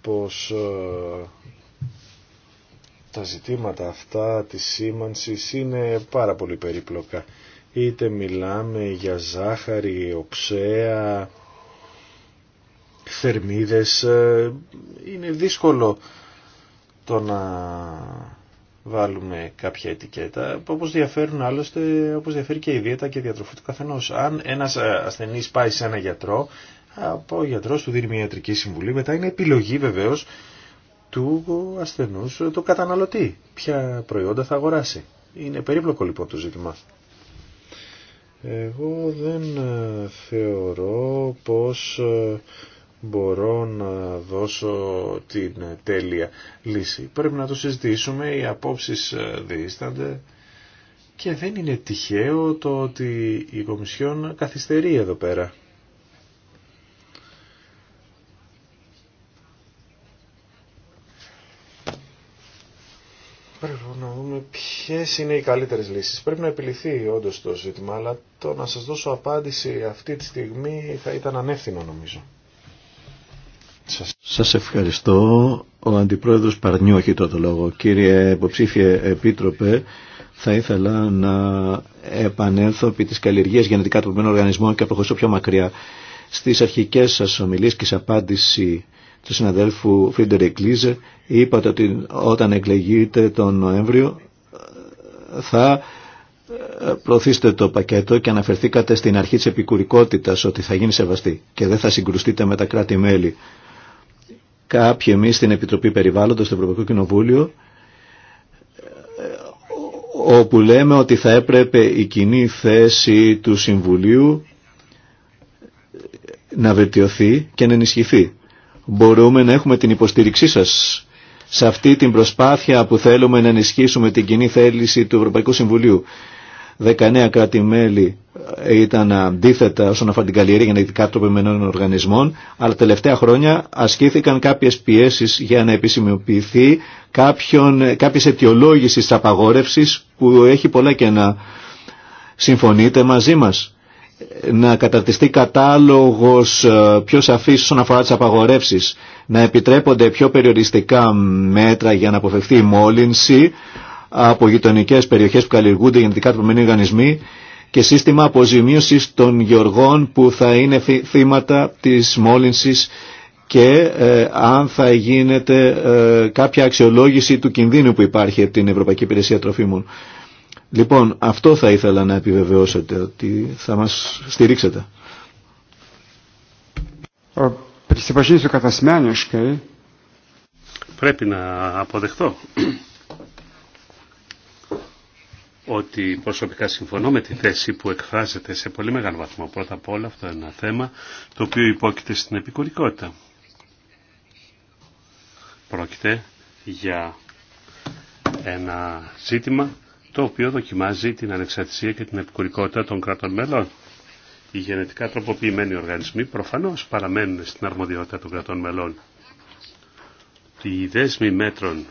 πως ε, τα ζητήματα αυτά της σήμανσης είναι πάρα πολύ περίπλοκα. Είτε μιλάμε για ζάχαρη, οξέα, θερμίδες, ε, είναι δύσκολο το να βάλουμε κάποια ετικέτα, όπως διαφέρουν άλλωστε, όπως διαφέρει και η δίαιτα και η διατροφή του καθενός. Αν ένας ε, ασθενής πάει σε ένα γιατρό, ο γιατρός του δίνει μια ιατρική συμβουλή, μετά είναι επιλογή βεβαίως του ασθενούς, το καταναλωτή, ποια προϊόντα θα αγοράσει. Είναι περίπλοκο λοιπόν το ζήτημα. Εγώ δεν ε, θεωρώ πως ε, μπορώ να δώσω την τέλεια λύση. Πρέπει να το συζητήσουμε, οι απόψεις ε, διήστανται και δεν είναι τυχαίο το ότι η Κομισιόν καθυστερεί εδώ πέρα. Πρέπει να δούμε ποιες είναι οι καλύτερες λύσεις. Πρέπει να επιληθεί όντως το ζήτημα, αλλά το να σας δώσω απάντηση αυτή τη στιγμή θα ήταν ανεύθυνο νομίζω. Σας ευχαριστώ. Ο Αντιπρόεδρος Παρνιού έχει το λόγο. Κύριε υποψήφιε επίτροπε, θα ήθελα να επανέλθω επί της καλλιεργίας γενετικά του οργανισμού και προχωρήσω πιο μακριά. Στις αρχικές σας ομιλίες και σε απάντηση του συναδέλφου Φρίντερ Κλίζε είπατε ότι όταν εκλεγείτε τον Νοέμβριο ε, θα ε, προωθήσετε το πακέτο και αναφερθήκατε στην αρχή της επικουρικότητας ότι θα γίνει σεβαστή και δεν θα συγκρουστείτε με τα κράτη-μέλη κάποιοι εμεί στην Επιτροπή Περιβάλλοντος, στο Ευρωπαϊκό Κοινοβούλιο, όπου λέμε ότι θα έπρεπε η κοινή θέση του Συμβουλίου να βελτιωθεί και να ενισχυθεί. Μπορούμε να έχουμε την υποστήριξή σας σε αυτή την προσπάθεια που θέλουμε να ενισχύσουμε την κοινή θέληση του Ευρωπαϊκού Συμβουλίου. 19 κράτη-μέλη ήταν αντίθετα όσον αφορά την καλλιέργεια γενετικά τροπεμένων οργανισμών, αλλά τελευταία χρόνια ασκήθηκαν κάποιε πιέσει για να επισημοποιηθεί κάποιε κάποιες αιτιολόγηση απαγόρευση που έχει πολλά και να συμφωνείτε μαζί μα Να καταρτιστεί κατάλογο ε, πιο σαφή όσον αφορά τι απαγορεύσει, να επιτρέπονται πιο περιοριστικά μέτρα για να αποφευθεί η μόλυνση από γειτονικέ περιοχέ που καλλιεργούνται γενετικά τροπεμένοι οργανισμοί και σύστημα αποζημίωσης των γεωργών που θα είναι θύματα της μόλυνσης και ε, αν θα γίνεται ε, κάποια αξιολόγηση του κινδύνου που υπάρχει από την Ευρωπαϊκή Υπηρεσία Τροφίμων. Λοιπόν, αυτό θα ήθελα να επιβεβαιώσετε, ότι θα μας στηρίξετε. Πρέπει να αποδεχτώ ότι προσωπικά συμφωνώ με τη θέση που εκφράζεται σε πολύ μεγάλο βαθμό. Πρώτα απ' όλα αυτό είναι ένα θέμα το οποίο υπόκειται στην επικουρικότητα. Πρόκειται για ένα ζήτημα το οποίο δοκιμάζει την ανεξαρτησία και την επικουρικότητα των κρατών μελών. Οι γενετικά τροποποιημένοι οργανισμοί προφανώς παραμένουν στην αρμοδιότητα των κρατών μελών. Οι δέσμοι μέτρων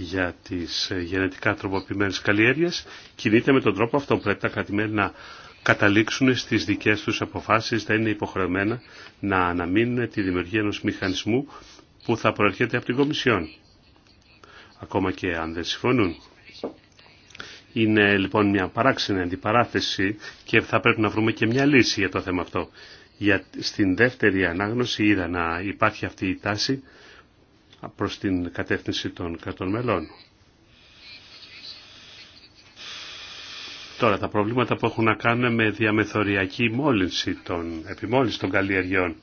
για τις ε, γενετικά τροποποιημένες καλλιέργειες κινείται με τον τρόπο αυτό. Πρέπει τα κρατημένα να καταλήξουν στις δικές τους αποφάσεις, θα είναι υποχρεωμένα να αναμείνουν τη δημιουργία ενός μηχανισμού που θα προερχέται από την Κομισιόν. Ακόμα και αν δεν συμφωνούν. Είναι λοιπόν μια παράξενη αντιπαράθεση και θα πρέπει να βρούμε και μια λύση για το θέμα αυτό. Για, στην δεύτερη ανάγνωση είδα να υπάρχει αυτή η τάση προς την κατεύθυνση των κρατών μελών. Τώρα, τα προβλήματα που έχουν να κάνουν με διαμεθοριακή μόλυνση των, επιμόλυνση των καλλιεργειών.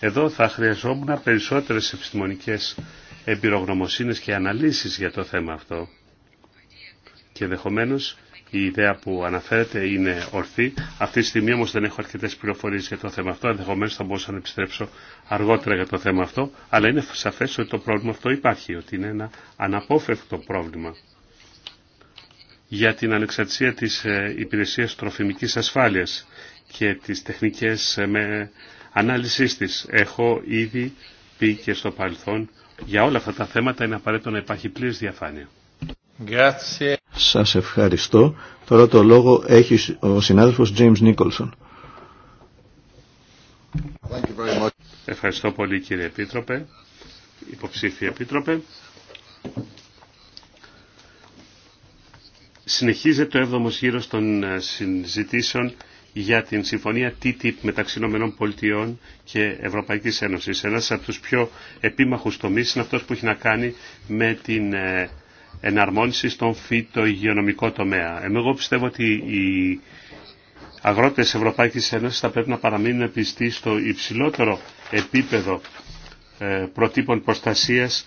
Εδώ θα χρειαζόμουν περισσότερες επιστημονικές εμπειρογνωμοσύνες και αναλύσεις για το θέμα αυτό. Και ενδεχομένω η ιδέα που αναφέρεται είναι ορθή. Αυτή τη στιγμή όμως δεν έχω αρκετές πληροφορίες για το θέμα αυτό. Ενδεχομένω θα μπορούσα να επιστρέψω αργότερα για το θέμα αυτό. Αλλά είναι σαφές ότι το πρόβλημα αυτό υπάρχει, ότι είναι ένα αναπόφευκτο πρόβλημα για την ανεξαρτησία της ε, υπηρεσίας τροφιμικής ασφάλειας και τις τεχνικές ε, με ανάλυσής της. Έχω ήδη πει και στο παρελθόν για όλα αυτά τα θέματα είναι απαραίτητο να υπάρχει πλήρης διαφάνεια. Grazie. Σας ευχαριστώ. Τώρα το λόγο έχει ο συνάδελφος James Nicholson. Ευχαριστώ πολύ κύριε Επίτροπε, υποψήφιε Επίτροπε. Συνεχίζεται το έβδομος γύρο γύρος των ε, συζητήσεων για την συμφωνία TTIP μεταξύ Ηνωμένων Πολιτειών και Ευρωπαϊκής Ένωσης. Ένας από τους πιο επίμαχους τομείς είναι αυτός που έχει να κάνει με την ε, εναρμόνιση στον φυτο-υγειονομικό τομέα. Εγώ πιστεύω ότι οι αγρότες Ευρωπαϊκή Ευρωπαϊκής Ένωσης θα πρέπει να παραμείνουν πιστοί στο υψηλότερο επίπεδο ε, προτύπων προστασίας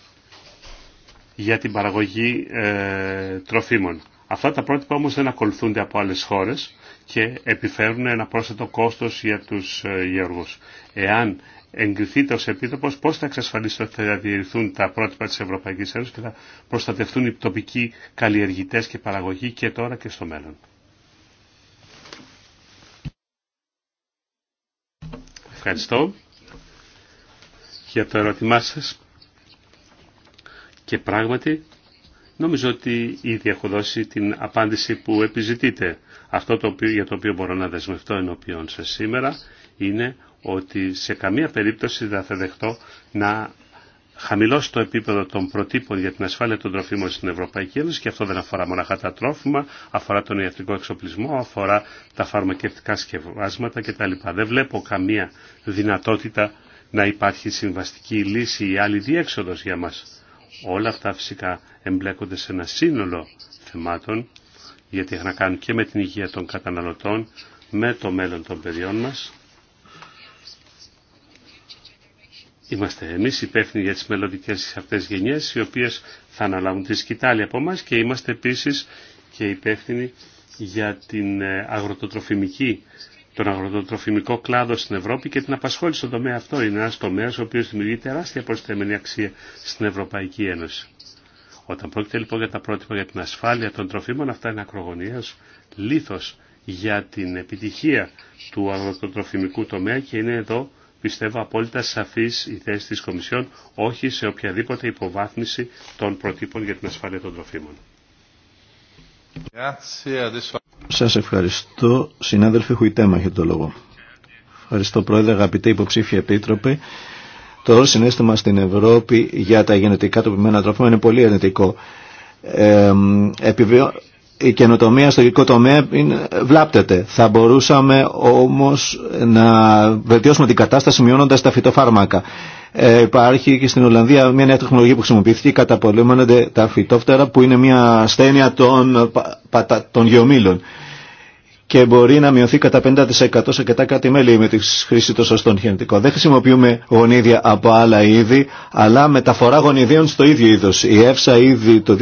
για την παραγωγή ε, τροφίμων. Αυτά τα πρότυπα όμως δεν ακολουθούνται από άλλες χώρες και επιφέρουν ένα πρόσθετο κόστος για τους ε, γεωργούς. Εάν εγκριθείτε ως επίτροπος πώς θα εξασφαλίσετε ότι θα διατηρηθούν τα πρότυπα της Ευρωπαϊκής Ένωσης και θα προστατευτούν οι τοπικοί καλλιεργητές και παραγωγοί και τώρα και στο μέλλον. Ευχαριστώ για το ερώτημά σας και πράγματι νομίζω ότι ήδη έχω δώσει την απάντηση που επιζητείτε. Αυτό το οποίο, για το οποίο μπορώ να δεσμευτώ ενώπιον σας σήμερα είναι ότι σε καμία περίπτωση δεν θα δεχτώ να χαμηλώσει το επίπεδο των προτύπων για την ασφάλεια των τροφίμων στην Ευρωπαϊκή Ένωση και αυτό δεν αφορά μοναχά τα τρόφιμα, αφορά τον ιατρικό εξοπλισμό, αφορά τα φαρμακευτικά σκευάσματα κτλ. Δεν βλέπω καμία δυνατότητα να υπάρχει συμβαστική λύση ή άλλη διέξοδος για μας. Όλα αυτά φυσικά εμπλέκονται σε ένα σύνολο θεμάτων γιατί έχουν να κάνουν και με την υγεία των καταναλωτών, με το μέλλον των παιδιών μας Είμαστε εμείς υπεύθυνοι για τις μελλοντικέ αυτές γενιές, οι οποίες θα αναλάβουν τη σκητάλη από μας και είμαστε επίσης και υπεύθυνοι για την ε, τον αγροτοτροφημικό κλάδο στην Ευρώπη και την απασχόληση στον τομέα αυτό. Είναι ένας τομέας ο οποίος δημιουργεί τεράστια προσθέμενη αξία στην Ευρωπαϊκή Ένωση. Όταν πρόκειται λοιπόν για τα πρότυπα για την ασφάλεια των τροφίμων, αυτά είναι ακρογωνία λήθος για την επιτυχία του αγροτοτροφημικού τομέα και είναι εδώ πιστεύω απόλυτα σαφής η θέση της Κομισιόν, όχι σε οποιαδήποτε υποβάθμιση των προτύπων για την ασφάλεια των τροφίμων. Σας ευχαριστώ. Συνάδελφοι Χουιτέμα για το λόγο. Ευχαριστώ Πρόεδρε, αγαπητέ υποψήφια επίτροπε. Το όλο συνέστημα στην Ευρώπη για τα γενετικά τοπιμένα τρόφιμα είναι πολύ αρνητικό. Ε, η καινοτομία στο γεωργικό τομέα βλάπτεται. Θα μπορούσαμε όμως να βελτιώσουμε την κατάσταση μειώνοντας τα φυτοφάρμακα. Ε, υπάρχει και στην Ολλανδία μια νέα τεχνολογία που χρησιμοποιήθηκε, καταπολέμονται τα φυτόφτερα που είναι μια ασθένεια των, των γεωμήλων και μπορεί να μειωθεί κατά 50% σε κατά κάτι μέλη με τη χρήση των σωστών γεννήτικων. Δεν χρησιμοποιούμε γονίδια από άλλα είδη, αλλά μεταφορά γονιδίων στο ίδιο είδο. Η ΕΦΣΑ ήδη το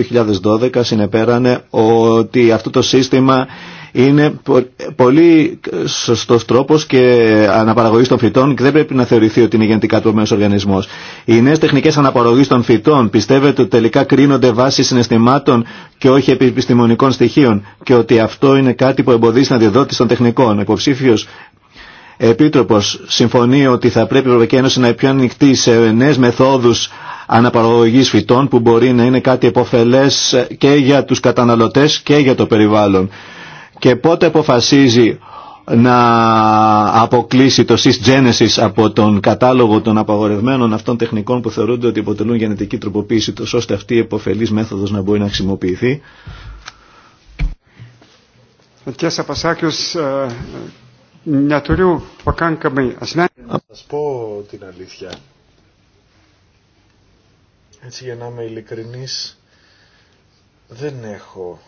2012 συνεπέρανε ότι αυτό το σύστημα είναι πολύ σωστός τρόπος και αναπαραγωγής των φυτών και δεν πρέπει να θεωρηθεί ότι είναι γενετικά τροπημένος οργανισμός. Οι νέες τεχνικές αναπαραγωγής των φυτών πιστεύετε ότι τελικά κρίνονται βάσει συναισθημάτων και όχι επιστημονικών στοιχείων και ότι αυτό είναι κάτι που εμποδίζει την αντιδότηση των τεχνικών. Υποψήφιος Επίτροπο συμφωνεί ότι θα πρέπει η Ευρωπαϊκή Ένωση να είναι πιο ανοιχτή σε νέε μεθόδου αναπαραγωγή φυτών που μπορεί να είναι κάτι επωφελέ και για του καταναλωτέ και για το περιβάλλον και πότε αποφασίζει να αποκλείσει το Sys Genesis από τον κατάλογο των απαγορευμένων αυτών τεχνικών που θεωρούνται ότι αποτελούν γενετική τροποποίηση τόσο ώστε αυτή η επωφελής μέθοδος να μπορεί να χρησιμοποιηθεί. E, να σας πω την αλήθεια. Έτσι για να είμαι ειλικρινής, δεν έχω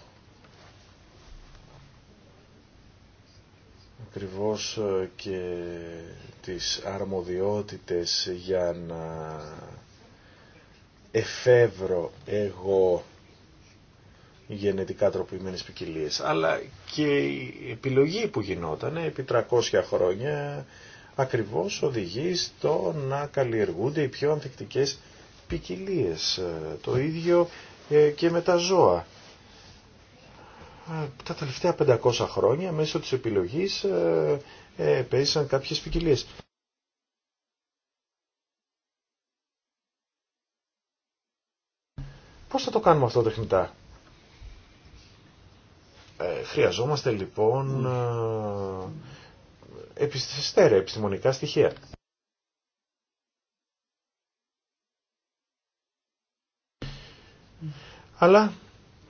ακριβώς ε, και τις αρμοδιότητες για να εφεύρω εγώ γενετικά τροποιημένες ποικιλίε. Αλλά και η επιλογή που γινόταν ε, επί 300 χρόνια ακριβώς οδηγεί στο να καλλιεργούνται οι πιο ανθεκτικές ποικιλίε. Ε, το ίδιο και με τα ζώα τα τελευταία 500 χρόνια μέσω της επιλογής ε, ε, κάποιες ποικιλίε. Πώς θα το κάνουμε αυτό τεχνητά. Ε, χρειαζόμαστε λοιπόν ναι. ε, επιστημονικά στοιχεία. Αλλά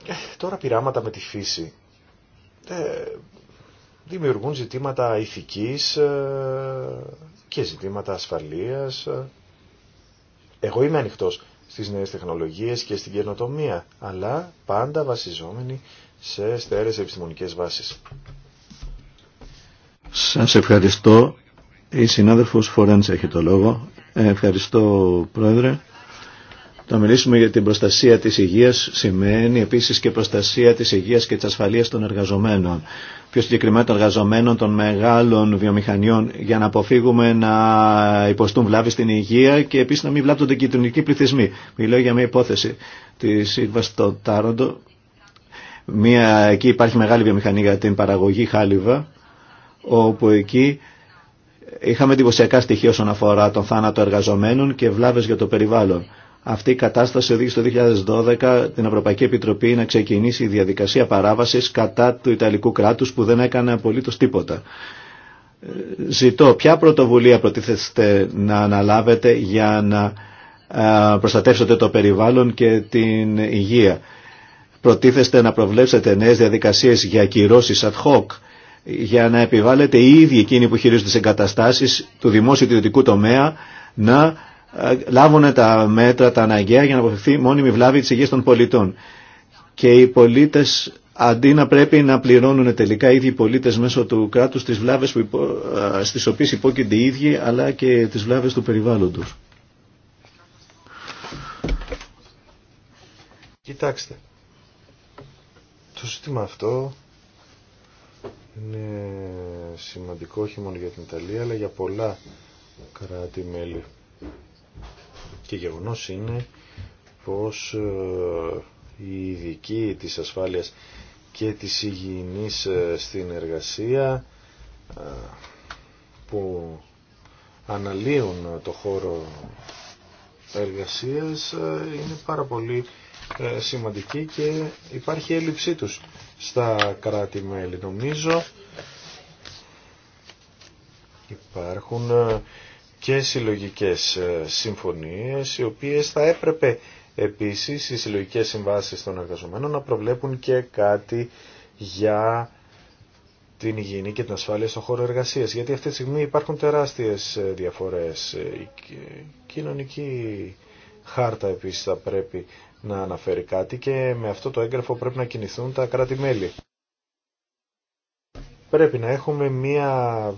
ε, τώρα πειράματα με τη φύση ε, δημιουργούν ζητήματα ηθικής ε, και ζητήματα ασφαλείας. Εγώ είμαι ανοιχτός στις νέες τεχνολογίες και στην καινοτομία, αλλά πάντα βασιζόμενοι σε στέρεες επιστημονικές βάσεις. Σας ευχαριστώ. Η συνάδελφος Φορέντς έχει το λόγο. Ευχαριστώ, Πρόεδρε. Να μιλήσουμε για την προστασία της υγείας σημαίνει επίσης και προστασία της υγείας και της ασφαλείας των εργαζομένων. Πιο συγκεκριμένα των εργαζομένων των μεγάλων βιομηχανιών για να αποφύγουμε να υποστούν βλάβη στην υγεία και επίσης να μην βλάπτονται την οι κοινωνικοί πληθυσμοί. Μιλώ για μια υπόθεση της Σύμβασης στο Τάροντο. εκεί υπάρχει μεγάλη βιομηχανία για την παραγωγή χάλιβα όπου εκεί είχαμε εντυπωσιακά στοιχεία όσον αφορά τον θάνατο εργαζομένων και βλάβες για το περιβάλλον. Αυτή η κατάσταση οδήγησε το 2012 την Ευρωπαϊκή Επιτροπή να ξεκινήσει η διαδικασία παράβασης κατά του Ιταλικού κράτους που δεν έκανε απολύτως τίποτα. Ε, ζητώ, ποια πρωτοβουλία προτίθεστε να αναλάβετε για να ε, προστατεύσετε το περιβάλλον και την υγεία. Προτίθεστε να προβλέψετε νέες διαδικασίες για κυρώσει ad hoc, για να επιβάλλετε οι ίδιοι εκείνοι που χειρίζονται τις εγκαταστάσεις του δημόσιου ιδιωτικού τομέα να ε, λάβουν τα μέτρα, τα αναγκαία για να αποφευθεί μόνιμη βλάβη της υγείας των πολιτών. Και οι πολίτες αντί να πρέπει να πληρώνουν τελικά οι ίδιοι πολίτες μέσω του κράτους τις βλάβες που υπο, ε, στις οποίες υπόκεινται οι ίδιοι αλλά και τις βλάβες του περιβάλλοντος. Κοιτάξτε, το σύστημα αυτό είναι σημαντικό όχι μόνο για την Ιταλία αλλά για πολλά κράτη-μέλη και γεγονός είναι πως οι ε, ειδικοί της ασφάλειας και της υγιεινής ε, στην εργασία ε, που αναλύουν το χώρο εργασίας είναι πάρα πολύ σημαντική και υπάρχει έλλειψή τους στα κράτη-μέλη. Νομίζω υπάρχουν και συλλογικές ε, συμφωνίες οι οποίες θα έπρεπε επίσης οι συλλογικές συμβάσεις των εργαζομένων να προβλέπουν και κάτι για την υγιεινή και την ασφάλεια στον χώρο εργασίας γιατί αυτή τη στιγμή υπάρχουν τεράστιες ε, διαφορές ε, η κοινωνική χάρτα επίσης θα πρέπει να αναφέρει κάτι και με αυτό το έγγραφο πρέπει να κινηθούν τα κράτη-μέλη πρέπει να έχουμε μία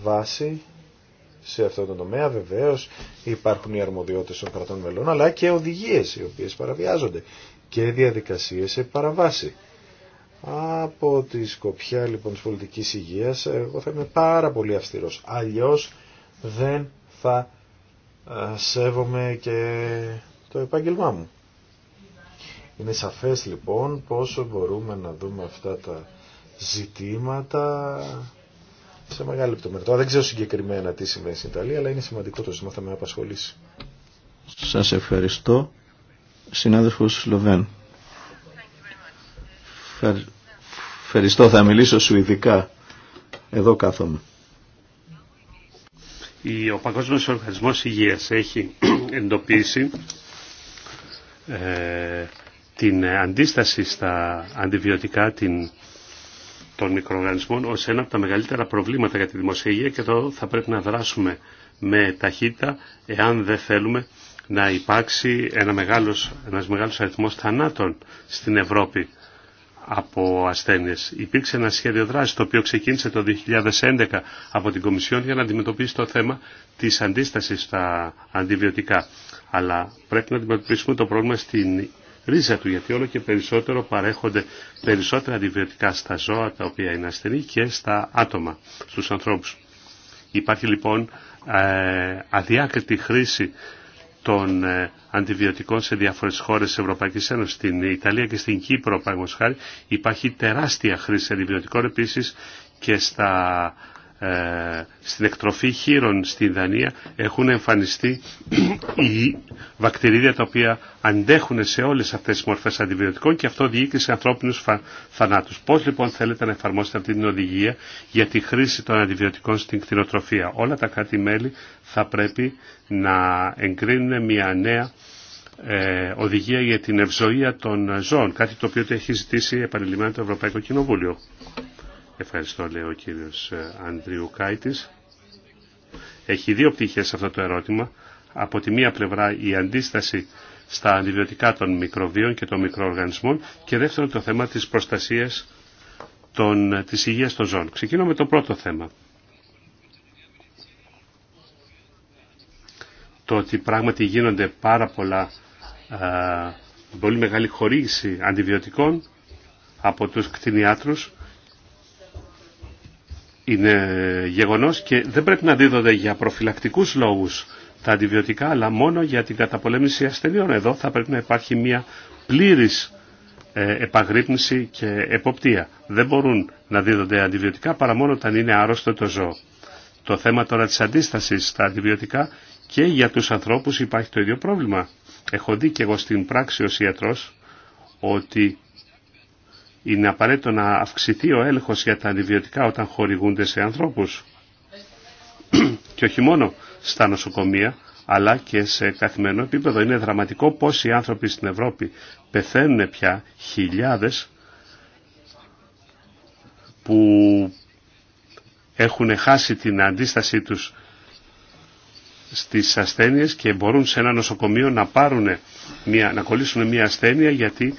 βάση σε αυτό το τομέα. βεβαίω υπάρχουν οι αρμοδιότητες των κρατών μελών αλλά και οδηγίε, οι οποίες παραβιάζονται και διαδικασίες σε παραβάση. Από τη σκοπιά λοιπόν της πολιτικής υγείας εγώ θα είμαι πάρα πολύ αυστηρός. Αλλιώς δεν θα σέβομαι και το επάγγελμά μου. Είναι σαφές λοιπόν πόσο μπορούμε να δούμε αυτά τα ζητήματα σε μεγάλη λεπτομέρεια. δεν ξέρω συγκεκριμένα τι σημαίνει στην Ιταλία, αλλά είναι σημαντικό το ζήτημα, θα με απασχολήσει. Σας ευχαριστώ, συνάδελφος Σλοβέν. Ευχαριστώ, θα μιλήσω σου ειδικά. Εδώ κάθομαι. Ο Παγκόσμιος Οργανισμός Υγείας έχει [CLEARS THROAT] εντοπίσει ε, την αντίσταση στα αντιβιωτικά, την των μικροοργανισμών ως ένα από τα μεγαλύτερα προβλήματα για τη δημοσία υγεία και εδώ θα πρέπει να δράσουμε με ταχύτητα εάν δεν θέλουμε να υπάρξει ένα μεγάλος, ένας μεγάλος αριθμός θανάτων στην Ευρώπη από ασθένειες. Υπήρξε ένα σχέδιο δράσης το οποίο ξεκίνησε το 2011 από την Κομισιόν για να αντιμετωπίσει το θέμα της αντίστασης στα αντιβιωτικά. Αλλά πρέπει να αντιμετωπίσουμε το πρόβλημα στην ρίζα του, γιατί όλο και περισσότερο παρέχονται περισσότερα αντιβιωτικά στα ζώα τα οποία είναι ασθενή και στα άτομα, στους ανθρώπους. Υπάρχει λοιπόν ε, αδιάκριτη χρήση των ε, αντιβιωτικών σε διάφορες χώρες της Ευρωπαϊκής Ένωσης. Στην Ιταλία και στην Κύπρο, παραγωγός χάρη, υπάρχει τεράστια χρήση αντιβιωτικών επίσης και στα ε, στην εκτροφή χείρων στη Δανία έχουν εμφανιστεί οι βακτηρίδια τα οποία αντέχουν σε όλες αυτές τις μορφές αντιβιωτικών και αυτό διοίκησε σε ανθρώπινους θανάτους. Πώς λοιπόν θέλετε να εφαρμόσετε αυτή την οδηγία για τη χρήση των αντιβιωτικών στην κτηνοτροφία. Όλα τα κράτη-μέλη θα πρέπει να εγκρίνουν μια νέα ε, οδηγία για την ευζοία των ζώων, κάτι το οποίο το έχει ζητήσει επανειλημμένα το Ευρωπαϊκό Κοινοβούλιο. Ευχαριστώ, λέει ο κύριος ε, Ανδρίου Κάιτης. Έχει δύο πτυχές αυτό το ερώτημα. Από τη μία πλευρά η αντίσταση στα αντιβιωτικά των μικροβίων και των μικροοργανισμών και δεύτερον το θέμα της προστασίας των, της υγείας των ζώων. Ξεκινώ με το πρώτο θέμα. Το ότι πράγματι γίνονται πάρα πολλά, πολύ μεγάλη χορήγηση αντιβιωτικών από τους κτηνιάτρους είναι γεγονός και δεν πρέπει να δίδονται για προφυλακτικούς λόγους τα αντιβιωτικά, αλλά μόνο για την καταπολέμηση ασθενειών. Εδώ θα πρέπει να υπάρχει μια πλήρης ε, επαγρύπνηση και εποπτεία. Δεν μπορούν να δίδονται αντιβιωτικά παρά μόνο όταν είναι άρρωστο το ζώο. Το θέμα τώρα της αντίστασης στα αντιβιωτικά και για τους ανθρώπους υπάρχει το ίδιο πρόβλημα. Έχω δει και εγώ στην πράξη ως ιατρός ότι είναι απαραίτητο να αυξηθεί ο έλεγχος για τα αντιβιωτικά όταν χορηγούνται σε ανθρώπους [CLEARS THROAT] και όχι μόνο στα νοσοκομεία αλλά και σε καθημερινό επίπεδο. Είναι δραματικό πόσοι οι άνθρωποι στην Ευρώπη πεθαίνουν πια χιλιάδες που έχουν χάσει την αντίστασή τους στις ασθένειες και μπορούν σε ένα νοσοκομείο να, πάρουν μια, να κολλήσουν μια ασθένεια γιατί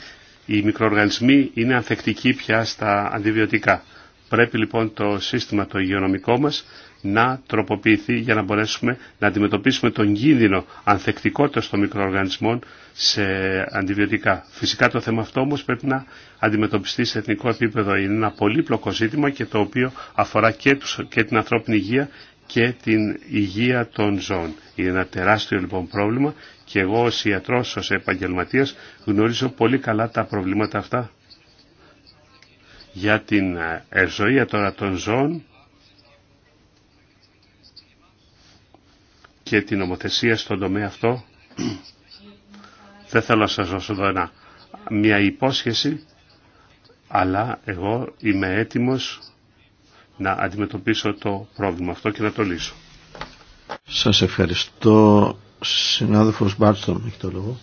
οι μικροοργανισμοί είναι ανθεκτικοί πια στα αντιβιωτικά. Πρέπει λοιπόν το σύστημα το υγειονομικό μας να τροποποιηθεί για να μπορέσουμε να αντιμετωπίσουμε τον κίνδυνο ανθεκτικότητας των μικροοργανισμών σε αντιβιωτικά. Φυσικά το θέμα αυτό όμως πρέπει να αντιμετωπιστεί σε εθνικό επίπεδο. Είναι ένα πολύπλοκο ζήτημα και το οποίο αφορά και, τους, και την ανθρώπινη υγεία και την υγεία των ζώων. Είναι ένα τεράστιο λοιπόν πρόβλημα και εγώ ως ιατρός, ως επαγγελματίας γνωρίζω πολύ καλά τα προβλήματα αυτά. Για την ε, ευζοία τώρα των ζώων και την ομοθεσία στον τομέα αυτό δεν θέλω να σας δώσω εδώ μια υπόσχεση αλλά εγώ είμαι έτοιμος να αντιμετωπίσω το πρόβλημα αυτό και να το λύσω. Σας ευχαριστώ συνάδελφος Μπάλτσο έχει το λόγο.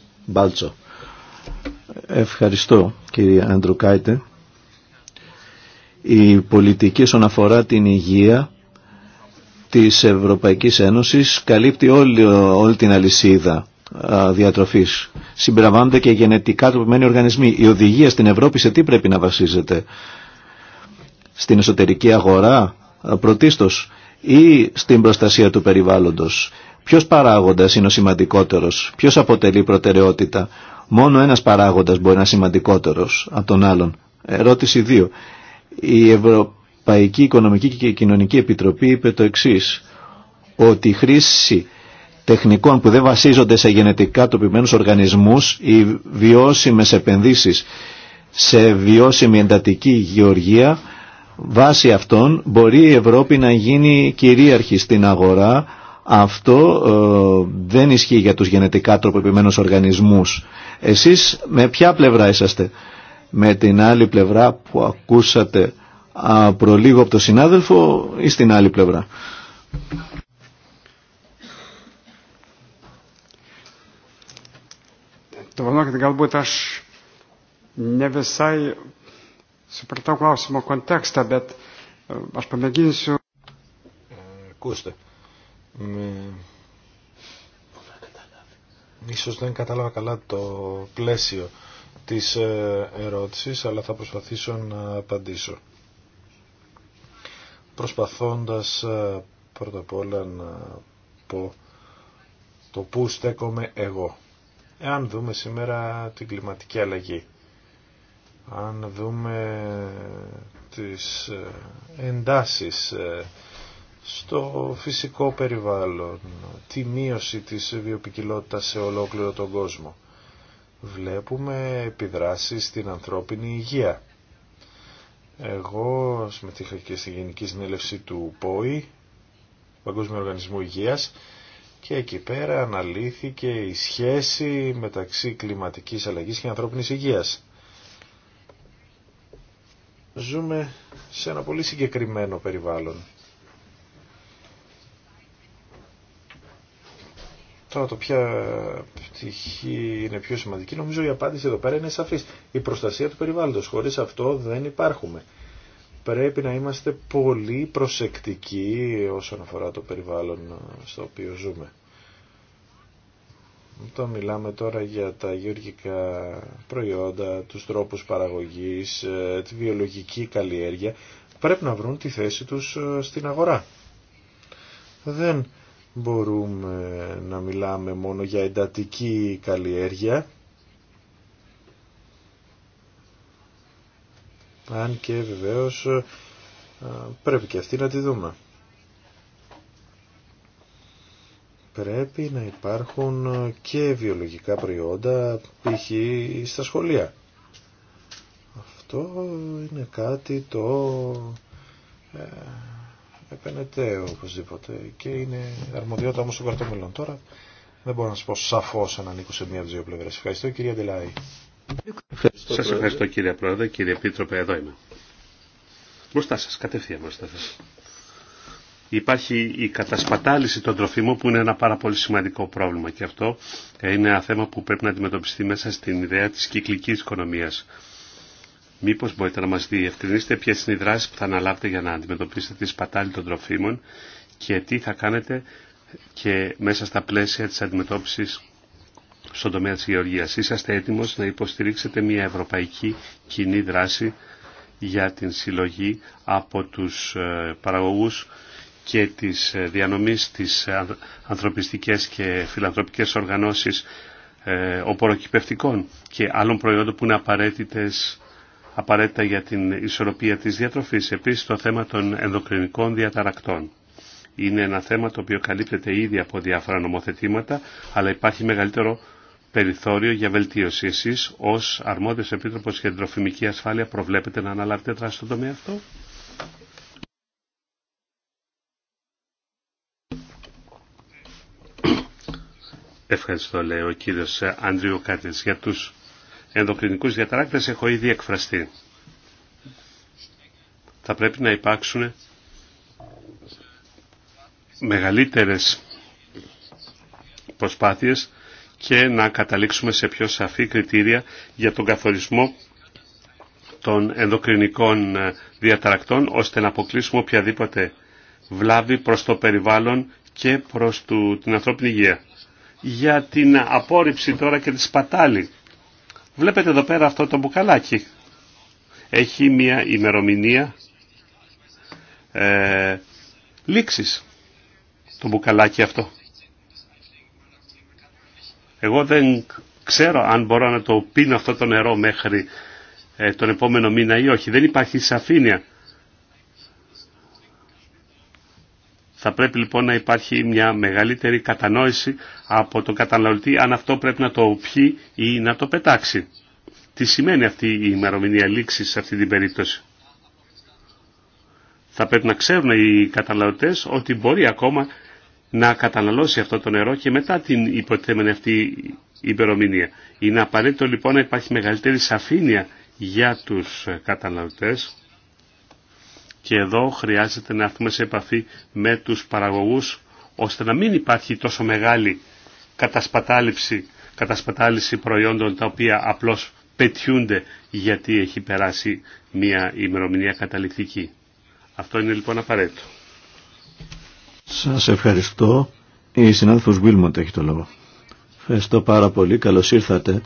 Ευχαριστώ κύριε Αντρουκάιτε. Η πολιτική όσον αφορά την υγεία της Ευρωπαϊκής Ένωσης καλύπτει όλη, όλη την αλυσίδα διατροφής. Συμπεριλαμβάνονται και γενετικά τροπημένοι οργανισμοί. Η οδηγία στην Ευρώπη σε τι πρέπει να βασίζεται. Στην εσωτερική αγορά πρωτίστως ή στην προστασία του περιβάλλοντος. Ποιος παράγοντας είναι ο σημαντικότερος, ποιος αποτελεί προτεραιότητα. Μόνο ένας παράγοντας μπορεί να είναι σημαντικότερος από τον άλλον. Ερώτηση 2. Η Ευρωπαϊκή Οικονομική και Κοινωνική Επιτροπή είπε το εξή ότι η χρήση τεχνικών που δεν βασίζονται σε γενετικά τοπιμένους οργανισμούς ή βιώσιμες επενδύσεις σε βιώσιμη εντατική γεωργία, βάσει αυτών μπορεί η Ευρώπη να γίνει κυρίαρχη στην αγορά αυτό ε, δεν ισχύει για τους γενετικά τροποποιημένους οργανισμούς. Εσείς με ποια πλευρά είσαστε. Με την άλλη πλευρά που ακούσατε α, προλίγο από τον συνάδελφο ή στην άλλη πλευρά. Το kontekstą, bet ε, ε, Ακούστε με... Ίσως δεν κατάλαβα καλά το πλαίσιο της ε, ερώτησης, αλλά θα προσπαθήσω να απαντήσω. Προσπαθώντας ε, πρώτα απ' όλα να πω το πού στέκομαι εγώ. Εάν δούμε σήμερα την κλιματική αλλαγή, αν δούμε τις ε, εντάσεις στο φυσικό περιβάλλον, τη μείωση της βιοπικιλότητας σε ολόκληρο τον κόσμο. Βλέπουμε επιδράσεις στην ανθρώπινη υγεία. Εγώ συμμετείχα και στη Γενική Συνέλευση του ΠΟΗ, Παγκόσμιου Οργανισμού Υγείας, και εκεί πέρα αναλύθηκε η σχέση μεταξύ κλιματικής αλλαγής και ανθρώπινης υγείας. Ζούμε σε ένα πολύ συγκεκριμένο περιβάλλον Τώρα το ποια πτυχή είναι πιο σημαντική, νομίζω η απάντηση εδώ πέρα είναι σαφής. Η προστασία του περιβάλλοντος, χωρίς αυτό δεν υπάρχουμε. Πρέπει να είμαστε πολύ προσεκτικοί όσον αφορά το περιβάλλον στο οποίο ζούμε. Το μιλάμε τώρα για τα γεωργικά προϊόντα, τους τρόπους παραγωγής, ε, τη βιολογική καλλιέργεια. Πρέπει να βρουν τη θέση τους ε, στην αγορά. Δεν μπορούμε να μιλάμε μόνο για εντατική καλλιέργεια αν και βεβαίως πρέπει και αυτή να τη δούμε. Πρέπει να υπάρχουν και βιολογικά προϊόντα π.χ. στα σχολεία. Αυτό είναι κάτι το ε, επενετέ οπωσδήποτε και είναι αρμοδιότητα όμως των καρτόμελων Τώρα δεν μπορώ να σας πω σαφώς αν ανήκω σε μία από τις δύο πλευρές. Ευχαριστώ κυρία Ντελάη. Σα σας ευχαριστώ κύριε Πρόεδρε, κύριε Επίτροπε, εδώ είμαι. Μπροστά σας, κατευθείαν μπροστά σας. Υπάρχει η κατασπατάληση των τροφίμων που είναι ένα πάρα πολύ σημαντικό πρόβλημα και αυτό ε, είναι ένα θέμα που πρέπει να αντιμετωπιστεί μέσα στην ιδέα της κυκλικής οικονομίας. Μήπως μπορείτε να μας διευκρινίσετε ποιε είναι οι δράσει που θα αναλάβετε για να αντιμετωπίσετε τη σπατάλη των τροφίμων και τι θα κάνετε και μέσα στα πλαίσια της αντιμετώπισης στον τομέα της γεωργίας. Είσαστε έτοιμο να υποστηρίξετε μια ευρωπαϊκή κοινή δράση για την συλλογή από τους ε, παραγωγούς και ε, της διανομή της ανθρωπιστικές και φιλανθρωπικές οργανώσεις ε, οποροκυπευτικών και άλλων προϊόντων που είναι απαραίτητες απαραίτητα για την ισορροπία της διατροφής. Επίσης το θέμα των ενδοκρινικών διαταρακτών. Είναι ένα θέμα το οποίο καλύπτεται ήδη από διάφορα νομοθετήματα, αλλά υπάρχει μεγαλύτερο περιθώριο για βελτίωση. Εσείς ως αρμόδιος επίτροπος για την τροφιμική ασφάλεια προβλέπετε να αναλάβετε δράση στον τομέα αυτό. Ευχαριστώ λέει ο κύριος Αντριο για τους ενδοκρινικούς διαταράκτες έχω ήδη εκφραστεί. Θα πρέπει να υπάρξουν μεγαλύτερες προσπάθειες και να καταλήξουμε σε πιο σαφή κριτήρια για τον καθορισμό των ενδοκρινικών ε, διαταρακτών ώστε να αποκλείσουμε οποιαδήποτε βλάβη προς το περιβάλλον και προς την ανθρώπινη υγεία. Για την απόρριψη τώρα και τη σπατάλη Βλέπετε εδώ πέρα αυτό το μπουκαλάκι. Έχει μια ημερομηνία ε, λήξης το μπουκαλάκι αυτό. Εγώ δεν ξέρω αν μπορώ να το πίνω αυτό το νερό μέχρι ε, τον επόμενο μήνα ή όχι. Δεν υπάρχει σαφήνεια Θα πρέπει λοιπόν να υπάρχει μια μεγαλύτερη κατανόηση από τον καταναλωτή αν αυτό πρέπει να το πιει ή να το πετάξει. Τι σημαίνει αυτή η ημερομηνία λήξη σε αυτή την περίπτωση. Θα πρέπει να ξέρουν οι καταναλωτές ότι μπορεί ακόμα να καταναλώσει αυτό το νερό και μετά την υποτιθέμενη αυτή ημερομηνία. Είναι απαραίτητο λοιπόν να υπάρχει μεγαλύτερη σαφήνεια για τους καταναλωτές και εδώ χρειάζεται να έρθουμε σε επαφή με τους παραγωγούς ώστε να μην υπάρχει τόσο μεγάλη κατασπατάληψη, κατασπατάληση προϊόντων τα οποία απλώς πετιούνται γιατί έχει περάσει μια ημερομηνία καταληκτική. Αυτό είναι λοιπόν απαραίτητο. Σας ευχαριστώ. Η συνάδελφος Βίλμοντ έχει το λόγο. Ευχαριστώ πάρα πολύ. Καλώς ήρθατε.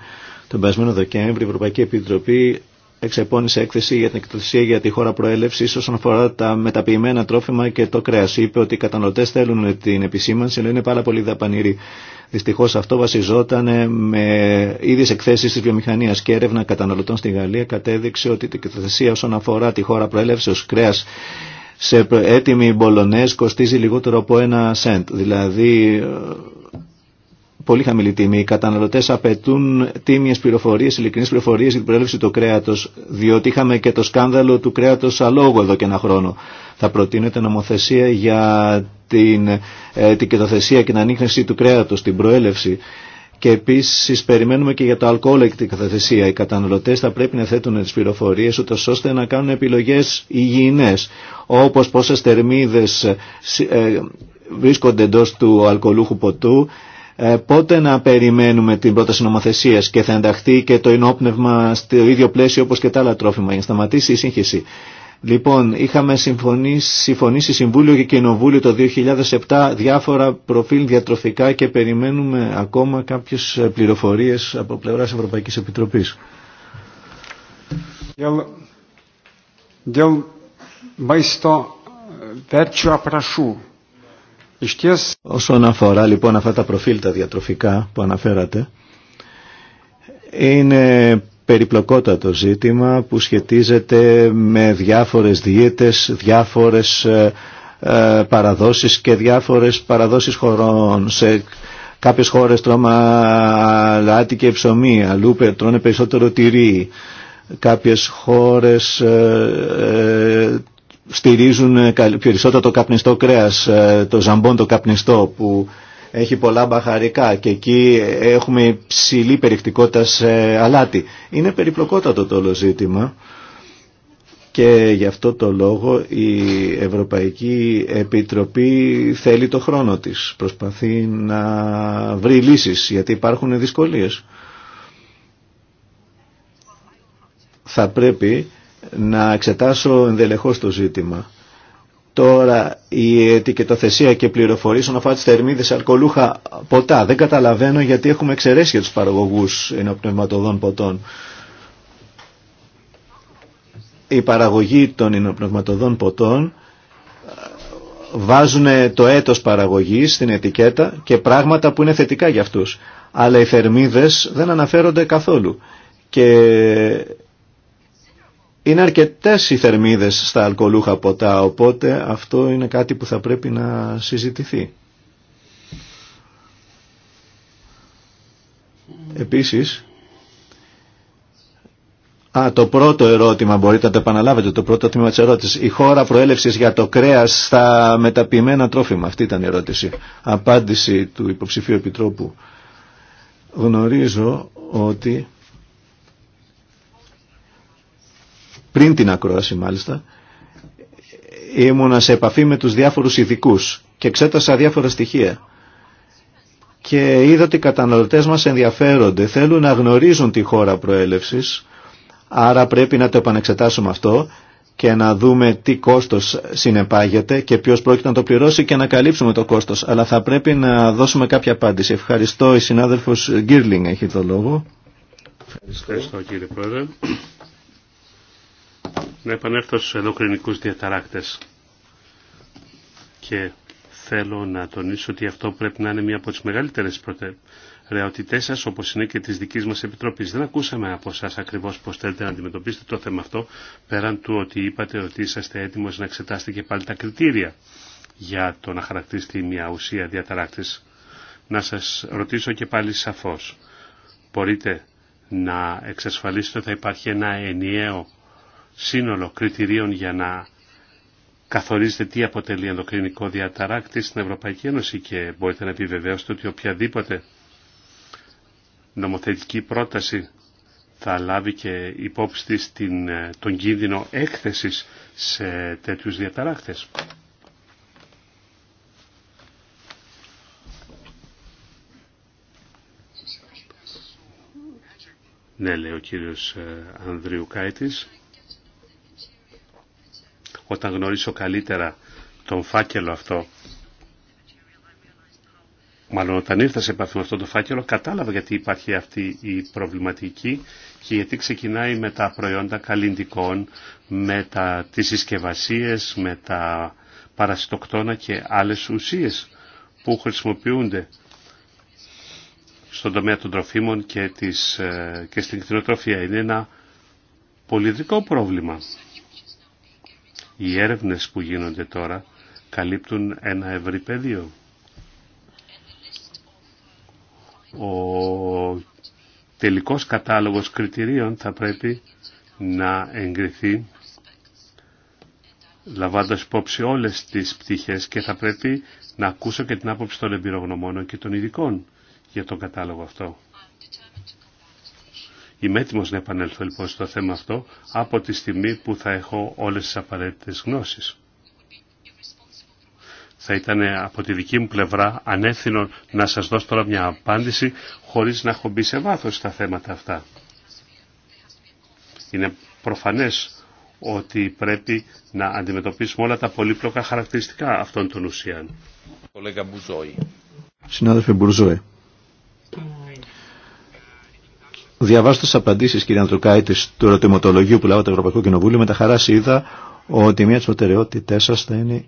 Τον περασμένο Δεκέμβρη η Ευρωπαϊκή Επιτροπή εξεπώνησε έκθεση για την εκκλησία για τη χώρα προέλευση όσον αφορά τα μεταποιημένα τρόφιμα και το κρέα. Είπε ότι οι καταναλωτέ θέλουν την επισήμανση, αλλά είναι πάρα πολύ δαπανηρή. Δυστυχώ αυτό βασιζόταν με ίδιε εκθέσει τη βιομηχανία και έρευνα καταναλωτών στη Γαλλία κατέδειξε ότι η εκθεσία όσον αφορά τη χώρα προέλευση κρέα σε έτοιμη μπολονέ κοστίζει λιγότερο από ένα σεντ. Δηλαδή πολύ χαμηλή τιμή. Οι καταναλωτέ απαιτούν τίμιε πληροφορίε, ειλικρινεί πληροφορίε για την προέλευση του κρέατο, διότι είχαμε και το σκάνδαλο του κρέατο αλόγου εδώ και ένα χρόνο. Θα προτείνεται νομοθεσία για την ετικετοθεσία και την ανείχνευση του κρέατο, την προέλευση. Και επίση περιμένουμε και για το αλκοόλ και Οι καταναλωτέ θα πρέπει να θέτουν τι πληροφορίε ούτω ώστε να κάνουν επιλογέ υγιεινέ. Όπω πόσε θερμίδε ε, ε, βρίσκονται εντό του αλκοολούχου ποτού, ε, πότε να περιμένουμε την πρόταση νομοθεσία και θα ενταχθεί και το ενόπνευμα στο ίδιο πλαίσιο όπως και τα άλλα τρόφιμα για να σταματήσει η σύγχυση. Λοιπόν, είχαμε συμφωνήσει, Συμβούλιο και Κοινοβούλιο το 2007 διάφορα προφίλ διατροφικά και περιμένουμε ακόμα κάποιες πληροφορίες από πλευράς Ευρωπαϊκής Επιτροπής. Eh, Όσον αφορά λοιπόν αυτά τα προφίλ τα διατροφικά που αναφέρατε, είναι περιπλοκότατο ζήτημα που σχετίζεται με διάφορες διέτες, διάφορες ε, ε παραδόσεις και διάφορες παραδόσεις χωρών. Σε κάποιες χώρες τρώμε αλάτι και ψωμί, αλλού τρώνε περισσότερο τυρί. Κάποιες χώρες ε, ε, στηρίζουν ε, περισσότερο το καπνιστό κρέας, ε, το ζαμπόν το καπνιστό που έχει πολλά μπαχαρικά και εκεί ε, έχουμε ψηλή περιεκτικότητα σε αλάτι. Είναι περιπλοκότατο το όλο ζήτημα και γι' αυτό το λόγο η Ευρωπαϊκή Επιτροπή θέλει το χρόνο της. Προσπαθεί να βρει λύσεις γιατί υπάρχουν δυσκολίες. Θα πρέπει να εξετάσω ενδελεχώς το ζήτημα. Τώρα η ετικετοθεσία και πληροφορίες όσον αφορά τις θερμίδες αλκοολούχα ποτά. Δεν καταλαβαίνω γιατί έχουμε εξαιρέσει για τους παραγωγούς ενοπνευματοδών ποτών. Η παραγωγή των ενοπνευματοδών ποτών ε, βάζουν το έτος παραγωγής στην ετικέτα και πράγματα που είναι θετικά για αυτούς. Αλλά οι θερμίδες δεν αναφέρονται καθόλου. Και είναι αρκετές οι θερμίδες στα αλκοολούχα ποτά, οπότε αυτό είναι κάτι που θα πρέπει να συζητηθεί. Επίσης, Α, το πρώτο ερώτημα μπορείτε να το επαναλάβετε, το πρώτο τμήμα της ερώτησης. Η χώρα προέλευσης για το κρέας στα μεταποιημένα τρόφιμα. Αυτή ήταν η ερώτηση. Απάντηση του υποψηφίου επιτρόπου. Γνωρίζω ότι πριν την ακρόαση μάλιστα, ήμουνα σε επαφή με τους διάφορους ειδικού και εξέτασα διάφορα στοιχεία. Και είδα ότι οι καταναλωτές μας ενδιαφέρονται, θέλουν να γνωρίζουν τη χώρα προέλευσης, άρα πρέπει να το επανεξετάσουμε αυτό και να δούμε τι κόστος συνεπάγεται και ποιος πρόκειται να το πληρώσει και να καλύψουμε το κόστος. Αλλά θα πρέπει να δώσουμε κάποια απάντηση. Ευχαριστώ, η συνάδελφος Γκίρλινγκ έχει το λόγο. Ευχαριστώ, Ευχαριστώ κύριε Πρόεδρε να επανέλθω στους ενδοκρινικούς διαταράκτες και θέλω να τονίσω ότι αυτό πρέπει να είναι μία από τις μεγαλύτερες προτεραιότητές σας όπως είναι και της δικής μας Επιτροπής. Δεν ακούσαμε από εσά ακριβώς πώς θέλετε να αντιμετωπίσετε το θέμα αυτό πέραν του ότι είπατε ότι είσαστε έτοιμος να εξετάσετε και πάλι τα κριτήρια για το να χαρακτηριστεί μια ουσία διαταράκτης. Να σας ρωτήσω και πάλι σαφώς. Μπορείτε να εξασφαλίσετε ότι θα υπάρχει ένα ενιαίο σύνολο κριτηρίων για να καθορίζετε τι αποτελεί ενδοκρινικό διαταράκτη στην Ευρωπαϊκή Ένωση και μπορείτε να επιβεβαιώσετε ότι οποιαδήποτε νομοθετική πρόταση θα λάβει και υπόψη της την, ε, τον κίνδυνο έκθεσης σε τέτοιους διαταράκτες. Ναι, λέει ο κύριος ε, Κάιτης όταν γνωρίσω καλύτερα τον φάκελο αυτό, μάλλον όταν ήρθα σε επαφή με αυτό το φάκελο, κατάλαβα γιατί υπάρχει αυτή η προβληματική και γιατί ξεκινάει με τα προϊόντα καλλιντικών, με τα, τις συσκευασίε, με τα παρασιτοκτόνα και άλλες ουσίες που χρησιμοποιούνται στον τομέα των τροφίμων και, της, ε, και στην κτηνοτροφία. Είναι ένα πολιτικό πρόβλημα οι έρευνες που γίνονται τώρα καλύπτουν ένα ευρύ Ο τελικός κατάλογος κριτηρίων θα πρέπει να εγκριθεί λαμβάνοντα υπόψη όλες τις πτυχές και θα πρέπει να ακούσω και την άποψη των εμπειρογνωμόνων και των ειδικών για τον κατάλογο αυτό. Είμαι έτοιμος να επανέλθω λοιπόν στο θέμα αυτό από τη στιγμή που θα έχω όλες τις απαραίτητες γνώσεις. Θα ήταν ε, από τη δική μου πλευρά ανέθυνο να σας δώσω τώρα μια απάντηση χωρίς να έχω μπει σε βάθος στα θέματα αυτά. Είναι προφανές ότι πρέπει να αντιμετωπίσουμε όλα τα πολύπλοκα χαρακτηριστικά αυτών των ουσιών. Διαβάζω τι απαντήσει, κύριε Αντρουκάητη, του ερωτηματολογίου που λάβατε το Ευρωπαϊκό Κοινοβούλιο. Με τα χαρά είδα ότι μία τη προτεραιότητέ σα θα είναι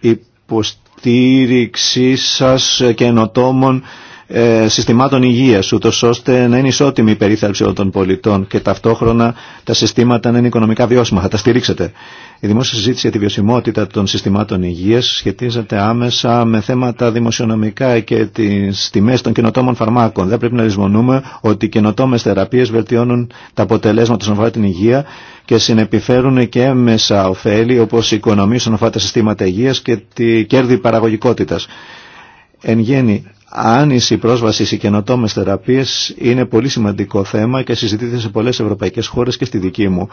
υποστήριξή σα καινοτόμων ε, συστημάτων υγείας, ούτως ώστε να είναι ισότιμη η περίθαλψη όλων των πολιτών και ταυτόχρονα τα συστήματα να είναι οικονομικά βιώσιμα. Θα τα στηρίξετε. Η δημόσια συζήτηση για τη βιωσιμότητα των συστημάτων υγείας σχετίζεται άμεσα με θέματα δημοσιονομικά και τις τιμές των καινοτόμων φαρμάκων. Δεν πρέπει να λησμονούμε ότι οι καινοτόμες θεραπείες βελτιώνουν τα αποτελέσματα όσον αφορά την υγεία και συνεπιφέρουν και έμεσα ωφέλη όπως η οικονομία όσον αφορά τα συστήματα υγείας και τη κέρδη παραγωγικότητας. Εν γέννη, άνηση πρόσβαση σε καινοτόμε θεραπείε είναι πολύ σημαντικό θέμα και συζητείται σε πολλέ ευρωπαϊκέ χώρε και στη δική μου.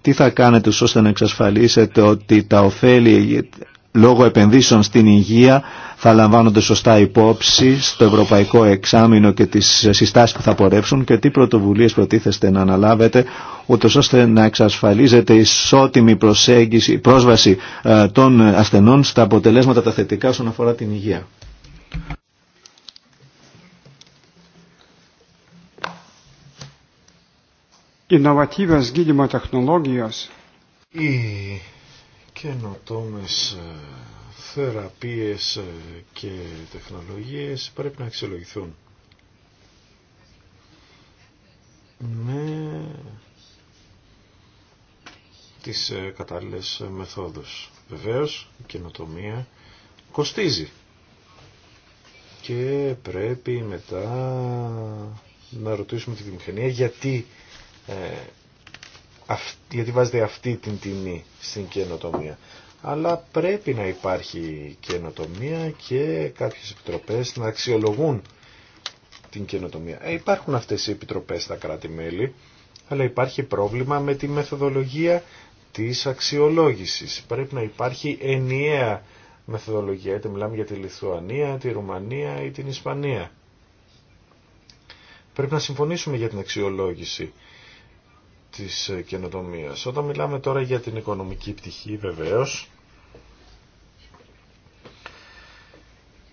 Τι θα κάνετε ώστε να εξασφαλίσετε ότι τα ωφέλη λόγω επενδύσεων στην υγεία θα λαμβάνονται σωστά υπόψη στο ευρωπαϊκό εξάμεινο και τις συστάσεις που θα πορεύσουν και τι πρωτοβουλίες προτίθεστε να αναλάβετε ούτως ώστε να εξασφαλίζεται ισότιμη προσέγγιση, πρόσβαση ε, των ασθενών στα αποτελέσματα τα θετικά όσον αφορά την υγεία τεχνολόγιας. Οι καινοτόμες ε, θεραπείες ε, και τεχνολογίες πρέπει να εξελογηθούν Με τις ε, κατάλληλες μεθόδους. Βεβαίως η καινοτομία κοστίζει και πρέπει μετά να ρωτήσουμε τη βιομηχανία γιατί, ε, γιατί βάζετε αυτή την τιμή στην καινοτομία. Αλλά πρέπει να υπάρχει καινοτομία και κάποιες επιτροπές να αξιολογούν την καινοτομία. Ε, υπάρχουν αυτές οι επιτροπές στα κράτη-μέλη, αλλά υπάρχει πρόβλημα με τη μεθοδολογία της αξιολόγησης. Πρέπει να υπάρχει ενιαία μεθοδολογία, είτε μιλάμε για τη Λιθουανία, τη Ρουμανία ή την Ισπανία. Πρέπει να συμφωνήσουμε για την αξιολόγηση της ε, καινοτομίας. Όταν μιλάμε τώρα για την οικονομική πτυχή βεβαίως,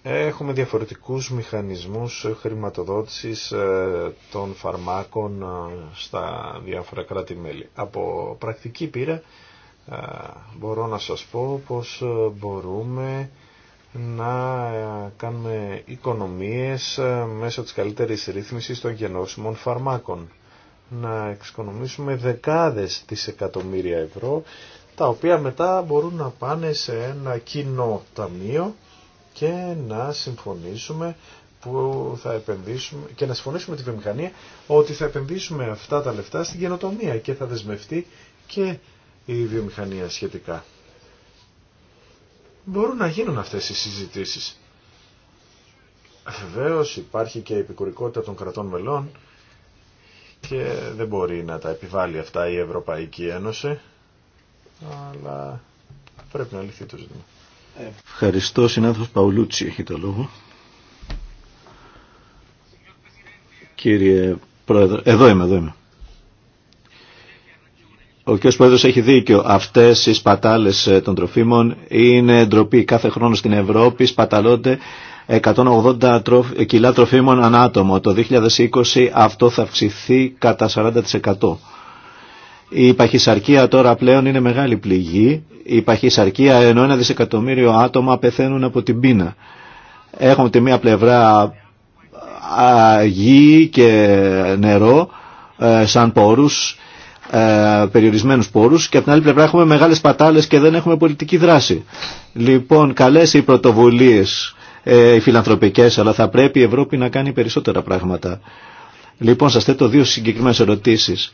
Έχουμε διαφορετικούς μηχανισμούς χρηματοδότησης ε, των φαρμάκων ε, στα διάφορα κράτη-μέλη. Από πρακτική πείρα μπορώ να σας πω πως ε, μπορούμε να ε, κάνουμε οικονομίες ε, μέσω της καλύτερης ρύθμισης των γενώσιμων φαρμάκων. Να εξοικονομήσουμε δεκάδες της εκατομμύρια ευρώ, τα οποία μετά μπορούν να πάνε σε ένα κοινό ταμείο και να συμφωνήσουμε που θα επενδύσουμε και να συμφωνήσουμε τη βιομηχανία ότι θα επενδύσουμε αυτά τα λεφτά στην καινοτομία και θα δεσμευτεί και η βιομηχανία σχετικά. Μπορούν να γίνουν αυτές οι συζητήσεις. Βεβαίω υπάρχει και η επικουρικότητα των κρατών μελών και δεν μπορεί να τα επιβάλλει αυτά η Ευρωπαϊκή Ένωση, αλλά πρέπει να λυθεί το ζήτημα. Ευχαριστώ, συνάδελφος Παουλούτσι έχει το λόγο. Κύριε Πρόεδρε, εδώ είμαι, εδώ είμαι. Ο κ. Πρόεδρος έχει δίκιο. Αυτές οι σπατάλες ε, των τροφίμων είναι ντροπή. Κάθε χρόνο στην Ευρώπη σπαταλώνται 180 ε, κιλά τροφίμων ανά άτομο. Το 2020 αυτό θα αυξηθεί κατά 40%. Η παχυσαρκία τώρα πλέον είναι μεγάλη πληγή. Η παχυσαρκία ενώ ένα δισεκατομμύριο άτομα πεθαίνουν από την πείνα. Έχουμε τη μία πλευρά γη και νερό ε, σαν πόρους ε, περιορισμένους πόρους και από την άλλη πλευρά έχουμε μεγάλες πατάλες και δεν έχουμε πολιτική δράση. Λοιπόν, καλές οι πρωτοβουλίες, ε, οι φιλανθρωπικές, αλλά θα πρέπει η Ευρώπη να κάνει περισσότερα πράγματα. Λοιπόν, σας θέτω δύο συγκεκριμένες ερωτήσεις.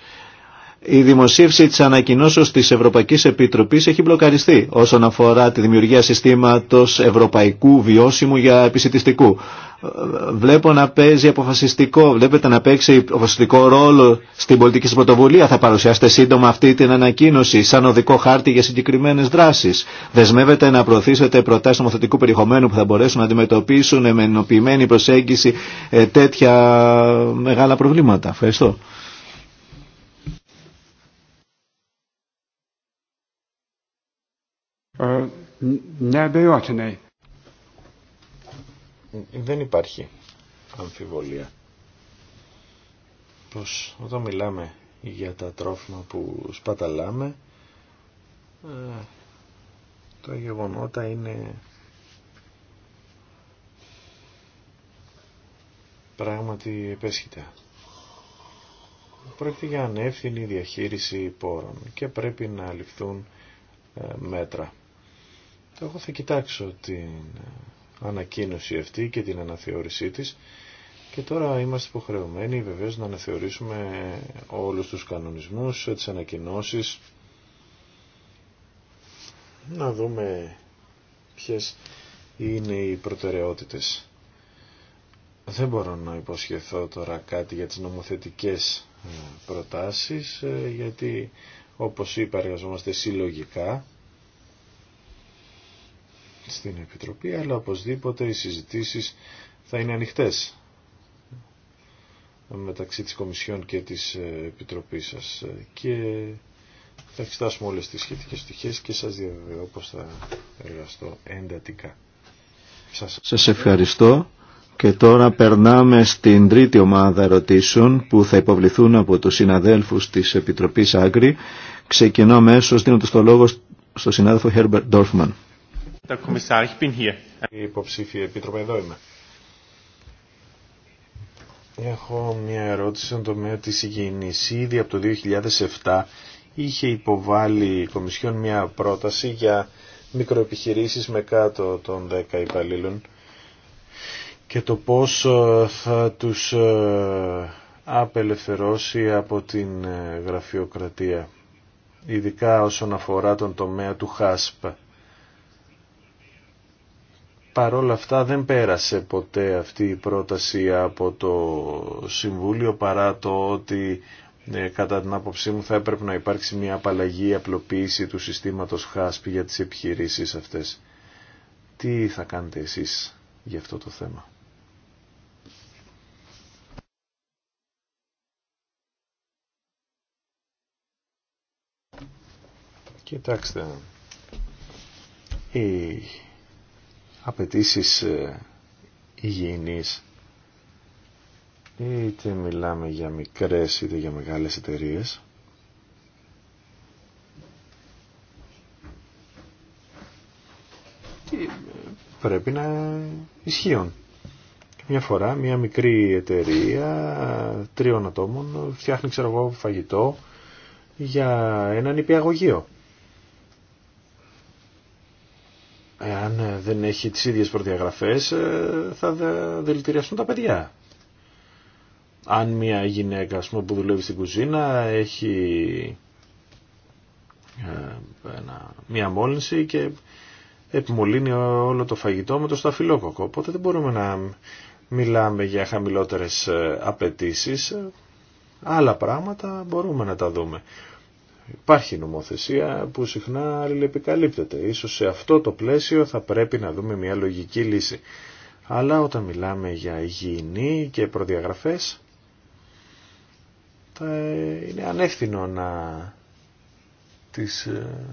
Η δημοσίευση της ανακοινώσεως της Ευρωπαϊκής Επιτροπής έχει μπλοκαριστεί όσον αφορά τη δημιουργία συστήματος ευρωπαϊκού βιώσιμου για επισητιστικού βλέπω να παίζει αποφασιστικό, βλέπετε να παίξει αποφασιστικό ρόλο στην πολιτική σας πρωτοβουλία. Θα παρουσιάσετε σύντομα αυτή την ανακοίνωση σαν οδικό χάρτη για συγκεκριμένες δράσεις. Δεσμεύετε να προωθήσετε προτάσεις νομοθετικού περιεχομένου που θα μπορέσουν να αντιμετωπίσουν με ενοποιημένη προσέγγιση ε, τέτοια μεγάλα προβλήματα. Ευχαριστώ. Ε, δεν υπάρχει αμφιβολία πως όταν μιλάμε για τα τρόφιμα που σπαταλάμε ε, τα γεγονότα είναι πράγματι επέσχυτα. Πρόκειται για ανεύθυνη διαχείριση πόρων και πρέπει να ληφθούν ε, μέτρα. Εγώ θα κοιτάξω την ανακοίνωση αυτή και την αναθεώρησή της και τώρα είμαστε υποχρεωμένοι βεβαίως να αναθεωρήσουμε όλους τους κανονισμούς, τις ανακοινώσεις να δούμε ποιες είναι οι προτεραιότητες. Δεν μπορώ να υποσχεθώ τώρα κάτι για τις νομοθετικές ε, προτάσεις ε, γιατί όπως είπα εργαζόμαστε συλλογικά στην Επιτροπή, αλλά οπωσδήποτε οι συζητήσεις θα είναι ανοιχτές μεταξύ της Κομισιόν και της ε, Επιτροπής σας και θα εξετάσουμε όλες τις σχετικές στοιχείες και σας διαβεβαιώ πως θα εργαστώ εντατικά. Σας... σας ευχαριστώ και τώρα περνάμε στην τρίτη ομάδα ερωτήσεων που θα υποβληθούν από τους συναδέλφους της Επιτροπής Άγκρη. Ξεκινώ μέσω δίνοντας το λόγο στο συνάδελφο Herbert Dorfman. Η επίτροπε, εδώ είμαι. Έχω μια ερώτηση στον τομέα της υγιεινής. Ήδη από το 2007 είχε υποβάλει η Κομισιόν μια πρόταση για μικροεπιχειρήσεις με κάτω των 10 υπαλλήλων και το πώς θα τους ε, απελευθερώσει από την ε, γραφειοκρατία ειδικά όσον αφορά τον τομέα του ΧΑΣΠ παρόλα αυτά δεν πέρασε ποτέ αυτή η πρόταση από το Συμβούλιο παρά το ότι ε, κατά την άποψή μου θα έπρεπε να υπάρξει μια απαλλαγή απλοποίηση του συστήματος χάσπη για τις επιχειρήσεις αυτές. Τι θα κάνετε εσείς για αυτό το θέμα. Κοιτάξτε, η απαιτήσει ε, υγιεινής είτε μιλάμε για μικρές είτε για μεγάλες εταιρείες ε, πρέπει να ισχύουν. μια φορά μια μικρή εταιρεία τριών ατόμων φτιάχνει ξέρω εγώ φαγητό για έναν υπηαγωγείο. εάν ε, δεν έχει τις ίδιες προδιαγραφές ε, θα δηλητηριαστούν τα παιδιά. Αν μια γυναίκα ας πούμε, που δουλεύει στην κουζίνα έχει ε, μια μόλυνση και επιμολύνει όλο το φαγητό με το σταφυλόκοκο. Οπότε δεν μπορούμε να μιλάμε για χαμηλότερες απαιτήσει. Άλλα πράγματα μπορούμε να τα δούμε. Υπάρχει νομοθεσία που συχνά αλληλεπικαλύπτεται. Ίσως σε αυτό το πλαίσιο θα πρέπει να δούμε μια λογική λύση. Αλλά όταν μιλάμε για υγιεινή και προδιαγραφές, είναι ανεύθυνο να τις ε,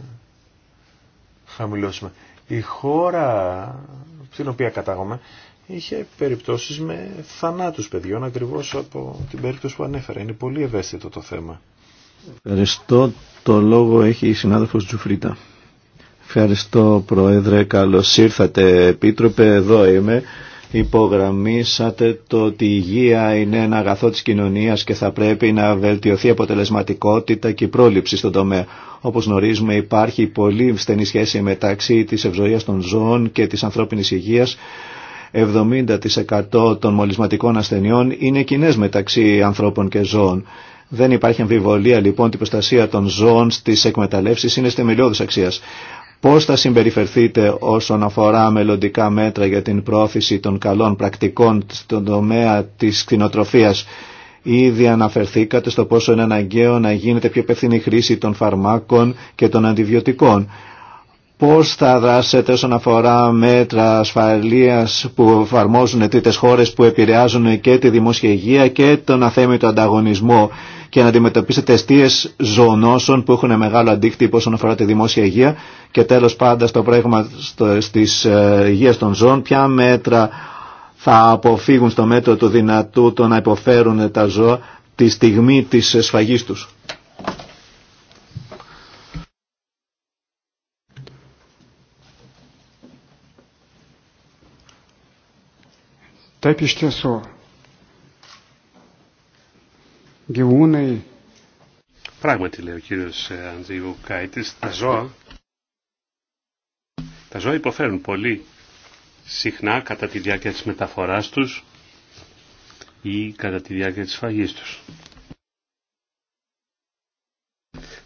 χαμηλώσουμε. Η χώρα στην οποία κατάγομαι είχε περιπτώσεις με θανάτους παιδιών ακριβώς από την περίπτωση που ανέφερα. Είναι πολύ ευαίσθητο το θέμα. Ευχαριστώ. Το λόγο έχει η συνάδελφος Τζουφρίτα. Ευχαριστώ Πρόεδρε, καλώς ήρθατε Επίτροπε, εδώ είμαι. Υπογραμμίσατε το ότι η υγεία είναι ένα αγαθό της κοινωνίας και θα πρέπει να βελτιωθεί αποτελεσματικότητα και η πρόληψη στον τομέα. Όπως γνωρίζουμε υπάρχει πολύ στενή σχέση μεταξύ της ευζοίας των ζώων και της ανθρώπινης υγείας. 70% των μολυσματικών ασθενειών είναι κοινέ μεταξύ ανθρώπων και ζώων δεν υπάρχει αμφιβολία λοιπόν ότι η προστασία των ζώων στις εκμεταλλεύσεις είναι στεμιλιώδης αξίας. Πώς θα συμπεριφερθείτε όσον αφορά μελλοντικά μέτρα για την πρόθεση των καλών πρακτικών στον τομέα της κτηνοτροφίας. Ήδη αναφερθήκατε στο πόσο είναι αναγκαίο να γίνεται πιο υπεύθυνη χρήση των φαρμάκων και των αντιβιωτικών Πώς θα δράσετε όσον αφορά μέτρα ασφαλείας που εφαρμόζουν τρίτες χώρες που επηρεάζουν και τη δημόσια υγεία και τον αθέμητο ανταγωνισμό και να αντιμετωπίσετε αιστείες ζωνώσεων που έχουν μεγάλο αντίκτυπο όσον αφορά τη δημόσια υγεία και τέλος πάντα στο πρέγμα της ε, υγείας των ζώων ποια μέτρα θα αποφύγουν στο μέτρο του δυνατού το να υποφέρουν τα ζώα τη στιγμή της σφαγής τους. Taip iš tiesų. Πράγματι λέει ο κύριος Αντζήγου Κάιτης, τα ζώα, τα ζώα υποφέρουν πολύ συχνά κατά τη διάρκεια της μεταφοράς τους ή κατά τη διάρκεια της φαγής τους.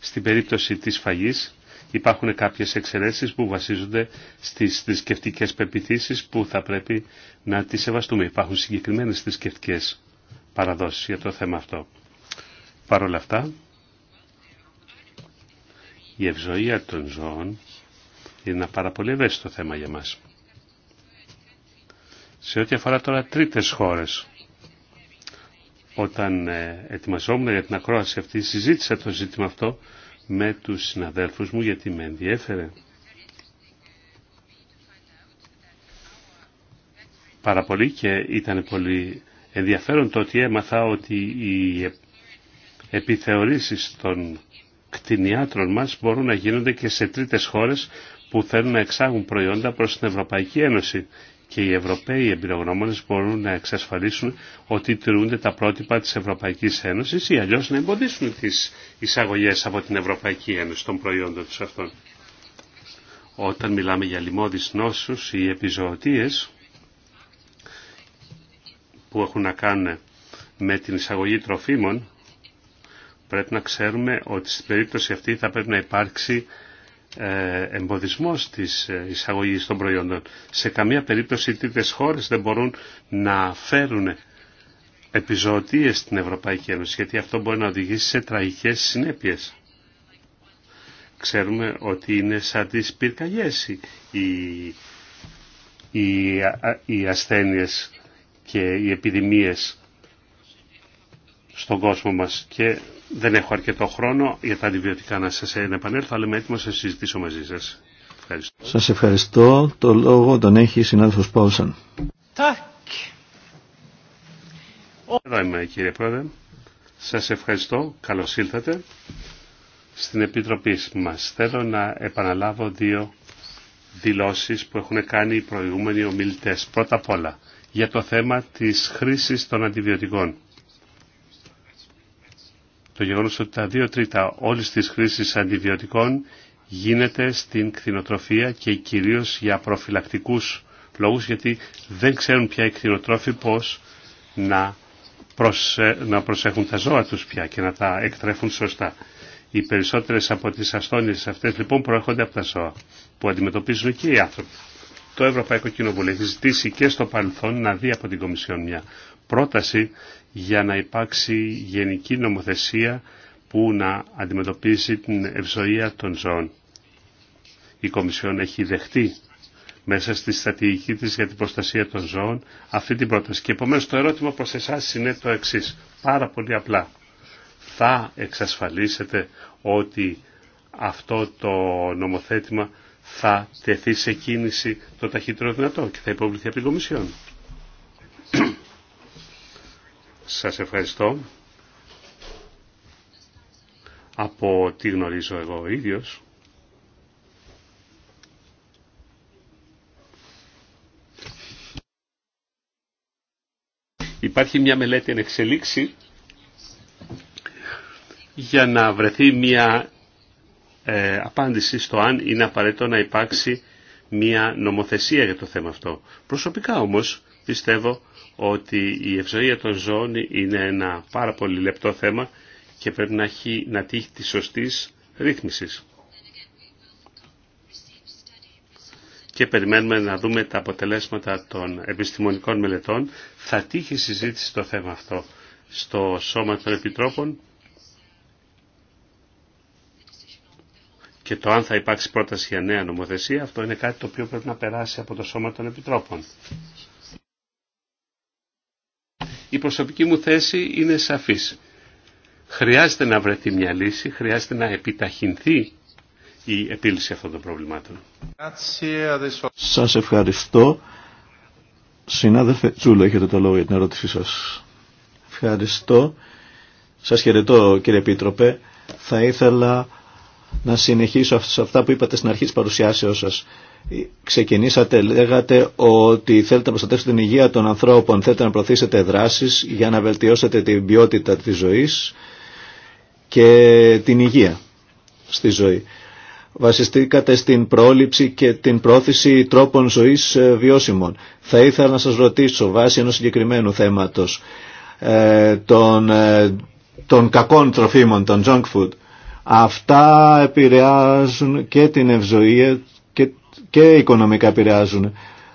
Στην περίπτωση της φαγής υπάρχουν κάποιες εξαιρέσεις που βασίζονται στις θρησκευτικέ πεπιθήσεις που θα πρέπει να τις σεβαστούμε. Υπάρχουν συγκεκριμένες θρησκευτικέ παραδόσεις για το θέμα αυτό. Παρ' όλα αυτά, η ευζοία των ζώων είναι ένα πάρα πολύ ευαίσθητο θέμα για μας. Σε ό,τι αφορά τώρα τρίτες χώρες, όταν ε, ετοιμαζόμουν για την ακρόαση αυτή, συζήτησα το ζήτημα αυτό με τους συναδέλφους μου γιατί με ενδιέφερε πάρα πολύ και ήταν πολύ ενδιαφέρον το ότι έμαθα ότι οι επιθεωρήσεις των κτηνιάτρων μας μπορούν να γίνονται και σε τρίτες χώρες που θέλουν να εξάγουν προϊόντα προς την Ευρωπαϊκή Ένωση και οι Ευρωπαίοι εμπειρογνώμονες μπορούν να εξασφαλίσουν ότι τηρούνται τα πρότυπα της Ευρωπαϊκής Ένωσης ή αλλιώς να εμποδίσουν τις εισαγωγές από την Ευρωπαϊκή Ένωση των προϊόντων τους αυτών. Όταν μιλάμε για λοιμώδεις νόσους ή επιζωοτίες που έχουν να κάνουν με την εισαγωγή τροφίμων, πρέπει να ξέρουμε ότι στην περίπτωση αυτή θα πρέπει να υπάρξει ε, εμποδισμό της ε, εισαγωγής των προϊόντων. Σε καμία περίπτωση οι χώρες δεν μπορούν να φέρουν επιζωτίες στην Ευρωπαϊκή Ένωση, γιατί αυτό μπορεί να οδηγήσει σε τραγικές συνέπειες. Ξέρουμε ότι είναι σαν τις πυρκαγιές οι, οι, οι ασθένειες και οι επιδημίες στον κόσμο μας και δεν έχω αρκετό χρόνο για τα αντιβιωτικά να σας επανέλθω, αλλά είμαι έτοιμο να συζητήσω μαζί σας. Ευχαριστώ. Σας ευχαριστώ. Το λόγο τον έχει η συνάδελφος Πάουσαν. Εδώ είμαι κύριε Πρόεδρε. Σας ευχαριστώ. Καλώς ήλθατε στην Επιτροπή μας. Θέλω να επαναλάβω δύο δηλώσεις που έχουν κάνει οι προηγούμενοι ομιλητές. Πρώτα απ' όλα για το θέμα της χρήσης των αντιβιωτικών το γεγονός ότι τα δύο τρίτα όλης της χρήσης αντιβιωτικών γίνεται στην κτηνοτροφία και κυρίως για προφυλακτικούς λόγους γιατί δεν ξέρουν πια οι κτηνοτρόφοι πώς να, προσε... να προσέχουν τα ζώα τους πια και να τα εκτρέφουν σωστά. Οι περισσότερες από τις αστόνιες αυτές λοιπόν προέρχονται από τα ζώα που αντιμετωπίζουν και οι άνθρωποι. Το Ευρωπαϊκό Κοινοβούλιο έχει ζητήσει και στο παρελθόν να δει από την Κομισιόν μια πρόταση για να υπάρξει γενική νομοθεσία που να αντιμετωπίσει την ευζοία των ζώων. Η Κομισιόν έχει δεχτεί μέσα στη στρατηγική της για την προστασία των ζώων αυτή την πρόταση. Και επομένως το ερώτημα προς εσάς είναι το εξής, πάρα πολύ απλά. Θα εξασφαλίσετε ότι αυτό το νομοθέτημα θα τεθεί σε κίνηση το ταχύτερο δυνατό και θα υποβληθεί από την Κομισιόν. Σας ευχαριστώ. Από τι γνωρίζω εγώ ο ίδιος, υπάρχει μια μελέτη εν εξελίξη για να βρεθεί μια ε, απάντηση στο αν είναι απαραίτητο να υπάρξει μια νομοθεσία για το θέμα αυτό. Προσωπικά όμως πιστεύω ότι η ευζοία των ζώων είναι ένα πάρα πολύ λεπτό θέμα και πρέπει να, να τύχει τη σωστή ρύθμιση. Και περιμένουμε να δούμε τα αποτελέσματα των επιστημονικών μελετών. Θα τύχει συζήτηση το θέμα αυτό στο Σώμα των Επιτρόπων και το αν θα υπάρξει πρόταση για νέα νομοθεσία, αυτό είναι κάτι το οποίο πρέπει να περάσει από το Σώμα των Επιτρόπων. Η προσωπική μου θέση είναι σαφής. Χρειάζεται να βρεθεί μια λύση, χρειάζεται να επιταχυνθεί η επίλυση αυτών των προβλημάτων. Σας ευχαριστώ. Συνάδελφε Τσούλο, έχετε το λόγο για την ερώτησή σας. Ευχαριστώ. Σας χαιρετώ κύριε Επίτροπε. Θα ήθελα να συνεχίσω σε αυτά που είπατε στην αρχή της παρουσιάσεώς σας. Ε, ξεκινήσατε, λέγατε ότι θέλετε να προστατεύσετε την υγεία των ανθρώπων, θέλετε να προωθήσετε δράσεις για να βελτιώσετε την ποιότητα της ζωής και την υγεία στη ζωή. Βασιστήκατε στην πρόληψη και την πρόθεση τρόπων ζωής ε, βιώσιμων. Θα ήθελα να σας ρωτήσω βάσει ενός συγκεκριμένου θέματος ε, των, των κακών τροφίμων, των junk food Αυτά επηρεάζουν και την ευζοία και, οικονομικά επηρεάζουν,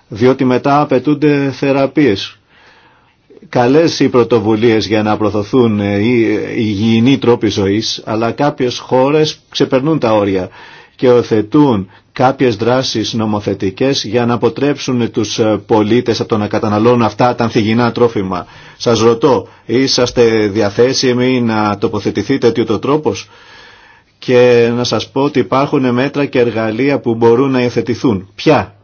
διότι μετά απαιτούνται θεραπείες. Καλές οι πρωτοβουλίες για να προωθούν οι υγιεινοί τρόποι ζωής, αλλά κάποιες χώρες ξεπερνούν τα όρια και οθετούν κάποιες δράσεις νομοθετικές για να αποτρέψουν τους ε, πολίτες από το να καταναλώνουν αυτά τα ανθυγινά τρόφιμα. Σας ρωτώ, είσαστε διαθέσιμοι να τοποθετηθείτε τέτοιο το τρόπος και να σας πω ότι υπάρχουν μέτρα και εργαλεία που μπορούν να υιοθετηθούν. Ποια?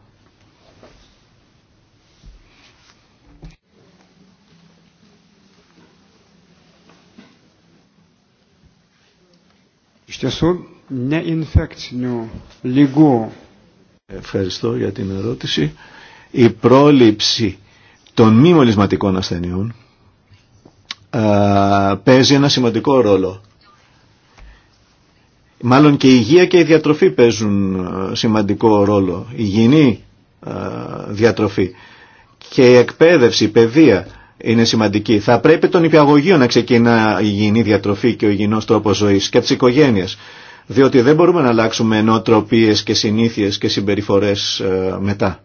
Ευχαριστώ για την ερώτηση. Η πρόληψη των μη μολυσματικών ασθενειών παίζει ένα σημαντικό ρόλο Μάλλον και η υγεία και η διατροφή παίζουν ε, σημαντικό ρόλο. Η υγιεινή ε, διατροφή και η εκπαίδευση, η παιδεία είναι σημαντική. Θα πρέπει τον υπηαγωγείο να ξεκινά η υγιεινή διατροφή και ο υγιεινό τρόπο ζωή και τη οικογένεια. Διότι δεν μπορούμε να αλλάξουμε νοοτροπίε και συνήθειε και συμπεριφορέ ε, μετά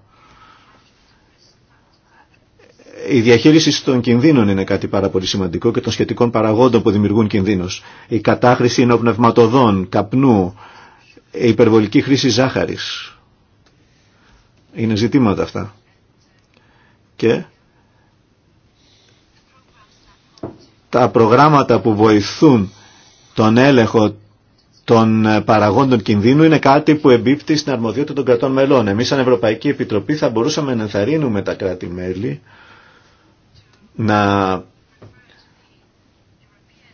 η διαχείριση των κινδύνων είναι κάτι πάρα πολύ σημαντικό και των σχετικών παραγόντων που δημιουργούν κινδύνους. Η κατάχρηση ενοπνευματοδών, καπνού, η υπερβολική χρήση ζάχαρης. Είναι ζητήματα αυτά. Και τα προγράμματα που βοηθούν τον έλεγχο των ε, παραγόντων κινδύνου είναι κάτι που εμπίπτει στην αρμοδιότητα των κρατών μελών. Εμείς σαν Ευρωπαϊκή Επιτροπή θα μπορούσαμε να ενθαρρύνουμε τα κράτη-μέλη να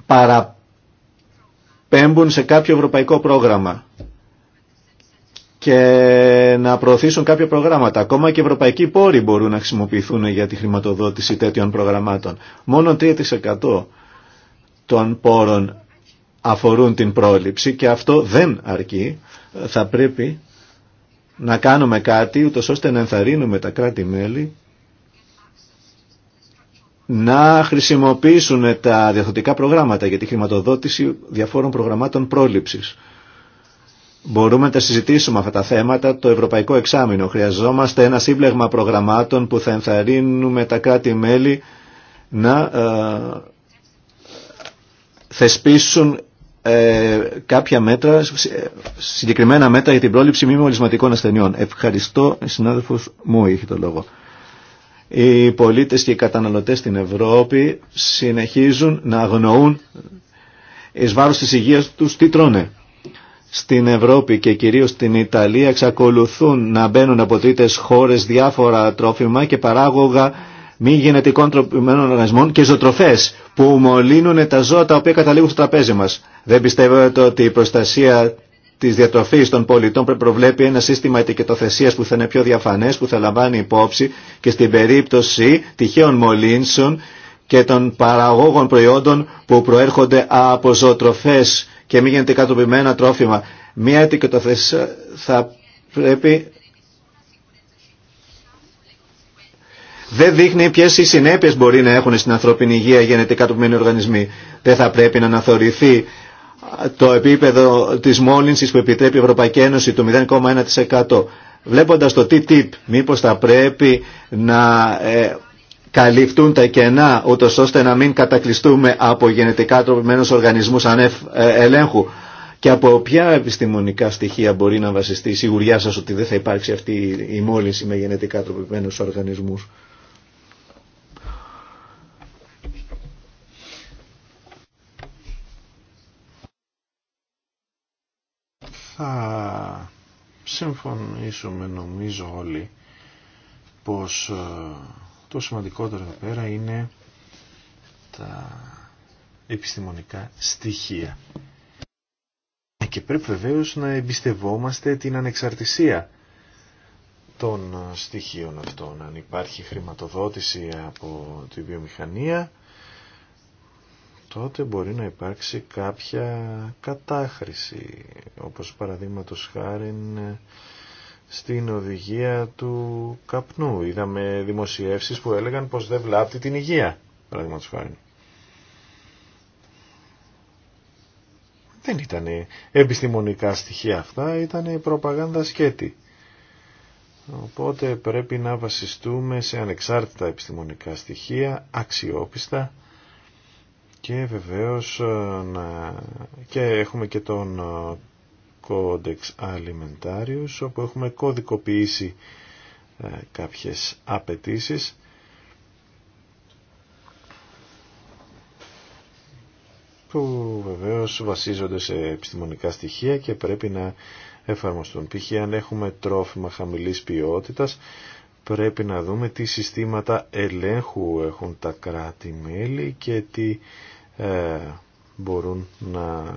παραπέμπουν σε κάποιο ευρωπαϊκό πρόγραμμα και να προωθήσουν κάποια προγράμματα. Ακόμα και ευρωπαϊκοί πόροι μπορούν να χρησιμοποιηθούν για τη χρηματοδότηση τέτοιων προγραμμάτων. Μόνο 3% των πόρων αφορούν την πρόληψη και αυτό δεν αρκεί. Θα πρέπει να κάνουμε κάτι ούτως ώστε να ενθαρρύνουμε τα κράτη-μέλη να χρησιμοποιήσουν τα διαθωτικά προγράμματα για τη χρηματοδότηση διαφόρων προγραμμάτων πρόληψης. Μπορούμε να τα συζητήσουμε αυτά τα θέματα το Ευρωπαϊκό Εξάμεινο. Χρειαζόμαστε ένα σύμπλεγμα προγραμμάτων που θα ενθαρρύνουμε τα κράτη-μέλη να ε, θεσπίσουν ε, κάποια μέτρα, ε, συγκεκριμένα μέτρα για την πρόληψη μη μολυσματικών ασθενειών. Ευχαριστώ, συνάδελφος μου είχε το λόγο. Οι πολίτες και οι καταναλωτές στην Ευρώπη συνεχίζουν να αγνοούν εις βάρος της υγείας τους τι τρώνε. Στην Ευρώπη και κυρίως στην Ιταλία εξακολουθούν να μπαίνουν από τρίτες χώρες διάφορα τρόφιμα και παράγωγα μη γενετικών τροπημένων οργανισμών και ζωοτροφές που μολύνουν τα ζώα τα οποία καταλήγουν στο τραπέζι μας. Δεν πιστεύετε ότι η προστασία τη διατροφή των πολιτών πρέπει προβλέπει ένα σύστημα ετικετοθεσία που θα είναι πιο διαφανέ, που θα λαμβάνει υπόψη και στην περίπτωση τυχαίων μολύνσεων και των παραγόγων προϊόντων που προέρχονται από ζωοτροφέ και μη γενετικά τρόφιμα. Μία ετικετοθεσία θα πρέπει. Δεν δείχνει ποιε οι συνέπειε μπορεί να έχουν στην ανθρώπινη υγεία γενετικά τροπημένοι οργανισμοί. Δεν θα πρέπει να αναθεωρηθεί το επίπεδο της μόλυνσης που επιτρέπει η Ευρωπαϊκή Ένωση το 0,1%. Βλέποντας το TTIP, μήπως θα πρέπει να ε, καλυφτούν τα κενά, ούτως ώστε να μην κατακλειστούμε από γενετικά τροπημένους οργανισμούς ανεφ, ε, ελέγχου. Και από ποια επιστημονικά στοιχεία μπορεί να βασιστεί η σιγουριά σας ότι δεν θα υπάρξει αυτή η μόλυνση με γενετικά τροπημένους οργανισμούς. θα συμφωνήσουμε νομίζω όλοι πως ε, το σημαντικότερο εδώ πέρα είναι τα επιστημονικά στοιχεία. Και πρέπει βεβαίως να εμπιστευόμαστε την ανεξαρτησία των ε, στοιχείων αυτών. Αν υπάρχει χρηματοδότηση από τη βιομηχανία τότε μπορεί να υπάρξει κάποια κατάχρηση, όπως παραδείγματος χάρη στην οδηγία του καπνού. Είδαμε δημοσιεύσεις που έλεγαν πως δεν βλάπτει την υγεία, παραδείγματος χάρη. Δεν ήταν επιστημονικά στοιχεία αυτά, ήταν προπαγάνδα σκέτη. Οπότε πρέπει να βασιστούμε σε ανεξάρτητα επιστημονικά στοιχεία, αξιόπιστα, και βεβαίως ε, να... και έχουμε και τον ε, Codex Alimentarius όπου έχουμε κωδικοποιήσει ε, κάποιες απαιτήσει. που βεβαίως βασίζονται σε επιστημονικά στοιχεία και πρέπει να εφαρμοστούν. Π.χ. αν έχουμε τρόφιμα χαμηλής ποιότητας πρέπει να δούμε τι συστήματα ελέγχου έχουν τα κράτη-μέλη και τι ε, μπορούν να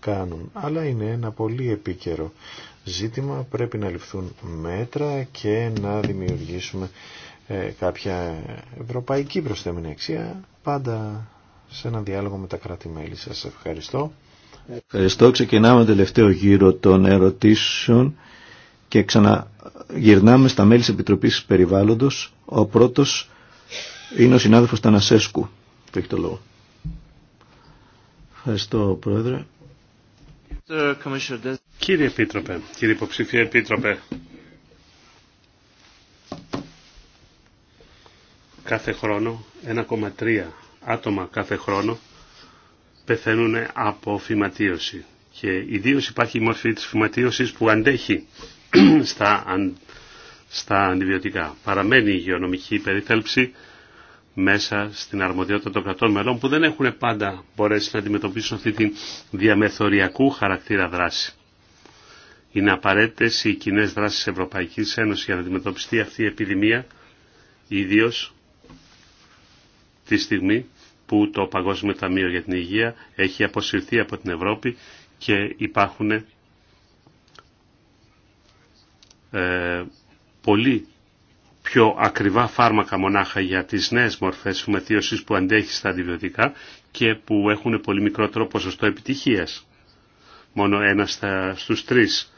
κάνουν. Αλλά είναι ένα πολύ επίκαιρο ζήτημα, πρέπει να ληφθούν μέτρα και να δημιουργήσουμε ε, κάποια ευρωπαϊκή προσθέμενη αξία, πάντα σε έναν διάλογο με τα κράτη-μέλη. Σας ευχαριστώ. Ευχαριστώ. Ξεκινάμε τελευταίο γύρο των ερωτήσεων και ξαναγυρνάμε στα μέλη της Επιτροπής Περιβάλλοντος. Ο πρώτος είναι ο συνάδελφος Τανασέσκου που Ευχαριστώ, Πρόεδρε. Κύριε Επίτροπε, κύριε Υποψηφία Επίτροπε, κάθε χρόνο 1,3 άτομα κάθε χρόνο πεθαίνουν από φυματίωση. Και ιδίως υπάρχει η μορφή της φυματίωσης που αντέχει [CLEARS THROAT] στα, στα αντιβιωτικά. Παραμένει η υγειονομική περιθέλψη μέσα στην αρμοδιότητα των κρατών μελών που δεν έχουν πάντα μπορέσει να αντιμετωπίσουν αυτή τη διαμεθοριακού χαρακτήρα δράση. Είναι απαραίτητε οι κοινέ δράσει Ευρωπαϊκής Ευρωπαϊκή Ένωση για να αντιμετωπιστεί αυτή η επιδημία, ιδίω τη στιγμή που το Παγκόσμιο Ταμείο για την Υγεία έχει αποσυρθεί από την Ευρώπη και υπάρχουν ε, πολλοί πιο ακριβά φάρμακα μονάχα για τις νέες μορφές φουμεθίωσης που αντέχει στα αντιβιωτικά και που έχουν πολύ μικρότερο ποσοστό επιτυχίας. Μόνο ένα στα, στους τρεις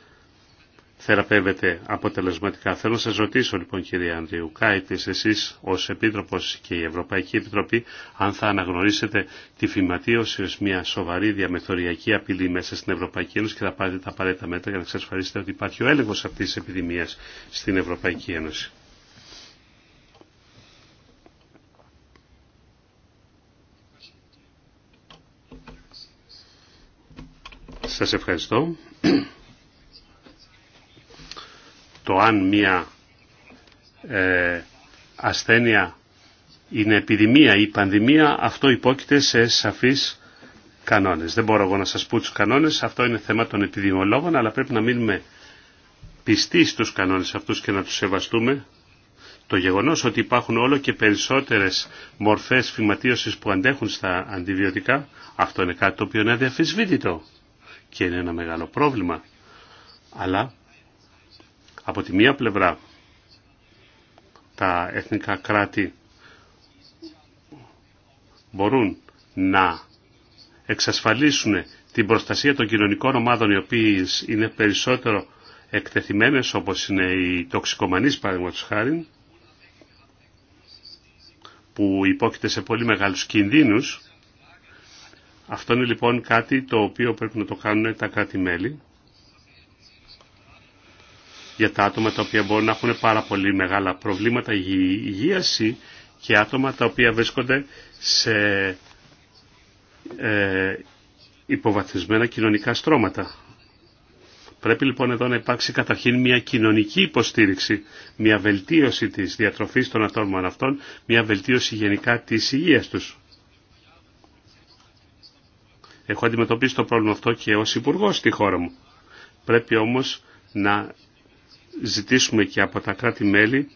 θεραπεύεται αποτελεσματικά. Θέλω να σας ρωτήσω λοιπόν κύριε Ανδρίου Κάιτης, εσείς ως Επίτροπος και η Ευρωπαϊκή Επιτροπή, αν θα αναγνωρίσετε τη φυματίωση ως μια σοβαρή διαμεθοριακή απειλή μέσα στην Ευρωπαϊκή Ένωση και θα πάρετε τα απαραίτητα μέτρα για να εξασφαλίσετε ότι υπάρχει ο έλεγχος αυτής της επιδημίας στην Ευρωπαϊκή Ένωση. Σας ευχαριστώ. Το αν μια ε, ασθένεια είναι επιδημία ή πανδημία, αυτό υπόκειται σε σαφείς κανόνες. Δεν μπορώ εγώ να σας πω τους κανόνες, αυτό είναι θέμα των επιδημολόγων, αλλά πρέπει να μείνουμε πιστοί στους κανόνες αυτούς και να τους σεβαστούμε. Το γεγονός ότι υπάρχουν όλο και περισσότερες μορφές φυματίωσης που αντέχουν στα αντιβιωτικά, αυτό είναι κάτι το οποίο είναι αδιαφυσβήτητο και είναι ένα μεγάλο πρόβλημα. Αλλά από τη μία πλευρά τα εθνικά κράτη μπορούν να εξασφαλίσουν την προστασία των κοινωνικών ομάδων οι οποίες είναι περισσότερο εκτεθειμένες όπως είναι οι τοξικομανείς παραδείγματος χάρη που υπόκειται σε πολύ μεγάλους κινδύνους αυτό είναι λοιπόν κάτι το οποίο πρέπει να το κάνουν τα κράτη-μέλη για τα άτομα τα οποία μπορούν να έχουν πάρα πολύ μεγάλα προβλήματα υγείας και άτομα τα οποία βρίσκονται σε ε, υποβαθμισμένα κοινωνικά στρώματα. Πρέπει λοιπόν εδώ να υπάρξει καταρχήν μια κοινωνική υποστήριξη, μια βελτίωση της διατροφής των ατόμων αυτών, μια βελτίωση γενικά της υγείας τους. Έχω αντιμετωπίσει το πρόβλημα αυτό και ως υπουργό στη χώρα μου. Πρέπει όμως να ζητήσουμε και από τα κράτη-μέλη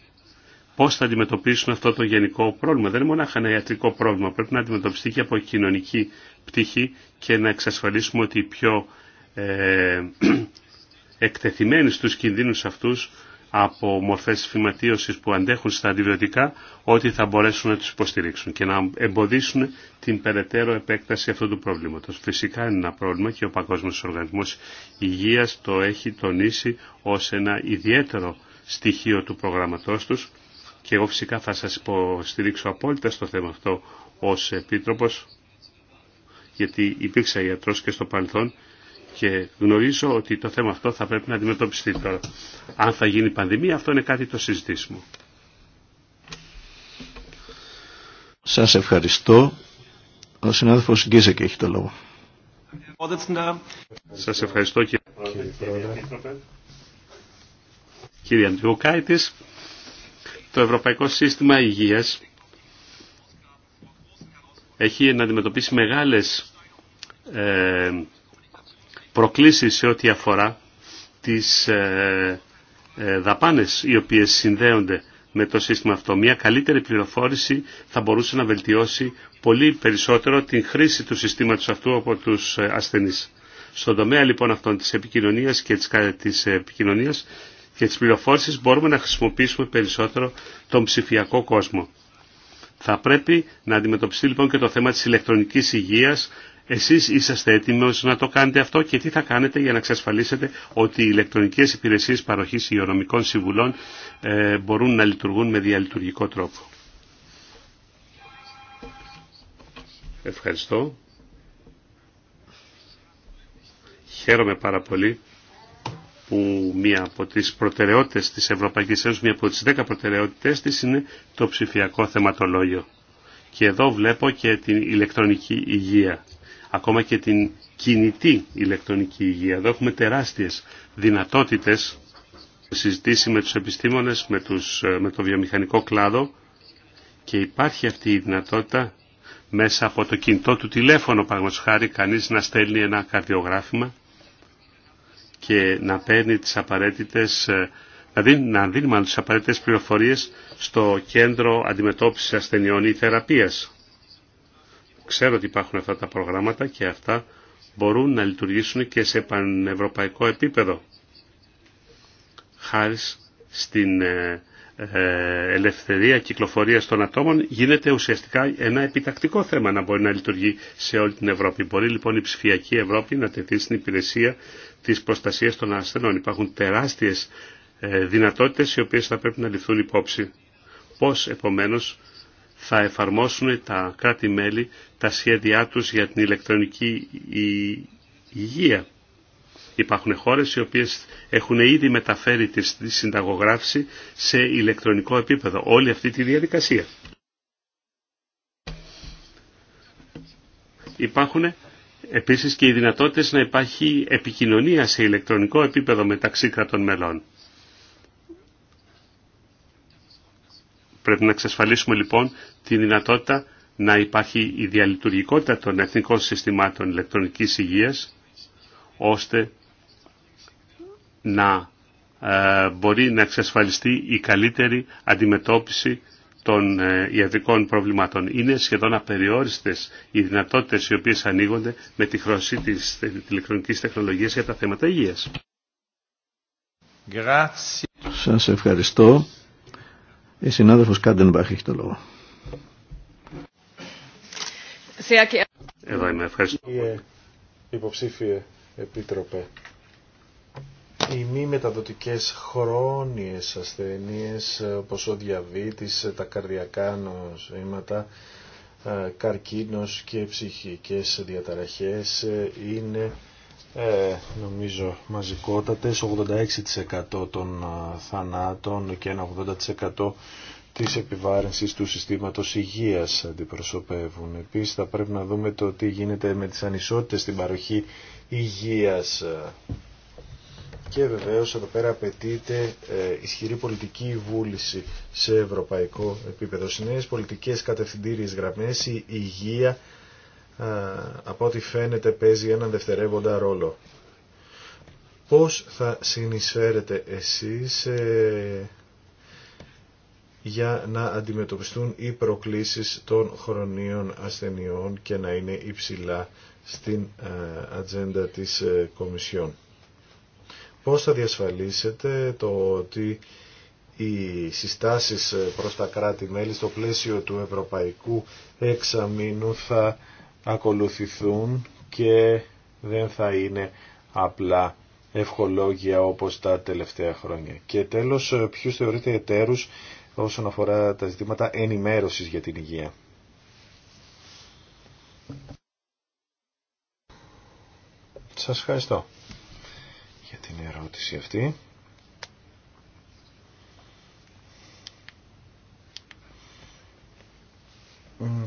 πώς θα αντιμετωπίσουν αυτό το γενικό πρόβλημα. Δεν είναι μόνο ένα ιατρικό πρόβλημα, πρέπει να αντιμετωπιστεί και από κοινωνική πτυχή και να εξασφαλίσουμε ότι οι πιο ε, [CLEARS THROAT] εκτεθειμένοι στους κινδύνους αυτούς από μορφές φυματίωσης που αντέχουν στα αντιβιωτικά ότι θα μπορέσουν να τους υποστηρίξουν και να εμποδίσουν την περαιτέρω επέκταση αυτού του προβλήματος. Φυσικά είναι ένα πρόβλημα και ο Παγκόσμιος Οργανισμός Υγείας το έχει τονίσει ως ένα ιδιαίτερο στοιχείο του προγραμματός τους και εγώ φυσικά θα σας υποστηρίξω απόλυτα στο θέμα αυτό ως Επίτροπος γιατί υπήρξα γιατρός και στο παρελθόν και γνωρίζω ότι το θέμα αυτό θα πρέπει να αντιμετωπιστεί τώρα. Αν θα γίνει πανδημία αυτό είναι κάτι το συζητήσιμο. Σας ευχαριστώ. Ο συνάδελφος Γκίζεκ έχει το λόγο. Σας ευχαριστώ κύριε Πρόεδρε. Κύριε το Ευρωπαϊκό Σύστημα Υγείας έχει να αντιμετωπίσει μεγάλες ε, προκλήσεις σε ό,τι αφορά τις ε, ε, δαπάνες οι οποίες συνδέονται με το σύστημα αυτό. Μια καλύτερη πληροφόρηση θα μπορούσε να βελτιώσει πολύ περισσότερο την χρήση του συστήματος αυτού από τους ε, ασθενείς. Στον τομέα λοιπόν αυτών της επικοινωνίας και της, της επικοινωνίας και της πληροφόρησης μπορούμε να χρησιμοποιήσουμε περισσότερο τον ψηφιακό κόσμο. Θα πρέπει να αντιμετωπιστεί λοιπόν και το θέμα της ηλεκτρονικής υγείας εσείς είσαστε έτοιμοι να το κάνετε αυτό και τι θα κάνετε για να εξασφαλίσετε ότι οι ηλεκτρονικές υπηρεσίες παροχής υγειονομικών συμβουλών ε, μπορούν να λειτουργούν με διαλειτουργικό τρόπο. Ευχαριστώ. Χαίρομαι πάρα πολύ που μία από τις προτεραιότητες της Ευρωπαϊκής Ένωσης, μία από τις 10 προτεραιότητες της είναι το ψηφιακό θεματολόγιο. Και εδώ βλέπω και την ηλεκτρονική υγεία ακόμα και την κινητή ηλεκτρονική υγεία. Εδώ έχουμε τεράστιες δυνατότητες συζητήσει με τους επιστήμονες, με, τους, ε, με το βιομηχανικό κλάδο και υπάρχει αυτή η δυνατότητα μέσα από το κινητό του τηλέφωνο, παραγματικά χάρη, κανείς να στέλνει ένα καρδιογράφημα και να παίρνει τις απαραίτητες, ε, να να απαραίτητε μάλλον τις στο κέντρο αντιμετώπιση ασθενειών ή θεραπείας. Ξέρω ότι υπάρχουν αυτά τα προγράμματα και αυτά μπορούν να λειτουργήσουν και σε πανευρωπαϊκό επίπεδο. Χάρη στην ε, ε, ελευθερία κυκλοφορίας των ατόμων γίνεται ουσιαστικά ένα επιτακτικό θέμα να μπορεί να λειτουργεί σε όλη την Ευρώπη. Μπορεί λοιπόν η ψηφιακή Ευρώπη να τεθεί στην υπηρεσία της προστασίας των ασθενών. Υπάρχουν τεράστιες ε, δυνατότητες οι οποίες θα πρέπει να ληφθούν υπόψη. Πώς επομένως θα εφαρμόσουν τα κράτη-μέλη τα σχέδιά τους για την ηλεκτρονική υγεία. Υπάρχουν χώρες οι οποίες έχουν ήδη μεταφέρει τη συνταγογράφηση σε ηλεκτρονικό επίπεδο, όλη αυτή τη διαδικασία. Υπάρχουν επίσης και οι δυνατότητες να υπάρχει επικοινωνία σε ηλεκτρονικό επίπεδο μεταξύ κρατών μελών. Πρέπει να εξασφαλίσουμε λοιπόν τη δυνατότητα να υπάρχει η διαλειτουργικότητα των εθνικών συστημάτων ηλεκτρονικής υγείας ώστε να ε, μπορεί να εξασφαλιστεί η καλύτερη αντιμετώπιση των ε, ιατρικών προβλημάτων. Είναι σχεδόν απεριόριστες οι δυνατότητες οι οποίες ανοίγονται με τη χρωσή της ηλεκτρονικής τεχνολογίας για τα θέματα υγείας. Σας ευχαριστώ. Η συνάδελφος Κάντενμπαχ έχει το λόγο. Εδώ ευχαριστώ. Κύριε υποψήφιε επίτροπε, οι μη μεταδοτικές χρόνιες ασθένειες όπως ο διαβήτης, τα καρδιακά νοσήματα, καρκίνος και ψυχικές διαταραχές είναι ε, νομίζω μαζικότατες, 86% των ε, θανάτων και ένα 80% της επιβάρυνσης του συστήματος υγείας αντιπροσωπεύουν. Επίσης θα πρέπει να δούμε το τι γίνεται με τις ανισότητες στην παροχή υγείας. Και βεβαίως εδώ πέρα απαιτείται ε, ισχυρή πολιτική βούληση σε ευρωπαϊκό επίπεδο. Στις νέες πολιτικές κατευθυντήριες γραμμές η υγεία από ό,τι φαίνεται παίζει έναν δευτερεύοντα ρόλο. Πώς θα συνεισφέρετε εσείς ε, για να αντιμετωπιστούν οι προκλήσεις των χρονίων ασθενειών και να είναι υψηλά στην ε, ατζέντα της ε, Κομισιόν. Πώς θα διασφαλίσετε το ότι οι συστάσεις προς τα κράτη-μέλη στο πλαίσιο του Ευρωπαϊκού Εξαμήνου θα ακολουθηθούν και δεν θα είναι απλά ευχολόγια όπως τα τελευταία χρόνια. Και τέλος, ποιους θεωρείτε εταίρους όσον αφορά τα ζητήματα ενημέρωσης για την υγεία. Σας ευχαριστώ για την ερώτηση αυτή.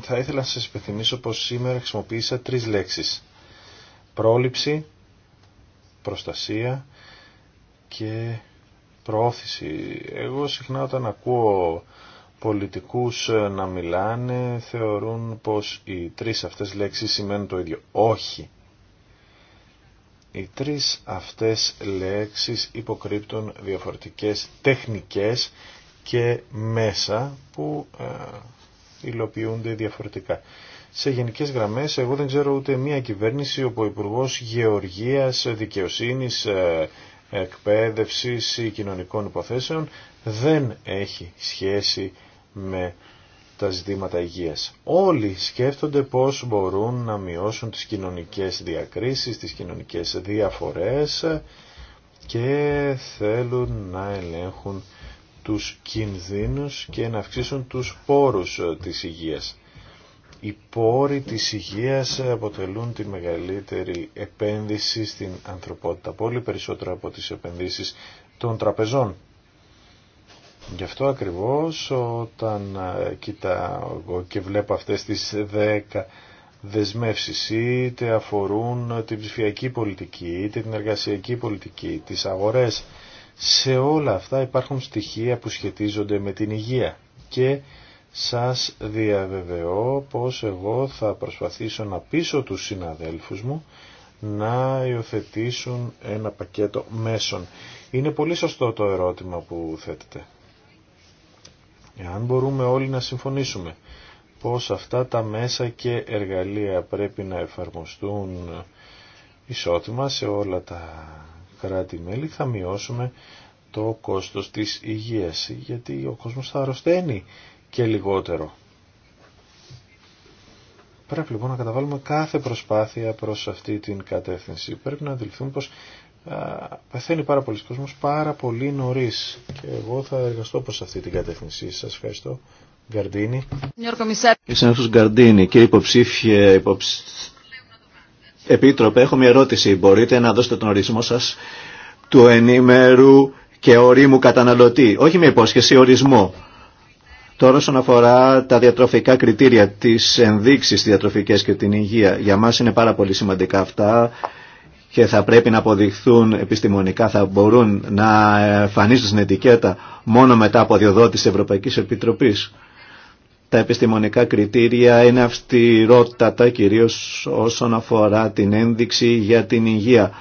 θα ήθελα να σας υπενθυμίσω πως σήμερα χρησιμοποίησα τρεις λέξεις. Πρόληψη, προστασία και προώθηση. Εγώ συχνά όταν ακούω πολιτικούς ε, να μιλάνε θεωρούν πως οι τρεις αυτές λέξεις σημαίνουν το ίδιο. Όχι. Οι τρεις αυτές λέξεις υποκρύπτουν διαφορετικές τεχνικές και μέσα που ε, υλοποιούνται διαφορετικά. Σε γενικές γραμμές εγώ δεν ξέρω ούτε μία κυβέρνηση όπου ο υπουργό Γεωργίας, Δικαιοσύνης, ε, Εκπαίδευσης ή Κοινωνικών Υποθέσεων δεν έχει σχέση με τα ζητήματα υγείας. Όλοι σκέφτονται πώς μπορούν να μειώσουν τις κοινωνικές διακρίσεις, τις κοινωνικές διαφορές και θέλουν να ελέγχουν τους κινδύνους και να αυξήσουν τους πόρους ε, της υγείας. Οι πόροι της υγείας αποτελούν τη μεγαλύτερη επένδυση στην ανθρωπότητα, πολύ περισσότερο από τις επενδύσεις των τραπεζών. Γι' αυτό ακριβώς όταν ε, κοιτάω και βλέπω αυτές τις 10 δεσμεύσεις είτε αφορούν την ψηφιακή πολιτική, είτε την εργασιακή πολιτική, τις αγορές, σε όλα αυτά υπάρχουν στοιχεία που σχετίζονται με την υγεία και σας διαβεβαιώ πως εγώ θα προσπαθήσω να πείσω τους συναδέλφους μου να υιοθετήσουν ένα πακέτο μέσων. Είναι πολύ σωστό το ερώτημα που θέτετε. Εάν μπορούμε όλοι να συμφωνήσουμε πως αυτά τα μέσα και εργαλεία πρέπει να εφαρμοστούν ισότιμα σε όλα τα κράτη-μέλη θα μειώσουμε το κόστος της υγείας γιατί ο κόσμος θα αρρωσταίνει και λιγότερο. Πρέπει λοιπόν να καταβάλουμε κάθε προσπάθεια προς αυτή την κατεύθυνση. Πρέπει να αντιληφθούμε πως α, πεθαίνει πάρα πολλοί κόσμος πάρα πολύ νωρίς και εγώ θα εργαστώ προς αυτή την κατεύθυνση. Σας ευχαριστώ. Γκαρντίνη. ένας Γκαρντίνη, και υποψήφια υποψήφια. Επίτροπε, έχω μια ερώτηση. Μπορείτε να δώσετε τον ορισμό σας του ενήμερου και ορίμου καταναλωτή. Όχι με υπόσχεση, ορισμό. Τώρα όσον αφορά τα διατροφικά κριτήρια, τις ενδείξεις διατροφικές και την υγεία, για μας είναι πάρα πολύ σημαντικά αυτά και θα πρέπει να αποδειχθούν επιστημονικά, θα μπορούν να εμφανίζουν στην ετικέτα μόνο μετά από διοδότηση Ευρωπαϊκής Επιτροπής. Τα επιστημονικά κριτήρια είναι αυστηρότατα κυρίως όσον αφορά την ένδειξη για την υγεία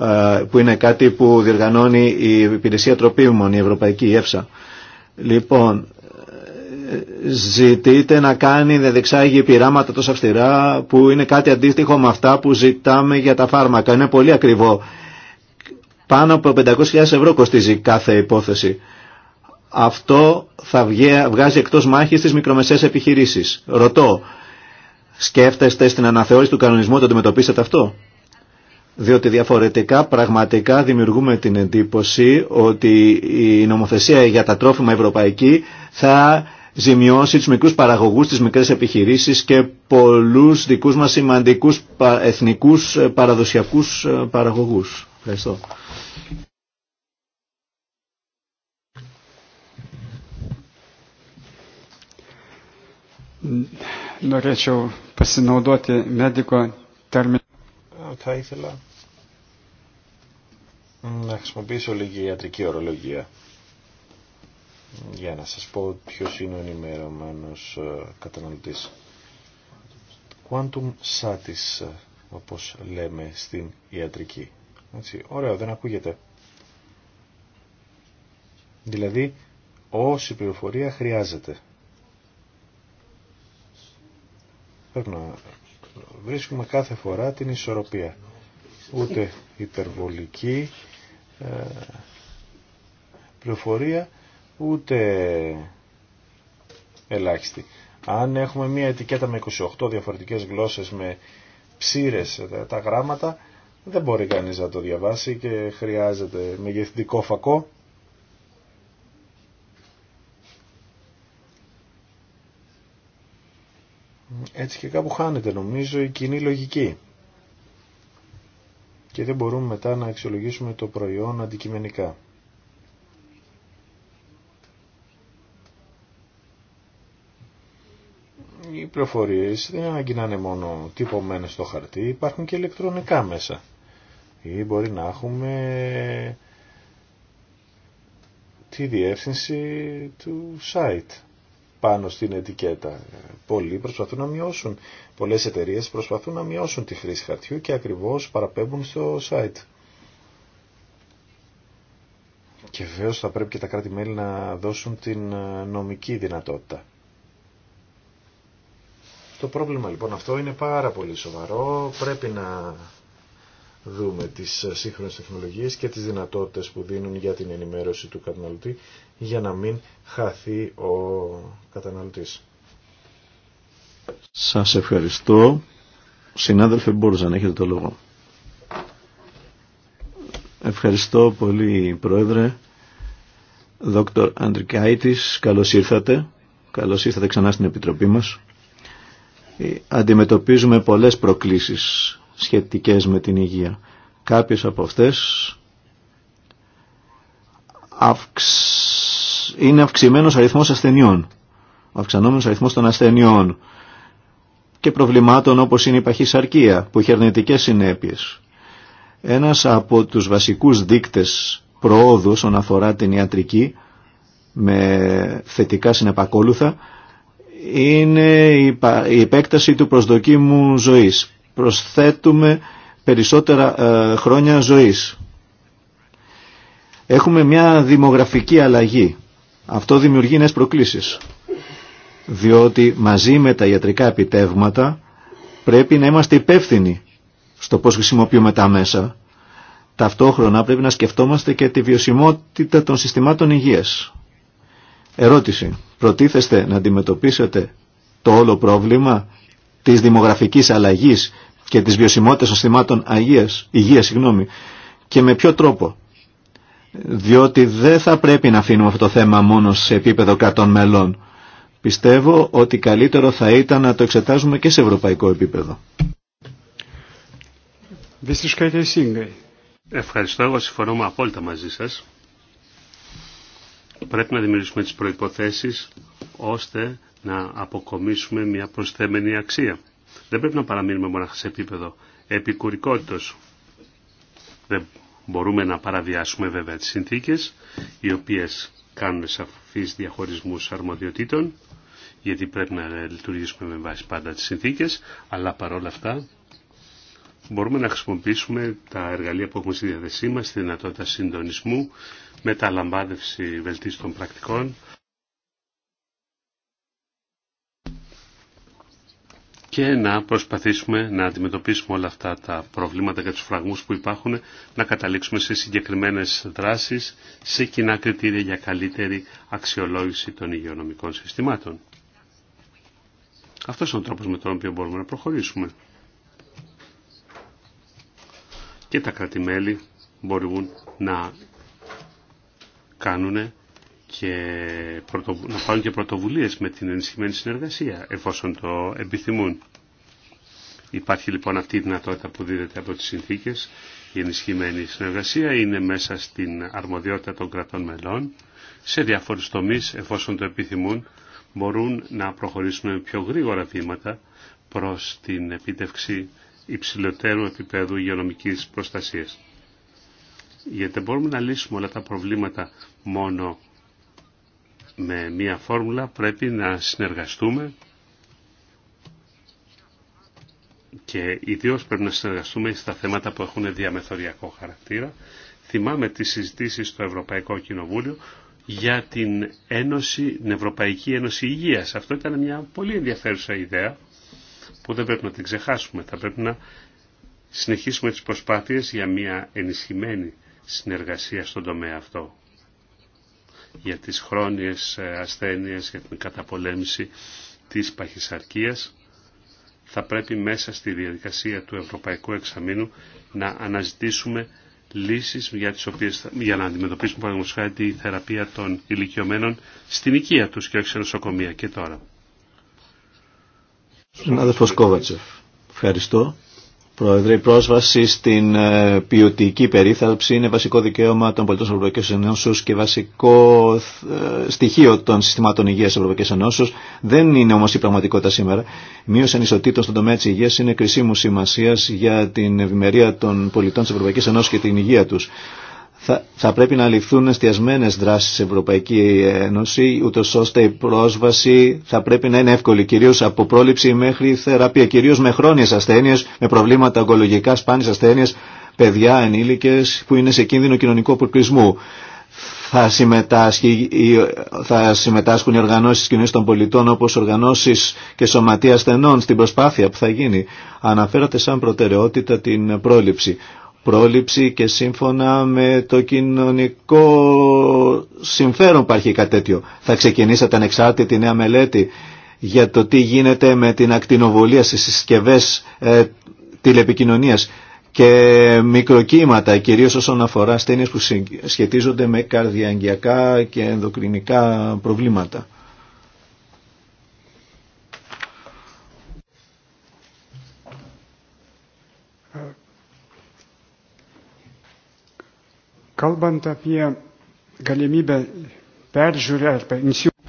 ε, που είναι κάτι που διοργανώνει η Υπηρεσία Τροπίμων, η Ευρωπαϊκή ΕΦΣΑ. Λοιπόν, ε, ζητείτε να κάνει δεξάγει πειράματα τόσο αυστηρά που είναι κάτι αντίστοιχο με αυτά που ζητάμε για τα φάρμακα. Είναι πολύ ακριβό. Πάνω από 500.000 ευρώ κοστίζει κάθε υπόθεση αυτό θα βγάζει εκτός μάχης τις μικρομεσαίες επιχειρήσεις. Ρωτώ, σκέφτεστε στην αναθεώρηση του κανονισμού το αντιμετωπίσετε αυτό. Διότι διαφορετικά πραγματικά δημιουργούμε την εντύπωση ότι η νομοθεσία για τα τρόφιμα ευρωπαϊκή θα ζημιώσει τους μικρούς παραγωγούς, τις μικρές επιχειρήσεις και πολλούς δικούς μας σημαντικούς εθνικούς ε, παραδοσιακούς ε, παραγωγούς. Ευχαριστώ. Norėčiau pasinaudoti mediko terminą. Θα ήθελα να χρησιμοποιήσω λίγη ιατρική ορολογία για να σας πω ποιος είναι ο ενημερωμένος καταναλωτής. Quantum satis, όπως λέμε στην ιατρική. Έτσι, ωραίο, δεν ακούγεται. Δηλαδή, όση πληροφορία χρειάζεται. βρίσκουμε κάθε φορά την ισορροπία. Ούτε υπερβολική ε, πληροφορία, ούτε ελάχιστη. Αν έχουμε μία ετικέτα με 28 διαφορετικές γλώσσες με ψήρες ε, τα, γράμματα, δεν μπορεί κανείς να το διαβάσει και χρειάζεται μεγεθυντικό φακό έτσι και κάπου χάνεται νομίζω η κοινή λογική. Και δεν μπορούμε μετά να αξιολογήσουμε το προϊόν αντικειμενικά. Οι πληροφορίες δεν αναγκινάνε μόνο τυπωμένες στο χαρτί, υπάρχουν και ηλεκτρονικά μέσα. Ή μπορεί να έχουμε τη διεύθυνση του site πάνω στην ετικέτα. Ε, πολλοί προσπαθούν να μειώσουν, πολλές εταιρείες προσπαθούν να μειώσουν τη χρήση χαρτιού και ακριβώς παραπέμπουν στο site. Και βεβαίω θα πρέπει και τα κράτη-μέλη να δώσουν την ε, νομική δυνατότητα. Το πρόβλημα λοιπόν αυτό είναι πάρα πολύ σοβαρό, πρέπει να δούμε τις ε, σύγχρονες τεχνολογίες και τις δυνατότητες που δίνουν για την ενημέρωση του καταναλωτή για να μην χαθεί ο καταναλωτής. Σας ευχαριστώ. Συνάδελφε Μπόρζαν, έχετε το λόγο. Ευχαριστώ πολύ Πρόεδρε. Δόκτωρ Αντρικάητης, καλώς ήρθατε. Καλώς ήρθατε ξανά στην Επιτροπή μας. Ε, αντιμετωπίζουμε πολλές προκλήσεις σχετικές με την υγεία. Κάποιες από αυτές είναι αυξημένος αριθμός ασθενειών, αυξανόμενος αριθμός των ασθενειών και προβλημάτων όπως είναι η παχυσαρκία που έχει αρνητικές συνέπειες. Ένας από τους βασικούς δείκτες προόδου όσον αφορά την ιατρική με θετικά συνεπακόλουθα είναι η επέκταση του προσδοκίμου ζωής προσθέτουμε περισσότερα ε, χρόνια ζωής. Έχουμε μια δημογραφική αλλαγή. Αυτό δημιουργεί νέες προκλήσεις. Διότι μαζί με τα ιατρικά επιτεύγματα πρέπει να είμαστε υπεύθυνοι στο πώς χρησιμοποιούμε τα μέσα. Ταυτόχρονα πρέπει να σκεφτόμαστε και τη βιωσιμότητα των συστημάτων υγείας. Ερώτηση. Προτίθεστε να αντιμετωπίσετε το όλο πρόβλημα της δημογραφικής αλλαγής και της βιωσιμότητας των συστημάτων αγίας, υγείας συγγνώμη, και με ποιο τρόπο. Διότι δεν θα πρέπει να αφήνουμε αυτό το θέμα μόνο σε επίπεδο κάτων μελών. Πιστεύω ότι καλύτερο θα ήταν να το εξετάζουμε και σε ευρωπαϊκό επίπεδο. Ευχαριστώ, εγώ συμφωνώ με απόλυτα μαζί σας. Πρέπει να δημιουργήσουμε τις προϋποθέσεις ώστε να αποκομίσουμε μια προσθέμενη αξία. Δεν πρέπει να παραμείνουμε μόνο σε επίπεδο επικουρικότητος. Δεν μπορούμε να παραβιάσουμε βέβαια τις συνθήκες, οι οποίες κάνουν σαφείς διαχωρισμούς αρμοδιοτήτων, γιατί πρέπει να λειτουργήσουμε με βάση πάντα τις συνθήκες, αλλά παρόλα αυτά μπορούμε να χρησιμοποιήσουμε τα εργαλεία που έχουμε στη διαδεσή μας, τη δυνατότητα συντονισμού, μεταλαμβάνευση βελτίστων πρακτικών, και να προσπαθήσουμε να αντιμετωπίσουμε όλα αυτά τα προβλήματα και τους φραγμούς που υπάρχουν, να καταλήξουμε σε συγκεκριμένες δράσεις, σε κοινά κριτήρια για καλύτερη αξιολόγηση των υγειονομικών συστημάτων. Αυτός είναι ο τρόπος με τον οποίο μπορούμε να προχωρήσουμε. Και τα κρατημέλη μπορούν να κάνουν και να πάρουν και πρωτοβουλίες με την ενισχυμένη συνεργασία, εφόσον το επιθυμούν. Υπάρχει λοιπόν αυτή η δυνατότητα που δίδεται από τις συνθήκες. Η ενισχυμένη συνεργασία είναι μέσα στην αρμοδιότητα των κρατών μελών. Σε διάφορους τομείς, εφόσον το επιθυμούν, μπορούν να προχωρήσουν με πιο γρήγορα βήματα προς την επίτευξη υψηλότερου επίπεδου υγειονομικής προστασίας. Γιατί δεν μπορούμε να λύσουμε όλα τα προβλήματα μόνο με μια φόρμουλα πρέπει να συνεργαστούμε και ιδίως πρέπει να συνεργαστούμε στα θέματα που έχουν διαμεθοριακό χαρακτήρα. Θυμάμαι τις συζητήσεις στο Ευρωπαϊκό Κοινοβούλιο για την, Ένωση, την Ευρωπαϊκή Ένωση Υγείας. Αυτό ήταν μια πολύ ενδιαφέρουσα ιδέα που δεν πρέπει να την ξεχάσουμε. Θα πρέπει να συνεχίσουμε τις προσπάθειες για μια ενισχυμένη συνεργασία στον τομέα αυτό για τις χρόνιες ε, ασθένειες, για την καταπολέμηση της παχυσαρκίας, θα πρέπει μέσα στη διαδικασία του Ευρωπαϊκού Εξαμήνου να αναζητήσουμε λύσεις για, τις οποίες, για να αντιμετωπίσουμε παραδείγματος τη θεραπεία των ηλικιωμένων στην οικία τους και όχι σε νοσοκομεία και τώρα. Πρόεδρε, η πρόσβαση στην ε, ποιοτική περίθαλψη είναι βασικό δικαίωμα των πολιτών της Ευρωπαϊκής και βασικό ε, στοιχείο των συστημάτων υγείας της Ευρωπαϊκής Δεν είναι όμως η πραγματικότητα σήμερα. μείωση ανισοτήτων στον τομέα της υγείας είναι κρισίμου σημασίας για την ευημερία των πολιτών της Ευρωπαϊκής και την υγεία τους θα, θα πρέπει να ληφθούν εστιασμένε δράσει στην Ευρωπαϊκή Ένωση, ούτω ώστε η πρόσβαση θα πρέπει να είναι εύκολη, Κυρίω από πρόληψη μέχρι θεραπεία, κυρίω με χρόνιε ασθένειε, με προβλήματα ογκολογικά, σπάνιε ασθένειε, παιδιά, ενήλικε, που είναι σε κίνδυνο κοινωνικού αποκλεισμού. Θα, θα συμμετάσχουν οι οργανώσεις κοινωνία των πολιτών όπω οργανώσει και σωματεία ασθενών στην προσπάθεια που θα γίνει. Αναφέρατε σαν προτεραιότητα την πρόληψη πρόληψη και σύμφωνα με το κοινωνικό συμφέρον υπάρχει κάτι τέτοιο. Θα ξεκινήσατε ανεξάρτητη νέα μελέτη για το τι γίνεται με την ακτινοβολία στις συσκευές ε, τηλεπικοινωνίας και μικροκύματα, κυρίως όσον αφορά ασθένειες που σχετίζονται με καρδιαγγειακά και ενδοκρινικά προβλήματα.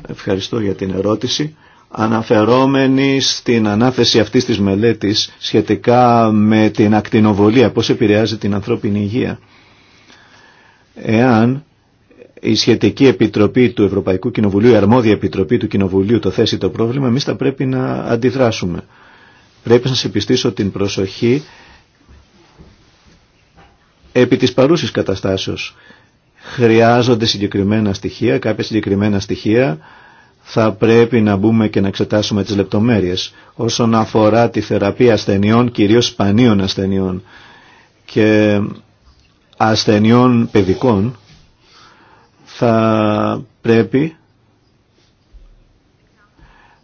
Ευχαριστώ για την ερώτηση. Αναφερόμενοι στην ανάθεση αυτής της μελέτης σχετικά με την ακτινοβολία, πώς επηρεάζει την ανθρώπινη υγεία. Εάν η σχετική επιτροπή του Ευρωπαϊκού Κοινοβουλίου, η αρμόδια επιτροπή του Κοινοβουλίου το θέσει το πρόβλημα, εμεί θα πρέπει να αντιδράσουμε. Πρέπει να συμπιστήσω την προσοχή επί της παρούσης καταστάσεως. Χρειάζονται συγκεκριμένα στοιχεία, κάποια συγκεκριμένα στοιχεία θα πρέπει να μπούμε και να εξετάσουμε τις λεπτομέρειες όσον αφορά τη θεραπεία ασθενειών, κυρίως σπανίων ασθενειών και ασθενειών παιδικών θα πρέπει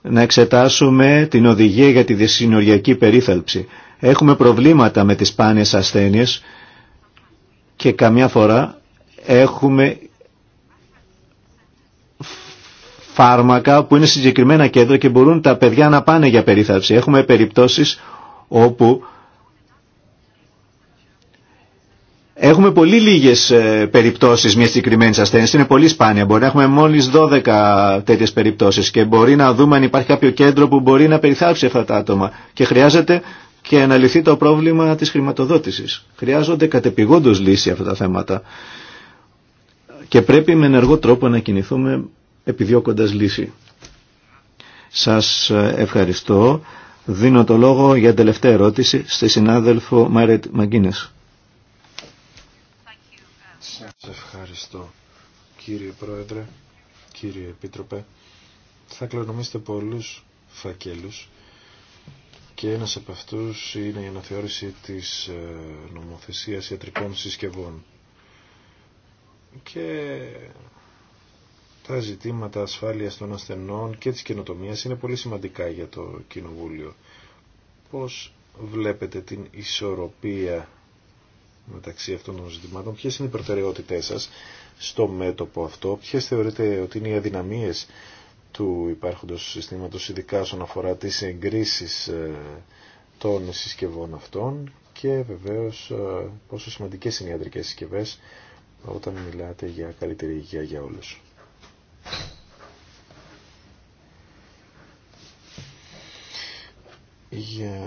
να εξετάσουμε την οδηγία για τη δυσυνοριακή περίθαλψη. Έχουμε προβλήματα με τις σπάνιες ασθένειες και καμιά φορά έχουμε φάρμακα που είναι συγκεκριμένα κέντρα και μπορούν τα παιδιά να πάνε για περιθάψη. Έχουμε περιπτώσεις όπου Έχουμε πολύ λίγες ε, περιπτώσεις μια συγκεκριμένη ασθένεια. Είναι πολύ σπάνια. Μπορεί να έχουμε μόλις 12 τέτοιες περιπτώσεις και μπορεί να δούμε αν υπάρχει κάποιο κέντρο που μπορεί να περιθάψει αυτά τα άτομα. Και χρειάζεται και αναλυθεί το πρόβλημα της χρηματοδότησης. Χρειάζονται κατεπηγόντως λύση αυτά τα θέματα και πρέπει με ενεργό τρόπο να κινηθούμε επιδιώκοντας λύση. Σας ευχαριστώ. Δίνω το λόγο για τελευταία ερώτηση στη συνάδελφο Μάρετ Μαγκίνες. Σας ευχαριστώ κύριε Πρόεδρε, κύριε Επίτροπε. Θα κληρονομήσετε πολλούς φακέλους και ένας από αυτούς είναι η αναθεώρηση της ε, νομοθεσίας ιατρικών συσκευών. Και τα ζητήματα ασφάλειας των ασθενών και της καινοτομίας είναι πολύ σημαντικά για το Κοινοβούλιο. Πώς βλέπετε την ισορροπία μεταξύ αυτών των ζητημάτων, ποιες είναι οι προτεραιότητές σας στο μέτωπο αυτό, ποιες θεωρείτε ότι είναι οι αδυναμίες του υπάρχοντος συστήματος, ειδικά όσον αφορά τις εγκρίσεις ε, των συσκευών αυτών και βεβαίως ε, πόσο σημαντικές είναι οι ιατρικές συσκευές όταν μιλάτε για καλύτερη υγεία για όλους. Για...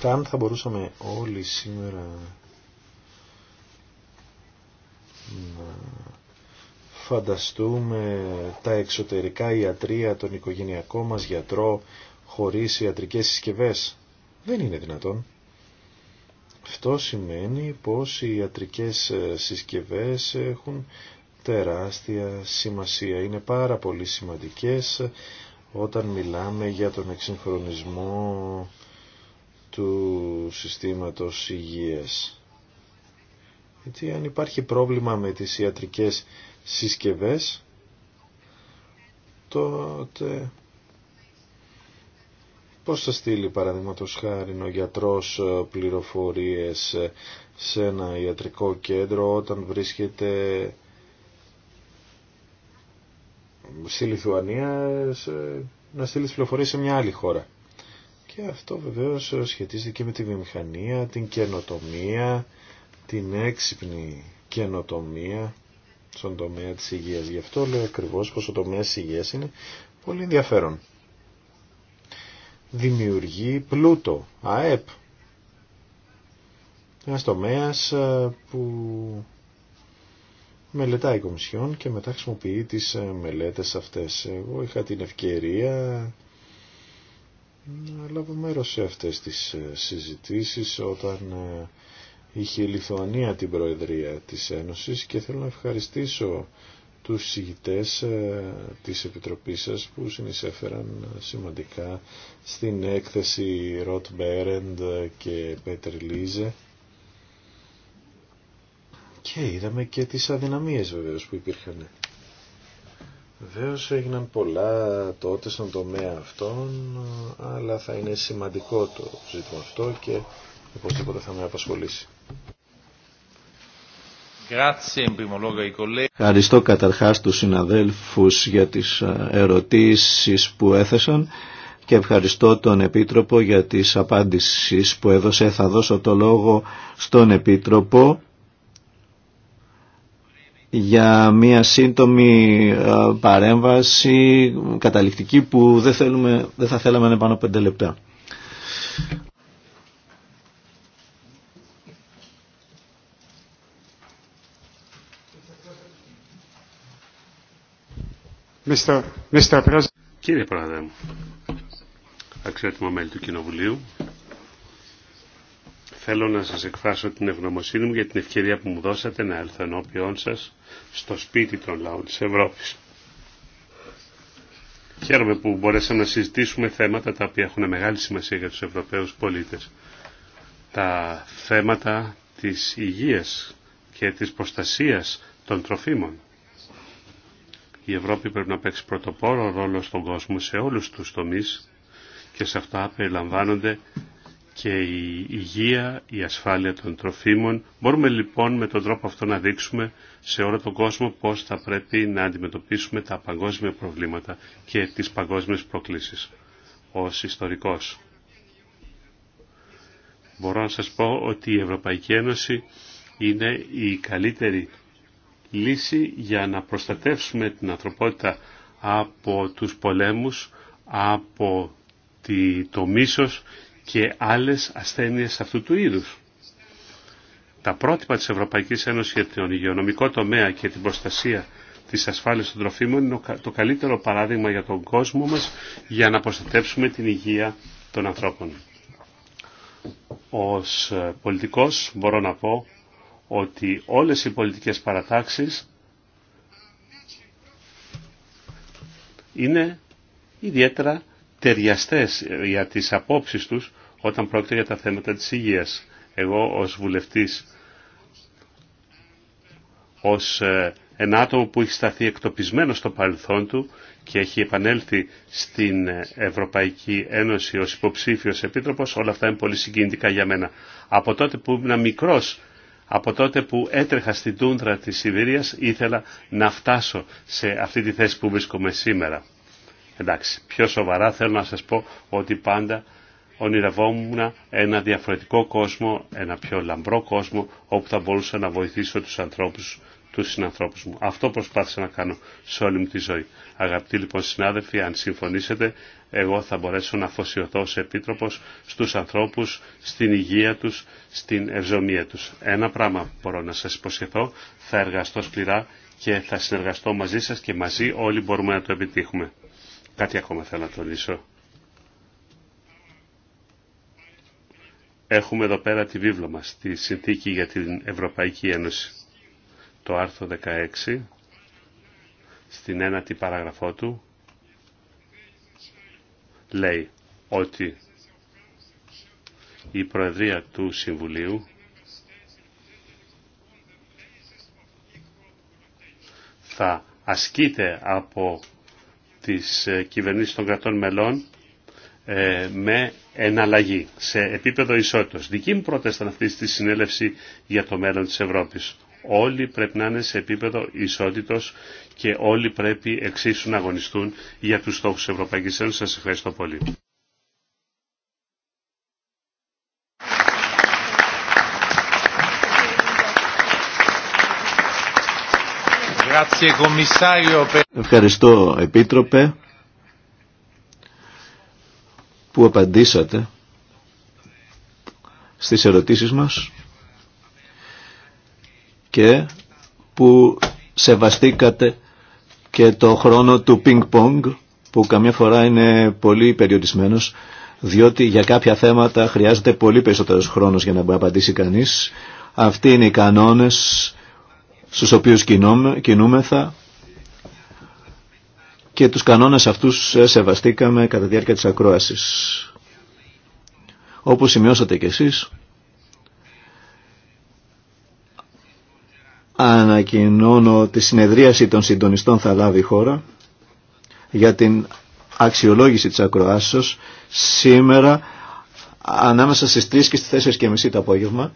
Τα αν θα μπορούσαμε όλοι σήμερα να φανταστούμε τα εξωτερικά ιατρία, τον οικογενειακό μας γιατρό, χωρίς ιατρικές συσκευές. Δεν είναι δυνατόν. Αυτό σημαίνει πως οι ιατρικές ε, συσκευές έχουν τεράστια σημασία. Είναι πάρα πολύ σημαντικές όταν μιλάμε για τον εξυγχρονισμό του συστήματος υγείας. Γιατί αν υπάρχει πρόβλημα με τις ιατρικές συσκευές τότε πώς θα στείλει παραδείγματο χάρη ο γιατρός ε, πληροφορίες ε, σε ένα ιατρικό κέντρο όταν βρίσκεται στη Λιθουανία να στείλει τις πληροφορίες σε μια άλλη χώρα. Και αυτό βεβαίως ε, σχετίζεται και με τη βιομηχανία, την καινοτομία, την έξυπνη καινοτομία στον τομέα της υγείας. Γι' αυτό λέω ακριβώς πως ο τομέας της υγείας είναι πολύ ενδιαφέρον. Δημιουργεί πλούτο, ΑΕΠ. Ένα τομέα ε, που μελετάει η Κομισιόν και μετά χρησιμοποιεί τις ε, μελέτες αυτές. Εγώ είχα την ευκαιρία να λάβω μέρος σε αυτές τις ε, συζητήσεις όταν είχε η Λιθουανία την Προεδρία της Ένωσης και θέλω να ευχαριστήσω τους συγητές ε, της Επιτροπής σας που συνεισέφεραν σημαντικά στην έκθεση Ροτ Μπέρεντ και Πέτρι Λίζε και είδαμε και τις αδυναμίες βεβαίως που υπήρχαν. Βεβαίως έγιναν πολλά τότε στον τομέα αυτών, αλλά θα είναι σημαντικό το ζήτημα αυτό και οπωσδήποτε θα με απασχολήσει. Ευχαριστώ καταρχάς του συναδέλφους για τις ε, ερωτήσεις που έθεσαν και ευχαριστώ τον Επίτροπο για τις απάντησεις που έδωσε. Θα δώσω το λόγο στον Επίτροπο για μια σύντομη ε, παρέμβαση καταληκτική που δεν, θέλουμε, δεν θα θέλαμε να πάνω πέντε λεπτά. Κύριε Πρόεδρε, αξιότιμο μέλη του Κοινοβουλίου, θέλω να σας εκφράσω την ευγνωμοσύνη μου για την ευκαιρία που μου δώσατε να έλθω ενώπιόν σας στο σπίτι των λαών της Ευρώπης. Χαίρομαι που μπορέσαμε να συζητήσουμε θέματα τα οποία έχουν μεγάλη σημασία για τους Ευρωπαίους πολίτες. Τα θέματα της υγείας και της προστασίας των τροφίμων η Ευρώπη πρέπει να παίξει πρωτοπόρο ρόλο στον κόσμο σε όλους τους τομείς και σε αυτά περιλαμβάνονται και η υγεία, η ασφάλεια των τροφίμων. Μπορούμε λοιπόν με τον τρόπο αυτό να δείξουμε σε όλο τον κόσμο πώς θα πρέπει να αντιμετωπίσουμε τα παγκόσμια προβλήματα και τις παγκόσμιες προκλήσεις. Ως ιστορικός μπορώ να σας πω ότι η Ευρωπαϊκή Ένωση είναι η καλύτερη λύση για να προστατεύσουμε την ανθρωπότητα από τους πολέμους, από το μίσος και άλλες ασθένειες αυτού του είδους. Τα πρότυπα της Ευρωπαϊκής Ένωσης για τον υγειονομικό τομέα και την προστασία της ασφάλειας των τροφίμων είναι το καλύτερο παράδειγμα για τον κόσμο μας για να προστατεύσουμε την υγεία των ανθρώπων. Ως ε, πολιτικός μπορώ να πω ότι όλες οι πολιτικές παρατάξεις είναι ιδιαίτερα ταιριαστές για τις απόψεις τους όταν πρόκειται για τα θέματα της υγείας. Εγώ ως βουλευτής, ως ε, ένα άτομο που έχει σταθεί εκτοπισμένο στο παρελθόν του και έχει επανέλθει στην Ευρωπαϊκή Ένωση ως υποψήφιος επίτροπος, όλα αυτά είναι πολύ συγκινητικά για μένα. Από τότε που ήμουν μικρός από τότε που έτρεχα στην τούντρα της Σιβηρίας ήθελα να φτάσω σε αυτή τη θέση που βρίσκομαι σήμερα. Εντάξει, πιο σοβαρά θέλω να σας πω ότι πάντα ονειρευόμουν ένα διαφορετικό κόσμο, ένα πιο λαμπρό κόσμο όπου θα μπορούσα να βοηθήσω τους ανθρώπους τους συνανθρώπους μου. Αυτό προσπάθησα να κάνω σε όλη μου τη ζωή. Αγαπητοί λοιπόν συνάδελφοι, αν συμφωνήσετε, εγώ θα μπορέσω να αφοσιωθώ ως επίτροπος στους ανθρώπους, στην υγεία τους, στην ευζωμία τους. Ένα πράγμα μπορώ να σας υποσχεθώ, θα εργαστώ σκληρά και θα συνεργαστώ μαζί σας και μαζί όλοι μπορούμε να το επιτύχουμε. Κάτι ακόμα θέλω να τονίσω. Έχουμε εδώ πέρα τη βίβλο μας, τη Συνθήκη για την Ευρωπαϊκή Ένωση το άρθρο 16 στην ένατη παραγραφό του λέει ότι η Προεδρία του Συμβουλίου θα ασκείται από τις κυβερνήσεις των κρατών μελών ε, με εναλλαγή σε επίπεδο ισότητας. Δική μου πρόταση ήταν αυτή στη συνέλευση για το μέλλον της Ευρώπης. Όλοι πρέπει να είναι σε επίπεδο ισότητος και όλοι πρέπει εξίσου να αγωνιστούν για τους στόχους της Ευρωπαϊκής Ένωσης. Σας ευχαριστώ πολύ. Ευχαριστώ Επίτροπε που απαντήσατε στις ερωτήσεις μας και που σεβαστήκατε και το χρόνο του πινκ-πονγκ που καμιά φορά είναι πολύ περιορισμένος διότι για κάποια θέματα χρειάζεται πολύ περισσότερος χρόνος για να μπορεί να απαντήσει κανείς. Αυτοί είναι οι κανόνες στους οποίους κινούμεθα και τους κανόνες αυτούς ε, σεβαστήκαμε κατά τη διάρκεια της ακρόασης. Όπως σημειώσατε κι εσείς, Ανακοινώνω τη συνεδρίαση των συντονιστών θα λάβει χώρα για την αξιολόγηση της ακροάσεως σήμερα ανάμεσα στις 3 και στις 4 το απόγευμα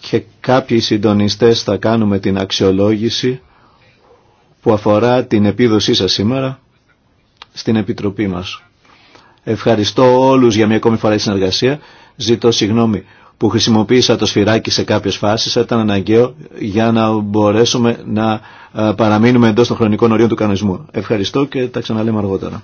και κάποιοι συντονιστές θα κάνουμε την αξιολόγηση που αφορά την επίδοσή σας σήμερα στην Επιτροπή μας. Ευχαριστώ όλους για μια ακόμη φορά συνεργασία. Ζητώ συγγνώμη που χρησιμοποίησα το σφυράκι σε κάποιες φάσεις ήταν αναγκαίο για να μπορέσουμε να ε, παραμείνουμε εντός των χρονικών ορίων του κανονισμού. Ευχαριστώ και τα ξαναλέμε αργότερα.